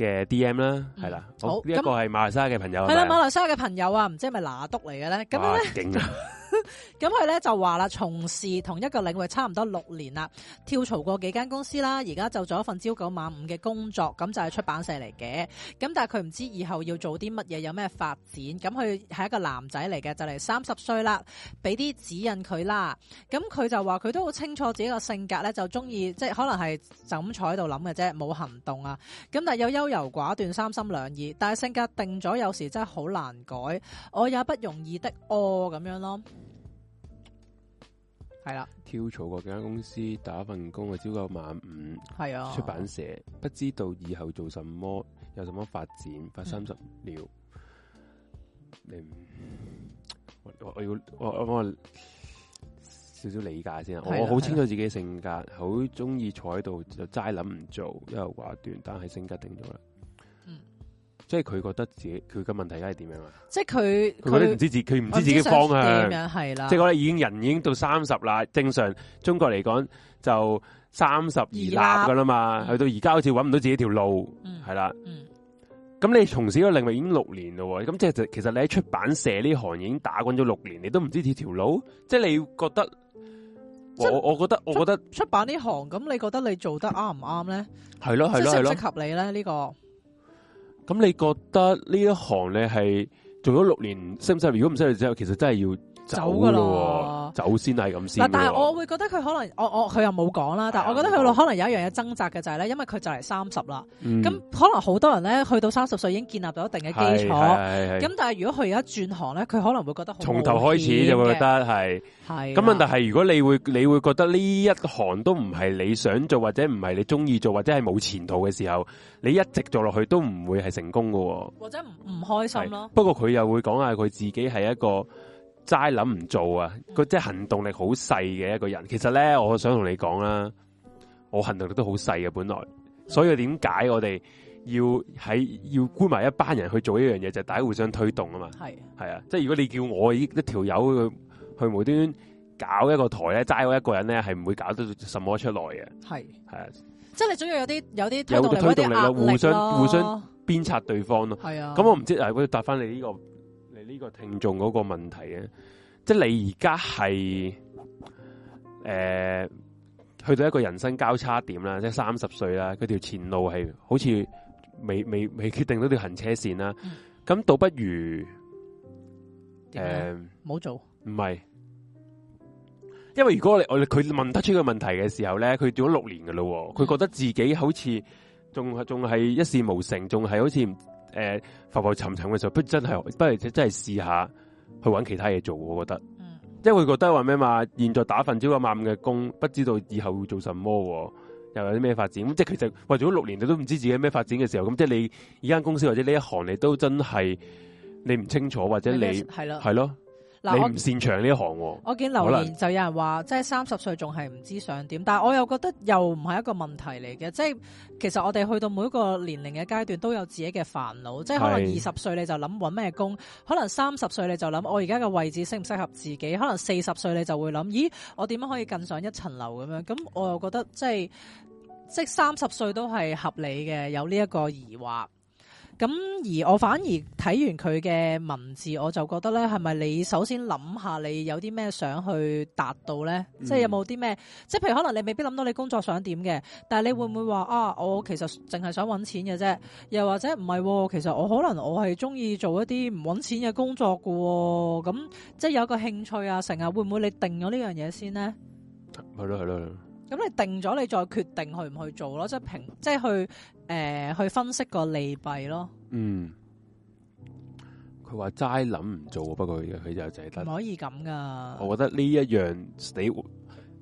嘅 D M 啦，係啦、嗯，是好，呢一個係馬來西亞嘅朋友，係啦，是的是的馬來西亞嘅朋友啊，唔知係咪拿督嚟嘅咧，咁咧。勁啊。咁佢咧就話啦，從事同一個領域差唔多六年啦，跳槽過幾間公司啦，而家就做一份朝九晚五嘅工作，咁就係出版社嚟嘅。咁但係佢唔知以後要做啲乜嘢，有咩發展。咁佢係一個男仔嚟嘅，就嚟三十歲啦，俾啲指引佢啦。咁佢就話佢都好清楚自己個性格咧，就中意即係可能係就咁坐喺度諗嘅啫，冇行動啊。咁但係又優柔寡斷、三心兩意，但係性格定咗，有時真係好難改。我也不容易的哦，咁樣咯。係啦，跳槽過幾間公司打份工啊，朝九晚五，係啊的，出版社，不知道以後做什麼，有什麼發展，快三十了，零、嗯，我我要我我，我少少理解先啊的，我好清楚自己性格，好中意坐喺度就齋諗唔做，優柔寡斷，但係性格定咗啦。即係佢覺得自己佢嘅問題而家係點樣啊？即係佢佢唔知自佢唔知自己，知自己方向，係啦。即係我呢，已經人已經到三十啦，正常中國嚟講就三十而立噶啦嘛。去粒到而家好似搵唔到自己條路，係啦。咁你從事呢個領域已經六年咯，咁即係其實你喺出版社呢行已經打滾咗六年，你都唔知條路。即係你覺得即我我覺得出我覺得出版呢行，咁你覺得你做得啱唔啱咧？係咯係，咯即係適合你咧？呢個咁你覺得呢一行你係做咗六年，識唔識？如果唔識嘅之後，其實真係要。走噶咯，走先係咁先。但係我會覺得佢可能，我我佢又冇講啦。但係我覺得佢可能有一樣嘢掙扎嘅就係咧，因為佢就嚟三十啦。咁、嗯、可能好多人咧，去到三十歲已經建立咗一定嘅基礎。咁但係如果佢而家轉行咧，佢可能會覺得好。從頭開始就會覺得係，係。咁係、啊、但係如果你會，你會覺得呢一行都唔係你想做，或者唔係你中意做，或者係冇前途嘅時候，你一直做落去都唔會係成功噶。或者唔唔開心咯。不過佢又會講下佢自己係一個。齋諗唔做啊！佢即係行動力好細嘅一個人。其實咧，我想同你講啦，我行動力都好細嘅本來。所以點解我哋要喺要箍埋一班人去做一樣嘢，就係大家互相推動啊嘛。係係啊，啊，即係如果你叫我一一條友去去無端端搞一個台咧，齋我一個人咧係唔會搞到什麼出來嘅。係係啊，即係、啊、你總要有啲有啲推動嘅力量咯，啊、互相互相鞭策對方咯。係啊，咁我唔知啊，我要答翻你呢、呢個。呢個聽眾嗰個問題咧，即係你而家係誒去到一個人生交叉點啦，即係三十歲啦，佢條前路係好似未未未決定到條行車線啦，咁、嗯、倒不如誒冇、呃、做，唔係，因為如果你我佢問得出個問題嘅時候咧，佢做咗六年噶啦，佢、嗯、覺得自己好似仲仲係一事無成，仲係好似。誒、呃，浮浮沉沉嘅時候，不如真係，不如真係試下去揾其他嘢做。我覺得，即、嗯、因為會覺得話咩嘛，現在打份朝九晚五嘅工，不知道以後會做什麼，又有啲咩發展。嗯嗯、即係其實，做咗六年，你都唔知道自己咩發展嘅時候。咁即係你依間公司或者呢一行，你都真係你唔清楚，或者你係啦，係咯。你唔擅長呢一行喎。我見留言可能就有人話，即係三十歲仲係唔知想點，但我又覺得又唔係一個問題嚟嘅。即係其實我哋去到每一個年齡嘅階段都有自己嘅煩惱。即係可能二十歲你就諗揾咩工，可能三十歲你就諗我而家嘅位置適唔適合自己，可能四十歲你就會諗，咦我點樣可以更上一層樓咁樣？咁我又覺得即係即係三十歲都係合理嘅，有呢一個疑惑。咁而我反而睇完佢嘅文字，我就覺得咧，係咪你首先諗下你有啲咩想去達到咧？嗯、即係有冇啲咩？即係譬如可能你未必諗到你工作想點嘅，但係你會唔會話、嗯、啊？我其實淨係想揾錢嘅啫。又或者唔係、哦，其實我可能我係中意做一啲唔揾錢嘅工作喎、哦。咁、嗯、即係有一個興趣啊，成日會唔會你定咗呢樣嘢先咧？係咯，係咯。咁你定咗，你再決定去唔去做咯，即係平，即係去誒、呃、去分析個利弊咯。嗯，佢話齋諗唔做，不過佢就淨得。唔可以咁噶。我覺得呢一樣你，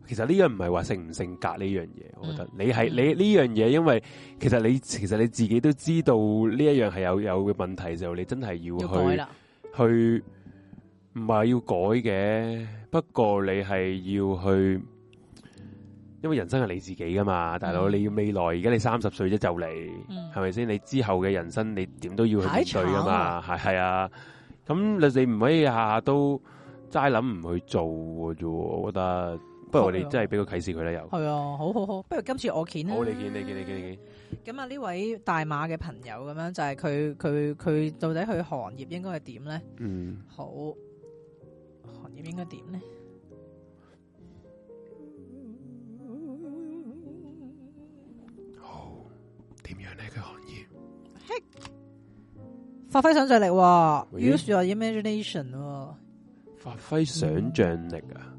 其實呢樣唔係話性唔性格呢樣嘢。我覺得你係你呢樣嘢，因為其實你其實你自己都知道呢一樣係有有嘅問題，就你真係要去去唔係要改嘅，不過你係要去。因為人生係你自己噶嘛，大佬，你要未來，現在而家你三十歲啫，就嚟，嗯，係咪先？你之後嘅人生，你點都要去面對噶嘛？係係啊，咁你哋唔可以下下都齋諗唔去做嘅啫。我覺得，不如我哋真係俾個啟示佢啦。又係啊，好好好，不如今次我見啦。好，你見，你見，你見，嗯，你見見。咁啊，呢位大馬嘅朋友咁樣，就係佢佢佢到底佢行業應該係點咧？嗯，好，行業應該點咧？點樣呢個行業？Hey, 發揮想象力 use your imagination、哦。發揮想象力啊！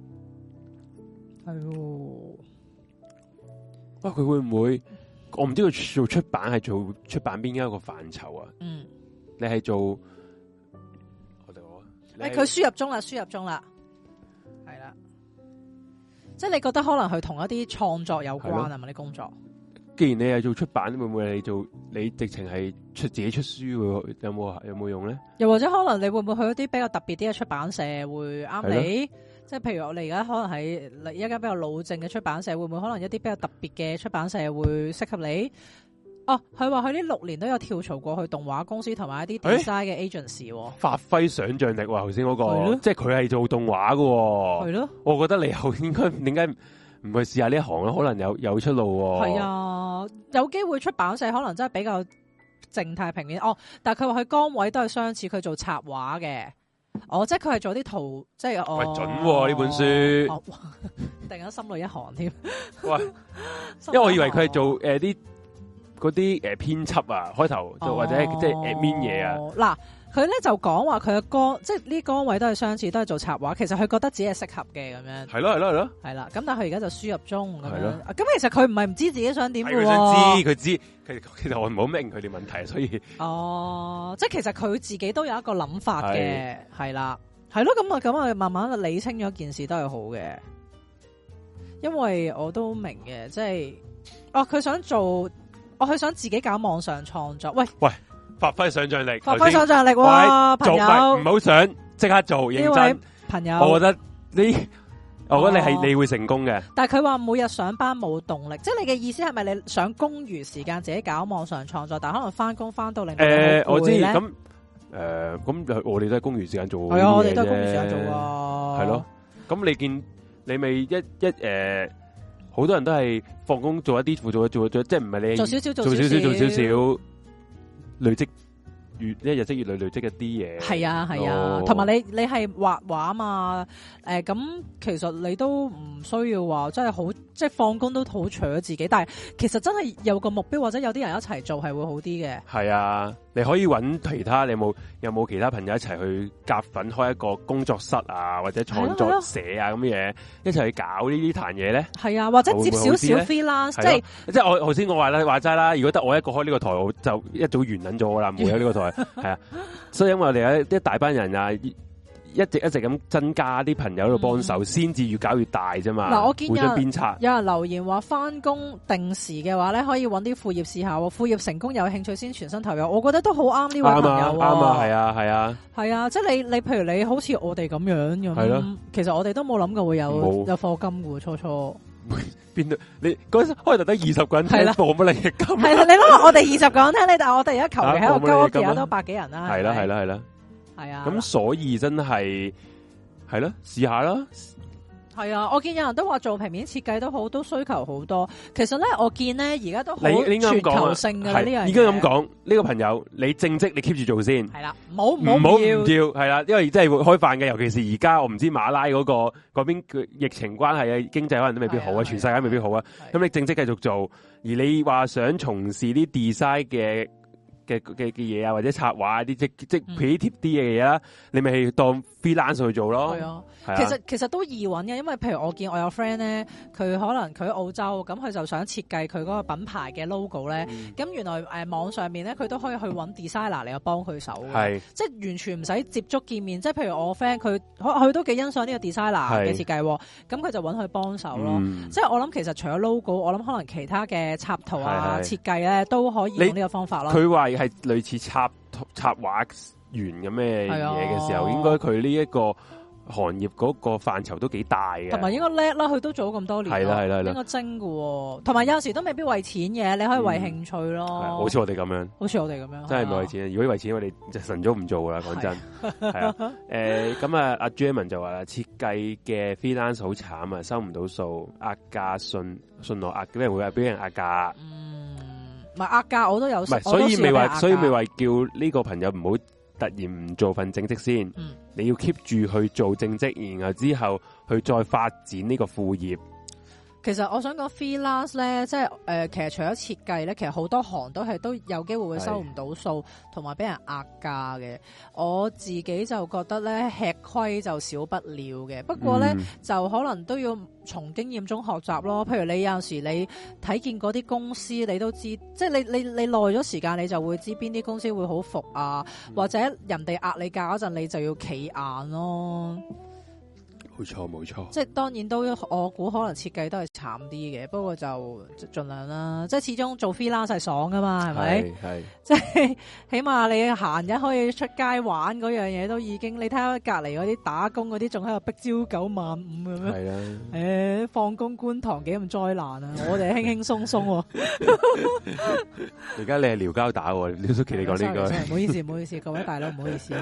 係喎、嗯，佢、哦啊、會唔會？我唔知佢做出版係做出版邊間一個範疇啊？嗯，你係做我哋啊。誒，佢輸、欸、入中啦，輸入中啦，係啦。即係你覺得可能佢同一啲創作有關啊？咪啲了工作。既然你係做出版，會唔會係你做你直情係出自己出書會？有冇有冇用咧？又或者可能你會唔會去一啲比較特別啲嘅出版社會啱你？是的 即係譬如我哋而家可能喺一間比較老正嘅出版社會，會唔會可能一啲比較特別嘅出版社會適合你？哦、啊，佢話佢呢六年都有跳槽過去動畫公司同埋一啲 design 嘅 agency，、哦、發揮想象力、啊。頭先嗰個是的 即係佢係做動畫嘅，係咯？我覺得你後應該點解？為什麼唔去試下呢一行咯，可能有有出路，哦。係啊，有機會出版社可能真係比較靜態平面。哦，但係佢話佢崗位都係相似，佢做插畫嘅。哦，即係佢係做啲圖，即係哦。哦、喂，準喎、哦、呢、哦、本書，定咗、哦、 心裡一行添哇。喂，因為我以為佢係做誒啲嗰啲誒編輯啊，開頭或者即係 admin 嘢啊。嗱、啊。佢咧就講話佢嘅崗，即係呢崗位都係相似，都係做插畫。其實佢覺得自己係適合嘅，咁樣。係囉，係囉，係囉，係啦，咁但係佢而家就輸入中咁樣的、啊、其實佢唔係唔知自己想點。係佢想知，佢知，知。其實其實我唔好明佢哋問題，所以。哦，即係其實佢自己都有一個諗法嘅，係啦的，係咯。咁啊，咁啊，慢慢理清咗件事都係好嘅。因為我都明嘅，即係，哦、啊，佢想做，哦、啊，佢想自己搞網上創作。喂喂。發揮想象力，發揮想象力，朋友唔好想即刻做認真。朋友，朋友我覺得你，我覺得你係你會成功嘅、啊。但係佢話每日上班冇動力，即係你嘅意思係咪你想工餘時間自己搞網上創作？但可能翻工翻到令誒、呃，我知咁誒、咁、嗯呃嗯、我哋都係工餘時間做，係啊，我哋都係工餘時間做啊，係咯。咁你見你咪一一誒、好、呃、多人都係放工做一啲輔助嘅做即係唔係你做少少做少少做少少。累積越，即係日積月累累積一啲嘢，係啊係啊，同埋、啊哦、你你係畫畫嘛？誒、呃，咁其實你都唔需要話真係好即係放工都好，除咗自己，但係其實真係有個目標或者有啲人一齊做係會好啲嘅，係啊。你可以揾其他，你有冇有冇其他朋友一齊去夾粉開一個工作室啊，或者創作社啊咁嘅，嘢、啊，啊、一齊去搞這些事呢啲壇嘢咧？係啊，或者接少少 free 啦，即係即係我頭先我話啦，話齋啦，如果得我一個開呢個台，就一早完捻咗噶啦，冇有呢個台，係啊，所以因為我哋有一大班人啊。一直一直咁增加啲朋友喺度幫手，先至、嗯、越搞越大啫嘛。嗱、嗯，我見有，有人留言話翻工定時嘅話咧，可以揾啲副業試下。副業成功有興趣先全身投入。我覺得都好啱呢位朋友。啱啊！啱啊！係啊！係啊！係啊！即係你你，譬如你好似我哋咁樣咁。係咯、啊。其實我哋都冇諗過會有、嗯、有課金嘅，初初變到你嗰開頭得二十個人，係啦，冇乜利益金。係啦，你諗下，我哋二十個人聽你，但係、啊、我哋而家求其喺度交屋企都百幾人啦。係 啦，係啦， 係啦。係啊，咁所以真係係咯，試下啦。係啊，我見有人都話做平面設計都好，都需求好多。其實咧，我見咧而家都好全球性嘅呢樣。而家咁講，呢個朋友你正職你 keep 住做先。係啦，冇冇要係啦，因為真係會開飯嘅。尤其是而家，我唔知馬拉嗰個嗰邊疫情關係啊，經濟可能都未必好啊，全世界未必好啊。咁你正職繼續做，而你話想從事啲 design 嘅。嘅嘅嘅嘢啊，或者插畫啊啲即即撇貼貼啲嘅嘢啊，嗯、你咪當 freelance 去做咯。係啊其，其實其實都易揾嘅，因為譬如我見我有 friend 咧，佢可能佢澳洲，咁佢就想設計佢個品牌嘅 logo 咧，咁、嗯、原來誒、呃、網上面咧，佢都可以去揾 designer 嚟幫佢手。是即係完全唔使接觸見面。即係譬如我 friend 佢，佢都幾欣賞呢個 designer 嘅設計，咁佢是就揾佢幫手咯。嗯、即係我諗，其實除咗 logo，我諗可能其他嘅插圖啊、設計咧都可以用呢個方法咯。佢話。係類似插插畫員咁咩嘢？嘅時候，哎、呀 應該佢呢一個行業嗰個範疇都幾大嘅。同埋應該叻啦，佢都做咁多年啦，係啦係啦，的的應該精嘅。同埋有時都未必為錢嘅，你可以為興趣咯、嗯哎。好似我哋咁樣，好似我哋咁樣，真係唔係為錢。啊、如果為錢，我哋就晨早唔做啦。講真，係誒，咁啊，阿 Jamin 就話啦，設計嘅 freelance 好慘啊，慘收唔到數，壓價信順路壓，俾人會俾人壓價。嗯唔係呃，價我都有。唔係，所以未話，所以未話叫呢個朋友唔好突然唔做份正職先。嗯、你要 keep 住去做正職，然後之後去再發展呢個副業。其實我想講 freelance 咧，即係誒、呃，其實除咗設計咧，其實好多行都係都有機會會收唔到數，同埋俾人壓價嘅。我自己就覺得咧，吃虧就少不了嘅。不過咧，嗯、就可能都要從經驗中學習咯。譬如你有陣時你睇見嗰啲公司，你都知，即係你你你耐咗時間，你就會知邊啲公司會好服啊，嗯、或者人哋壓你價嗰陣，你就要企硬咯。冇錯，冇錯。即係當然都，我估可能設計都係慘啲嘅。不過就盡量啦。即係始終做 freelancer 爽噶嘛，係咪？係。即係起碼你閒日可以出街玩嗰樣嘢，都已經。你睇下隔籬嗰啲打工嗰啲，仲喺度逼朝九晚五咁樣。係啊。誒，放工觀塘幾咁災難啊！我哋輕輕松鬆。而家你係撩交打喎，廖淑琪你講呢句。唔好意思，唔好意思，各位大佬唔好意思。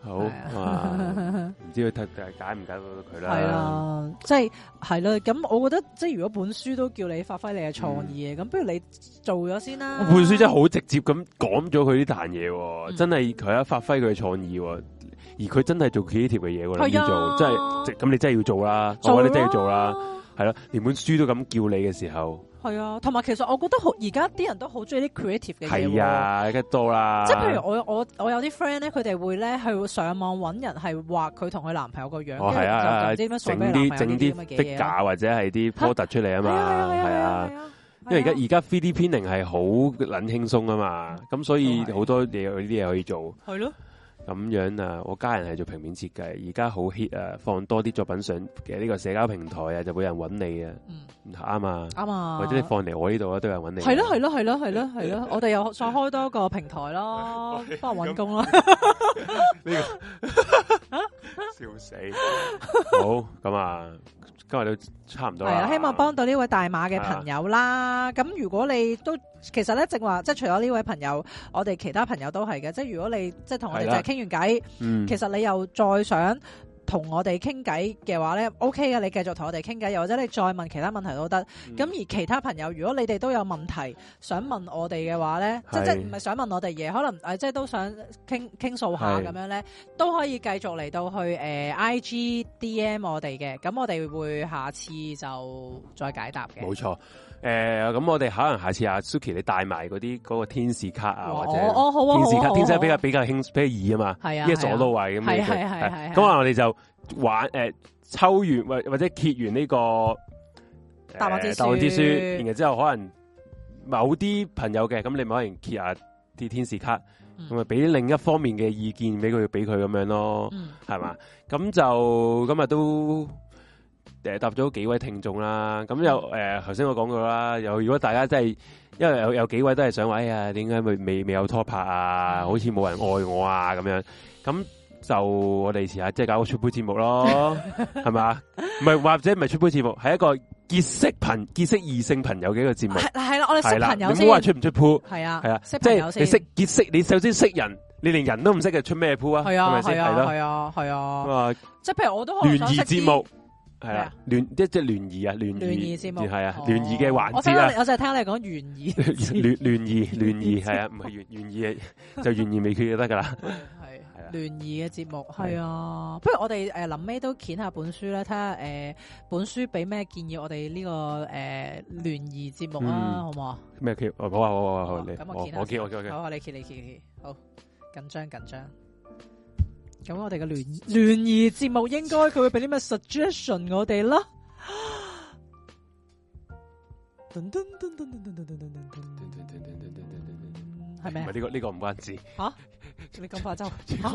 好。唔知佢睇解唔解？係啦是、啊，即係係啦，咁我覺得即係如果本書都叫你發揮你嘅創意嘅，咁、嗯、不如你做咗先啦。本書真係好直接咁講咗佢呢壇嘢，嗯、真係佢一發揮佢嘅創意、啊，而佢真係做 creative 嘅嘢喎，要做，即係、哎呀 就是，咁你真係要做啦，做啦，我覺得你真係要做啦，係啦，連本書都咁叫你嘅時候。係啊，同埋其實我覺得好而家啲人都好中意啲 creative 嘅嘢喎。係啊，梗多啦。即係譬如我我我有啲 friend 咧，佢哋會咧去上網揾人係畫佢同佢男朋友個樣，跟住就整啲整啲 figure 或者係啲 product 出嚟啊嘛。係啊係啊係啊！因為而家而家 3D printing 係好撚輕鬆啊嘛，咁所以好多嘢有呢啲嘢可以做。係咯。咁樣啊，我家人係做平面設計，而家好 hit 啊，放多啲作品上嘅呢個社交平台啊，就會有人揾你啊，啱，嗯，啊，啱啊，或者你放嚟我呢度啊，都有人揾你，啊，係咯係咯係咯係咯係咯，我哋又再開多一個平台咯，幫人揾工咯，笑死，好咁啊。今日都差唔多啦，啊！希望幫到呢位大馬嘅朋友啦。咁如果你都其實咧，正話即係除咗呢位朋友，我哋其他朋友都係嘅。即係如果你即係同我哋就係傾完偈，嗯、其實你又再想。同我哋傾偈嘅話咧，OK 嘅，你繼續同我哋傾偈，又或者你再問其他問題都得。咁、嗯、而其他朋友，如果你哋都有問題想問我哋嘅話咧是，即即唔係想問我哋嘢，可能誒即係都想傾傾訴下咁是樣咧，都可以繼續嚟到去誒、呃、IG DM 我哋嘅。咁我哋會下次就再解答嘅。冇錯。誒，咁、呃、我哋可能下次阿、啊、Suki 你帶埋嗰啲嗰個天使卡啊，或者天使卡，天使比較比較興比較熱啊嘛，一左到位咁樣。咁啊，我哋就玩誒、呃，抽完或或者揭完呢、這個大號、呃、之，之書，然後之後可能某啲朋友嘅，咁你咪可以揭下啲天使卡，咁咪俾另一方面嘅意見俾佢，俾佢咁樣咯，係嘛、嗯？咁就今日都。誒，答咗幾位聽眾啦，咁有誒，頭先我講過啦，有如果大家真係，因為有有幾位都係想話，哎呀，點解未未未有拖拍啊？好似冇人愛我啊？咁樣，咁就我哋試下即係搞個出杯節目咯，係咪啊？唔係或者唔係出杯節目，係一個結識朋結識異性朋友嘅一個節目。係啦，我哋識朋友先。唔好話出唔出鋪，係啊係啊，即係你識結識，你首先識人，你連人都唔識嘅，出咩鋪啊？係啊係啊係啊係啊，即係譬如我都好係啊，聯即即聯誼啊，聯誼聯誼節目係啊，聯誼嘅環節啦。我就聽你講懸疑，聯聯誼聯誼係啊，唔係懸懸疑就懸疑未決就得噶啦。係係啊，聯誼嘅節目係啊，不如我哋誒臨尾都揭下本書啦，睇下誒本書俾咩建議我哋呢個誒聯誼節目啊，好唔好啊？咩好啊好啊好，咁我揭，好你你好緊張緊張。咁我哋嘅聯聯誼節目，應該佢會俾啲咩 suggestion 我哋啦？係咪呢個呢個唔關事？吓、啊，你咁快就唔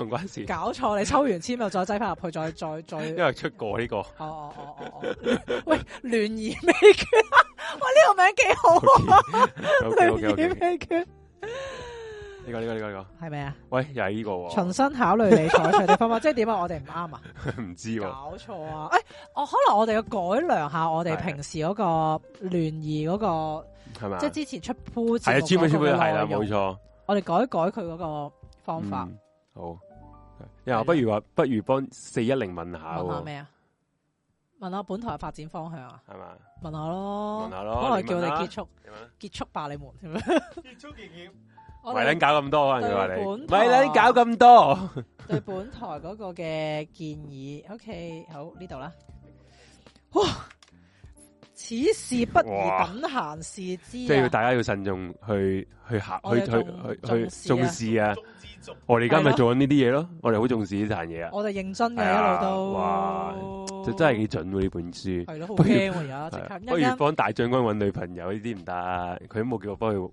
關事、啊？搞錯，你抽完簽又再擠翻入去，再再再，再因為出過呢、這個。哦哦哦哦，哦喂，聯誼未決，哇，呢、這個名幾好啊！Okay. Okay. Okay. 聯誼未決。呢個呢個呢個呢個係咪啊？喂，又係呢個重新考慮理財策略方法，即係點解啊？我哋唔啱？啊？唔知？搞錯啊！誒，我可能我哋要改良下我哋平時嗰個聯誼嗰個係嘛？即係之前出鋪，係啊，出鋪出鋪係啦，冇錯。我哋改改佢嗰個方法。好，又不如話不如幫四一零問下問下咩啊？問下本台嘅發展方向啊？係嘛？問下咯，問下咯，可能叫我哋結束結束吧，你們結束完咪諗搞咁多，咪諗搞咁多。對本台嗰個嘅建議，OK，好呢度啦。哇、哦！此事不宜等閒事之、啊，即係要大家要慎重去去去去去去重視啊。做我哋而家咪做緊呢啲嘢咯，我哋好重視呢層嘢啊！我哋認真嘅一路都，哇，就真係幾準喎呢本書。係咯，好驚啊！而家即刻不如幫大將軍搵女朋友呢啲唔得，佢都冇叫我幫佢。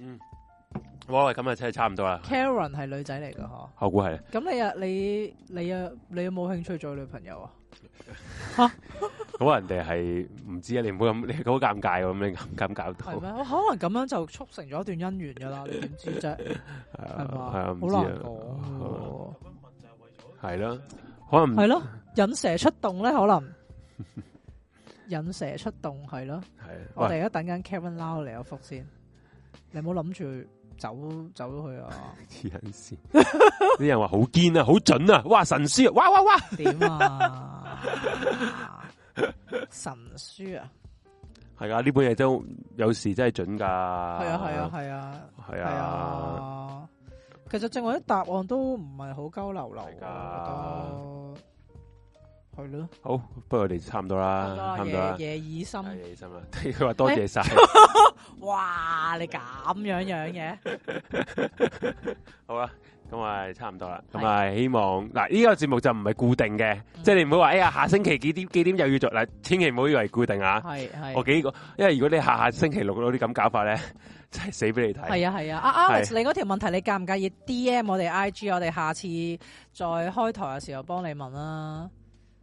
嗯 ，好啦，咁啊，真係差唔多啦。Karen 係女仔嚟噶嗬，我估係。咁你啊，你你啊，你有冇興趣做女朋友啊？吓，咁人哋係唔知啊！你唔好咁，你好尷尬咁，你咁搞到咩？可能咁樣就促成咗一段姻緣噶啦，你點知啫？係啊，係啊，好難過。係咯，可能係咯，引蛇出洞咧，可能引蛇出洞係咯。係，我哋而家等緊 Kevin Lau 嚟，有福先。你唔好諗住走走咗去啊！啲人話好堅啊，好準啊！哇，神師！哇哇哇，點啊？神書啊，係啊，呢本嘢都有時真係準噶，係啊，係啊，係啊，係啊，其實正話啲答案，都唔係好交流流噶，係咯，好，不過我哋差唔多啦，差唔多啦，夜以心，夜以心啦，佢話多謝晒，哇，你咁樣樣嘅，好啊。咁啊，差唔多啦。咁啊，希望嗱，呢個節目就唔係固定嘅，即係你唔好話，哎呀，下星期幾點幾點又要做啦，千祈唔好以為固定啊。係係，我幾個，因為如果你下下星期六嗰啲咁搞法咧，真係死俾你睇。係啊係啊，阿 Alex 你嗰條問題你介唔介意 D M 我哋 I G，我哋下次再開台嘅時候幫你問啦。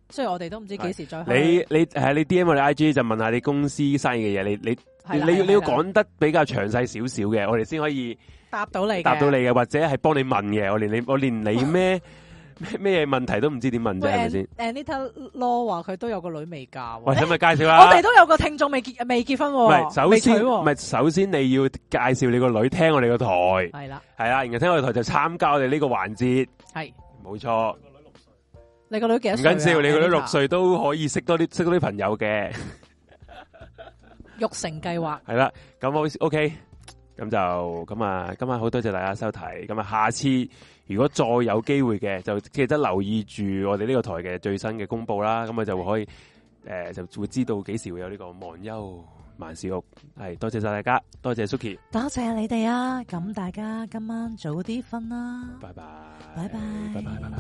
即然我哋都唔知幾時再開。你你係你 D M 我哋 I G 就問下你公司生意嘅嘢，你你你要你要講得比較詳細少少嘅，我哋先可以。答到你嘅，答到嘅，或者係幫你問嘅。我連你，我連你咩咩嘢問題都唔知點問啫，係咪先？誒 Anita Lo 話佢都有個女未嫁。喂，咁咪介紹下，我哋都有個聽眾未結未結婚。唔係，首先唔係首先你要介紹你個女聽我哋個台。係啦，係啦，然後聽我哋台就參加我哋呢個環節。係，冇錯。你個女幾多歲？唔緊要，你個女六歲都可以識多啲識多啲朋友嘅。育成計劃。係啦，咁好 OK。咁就咁啊！今晚好多謝大家收睇，咁啊下次如果再有機會嘅，就記得留意住我哋呢個台嘅最新嘅公佈啦。咁啊就會可以誒、呃，就會知道幾時會有呢個忘憂萬事屋。係多謝晒大家，多謝 Suki，多謝你哋啊！咁大家今晚早啲瞓啦，拜拜，拜拜，拜拜，拜拜。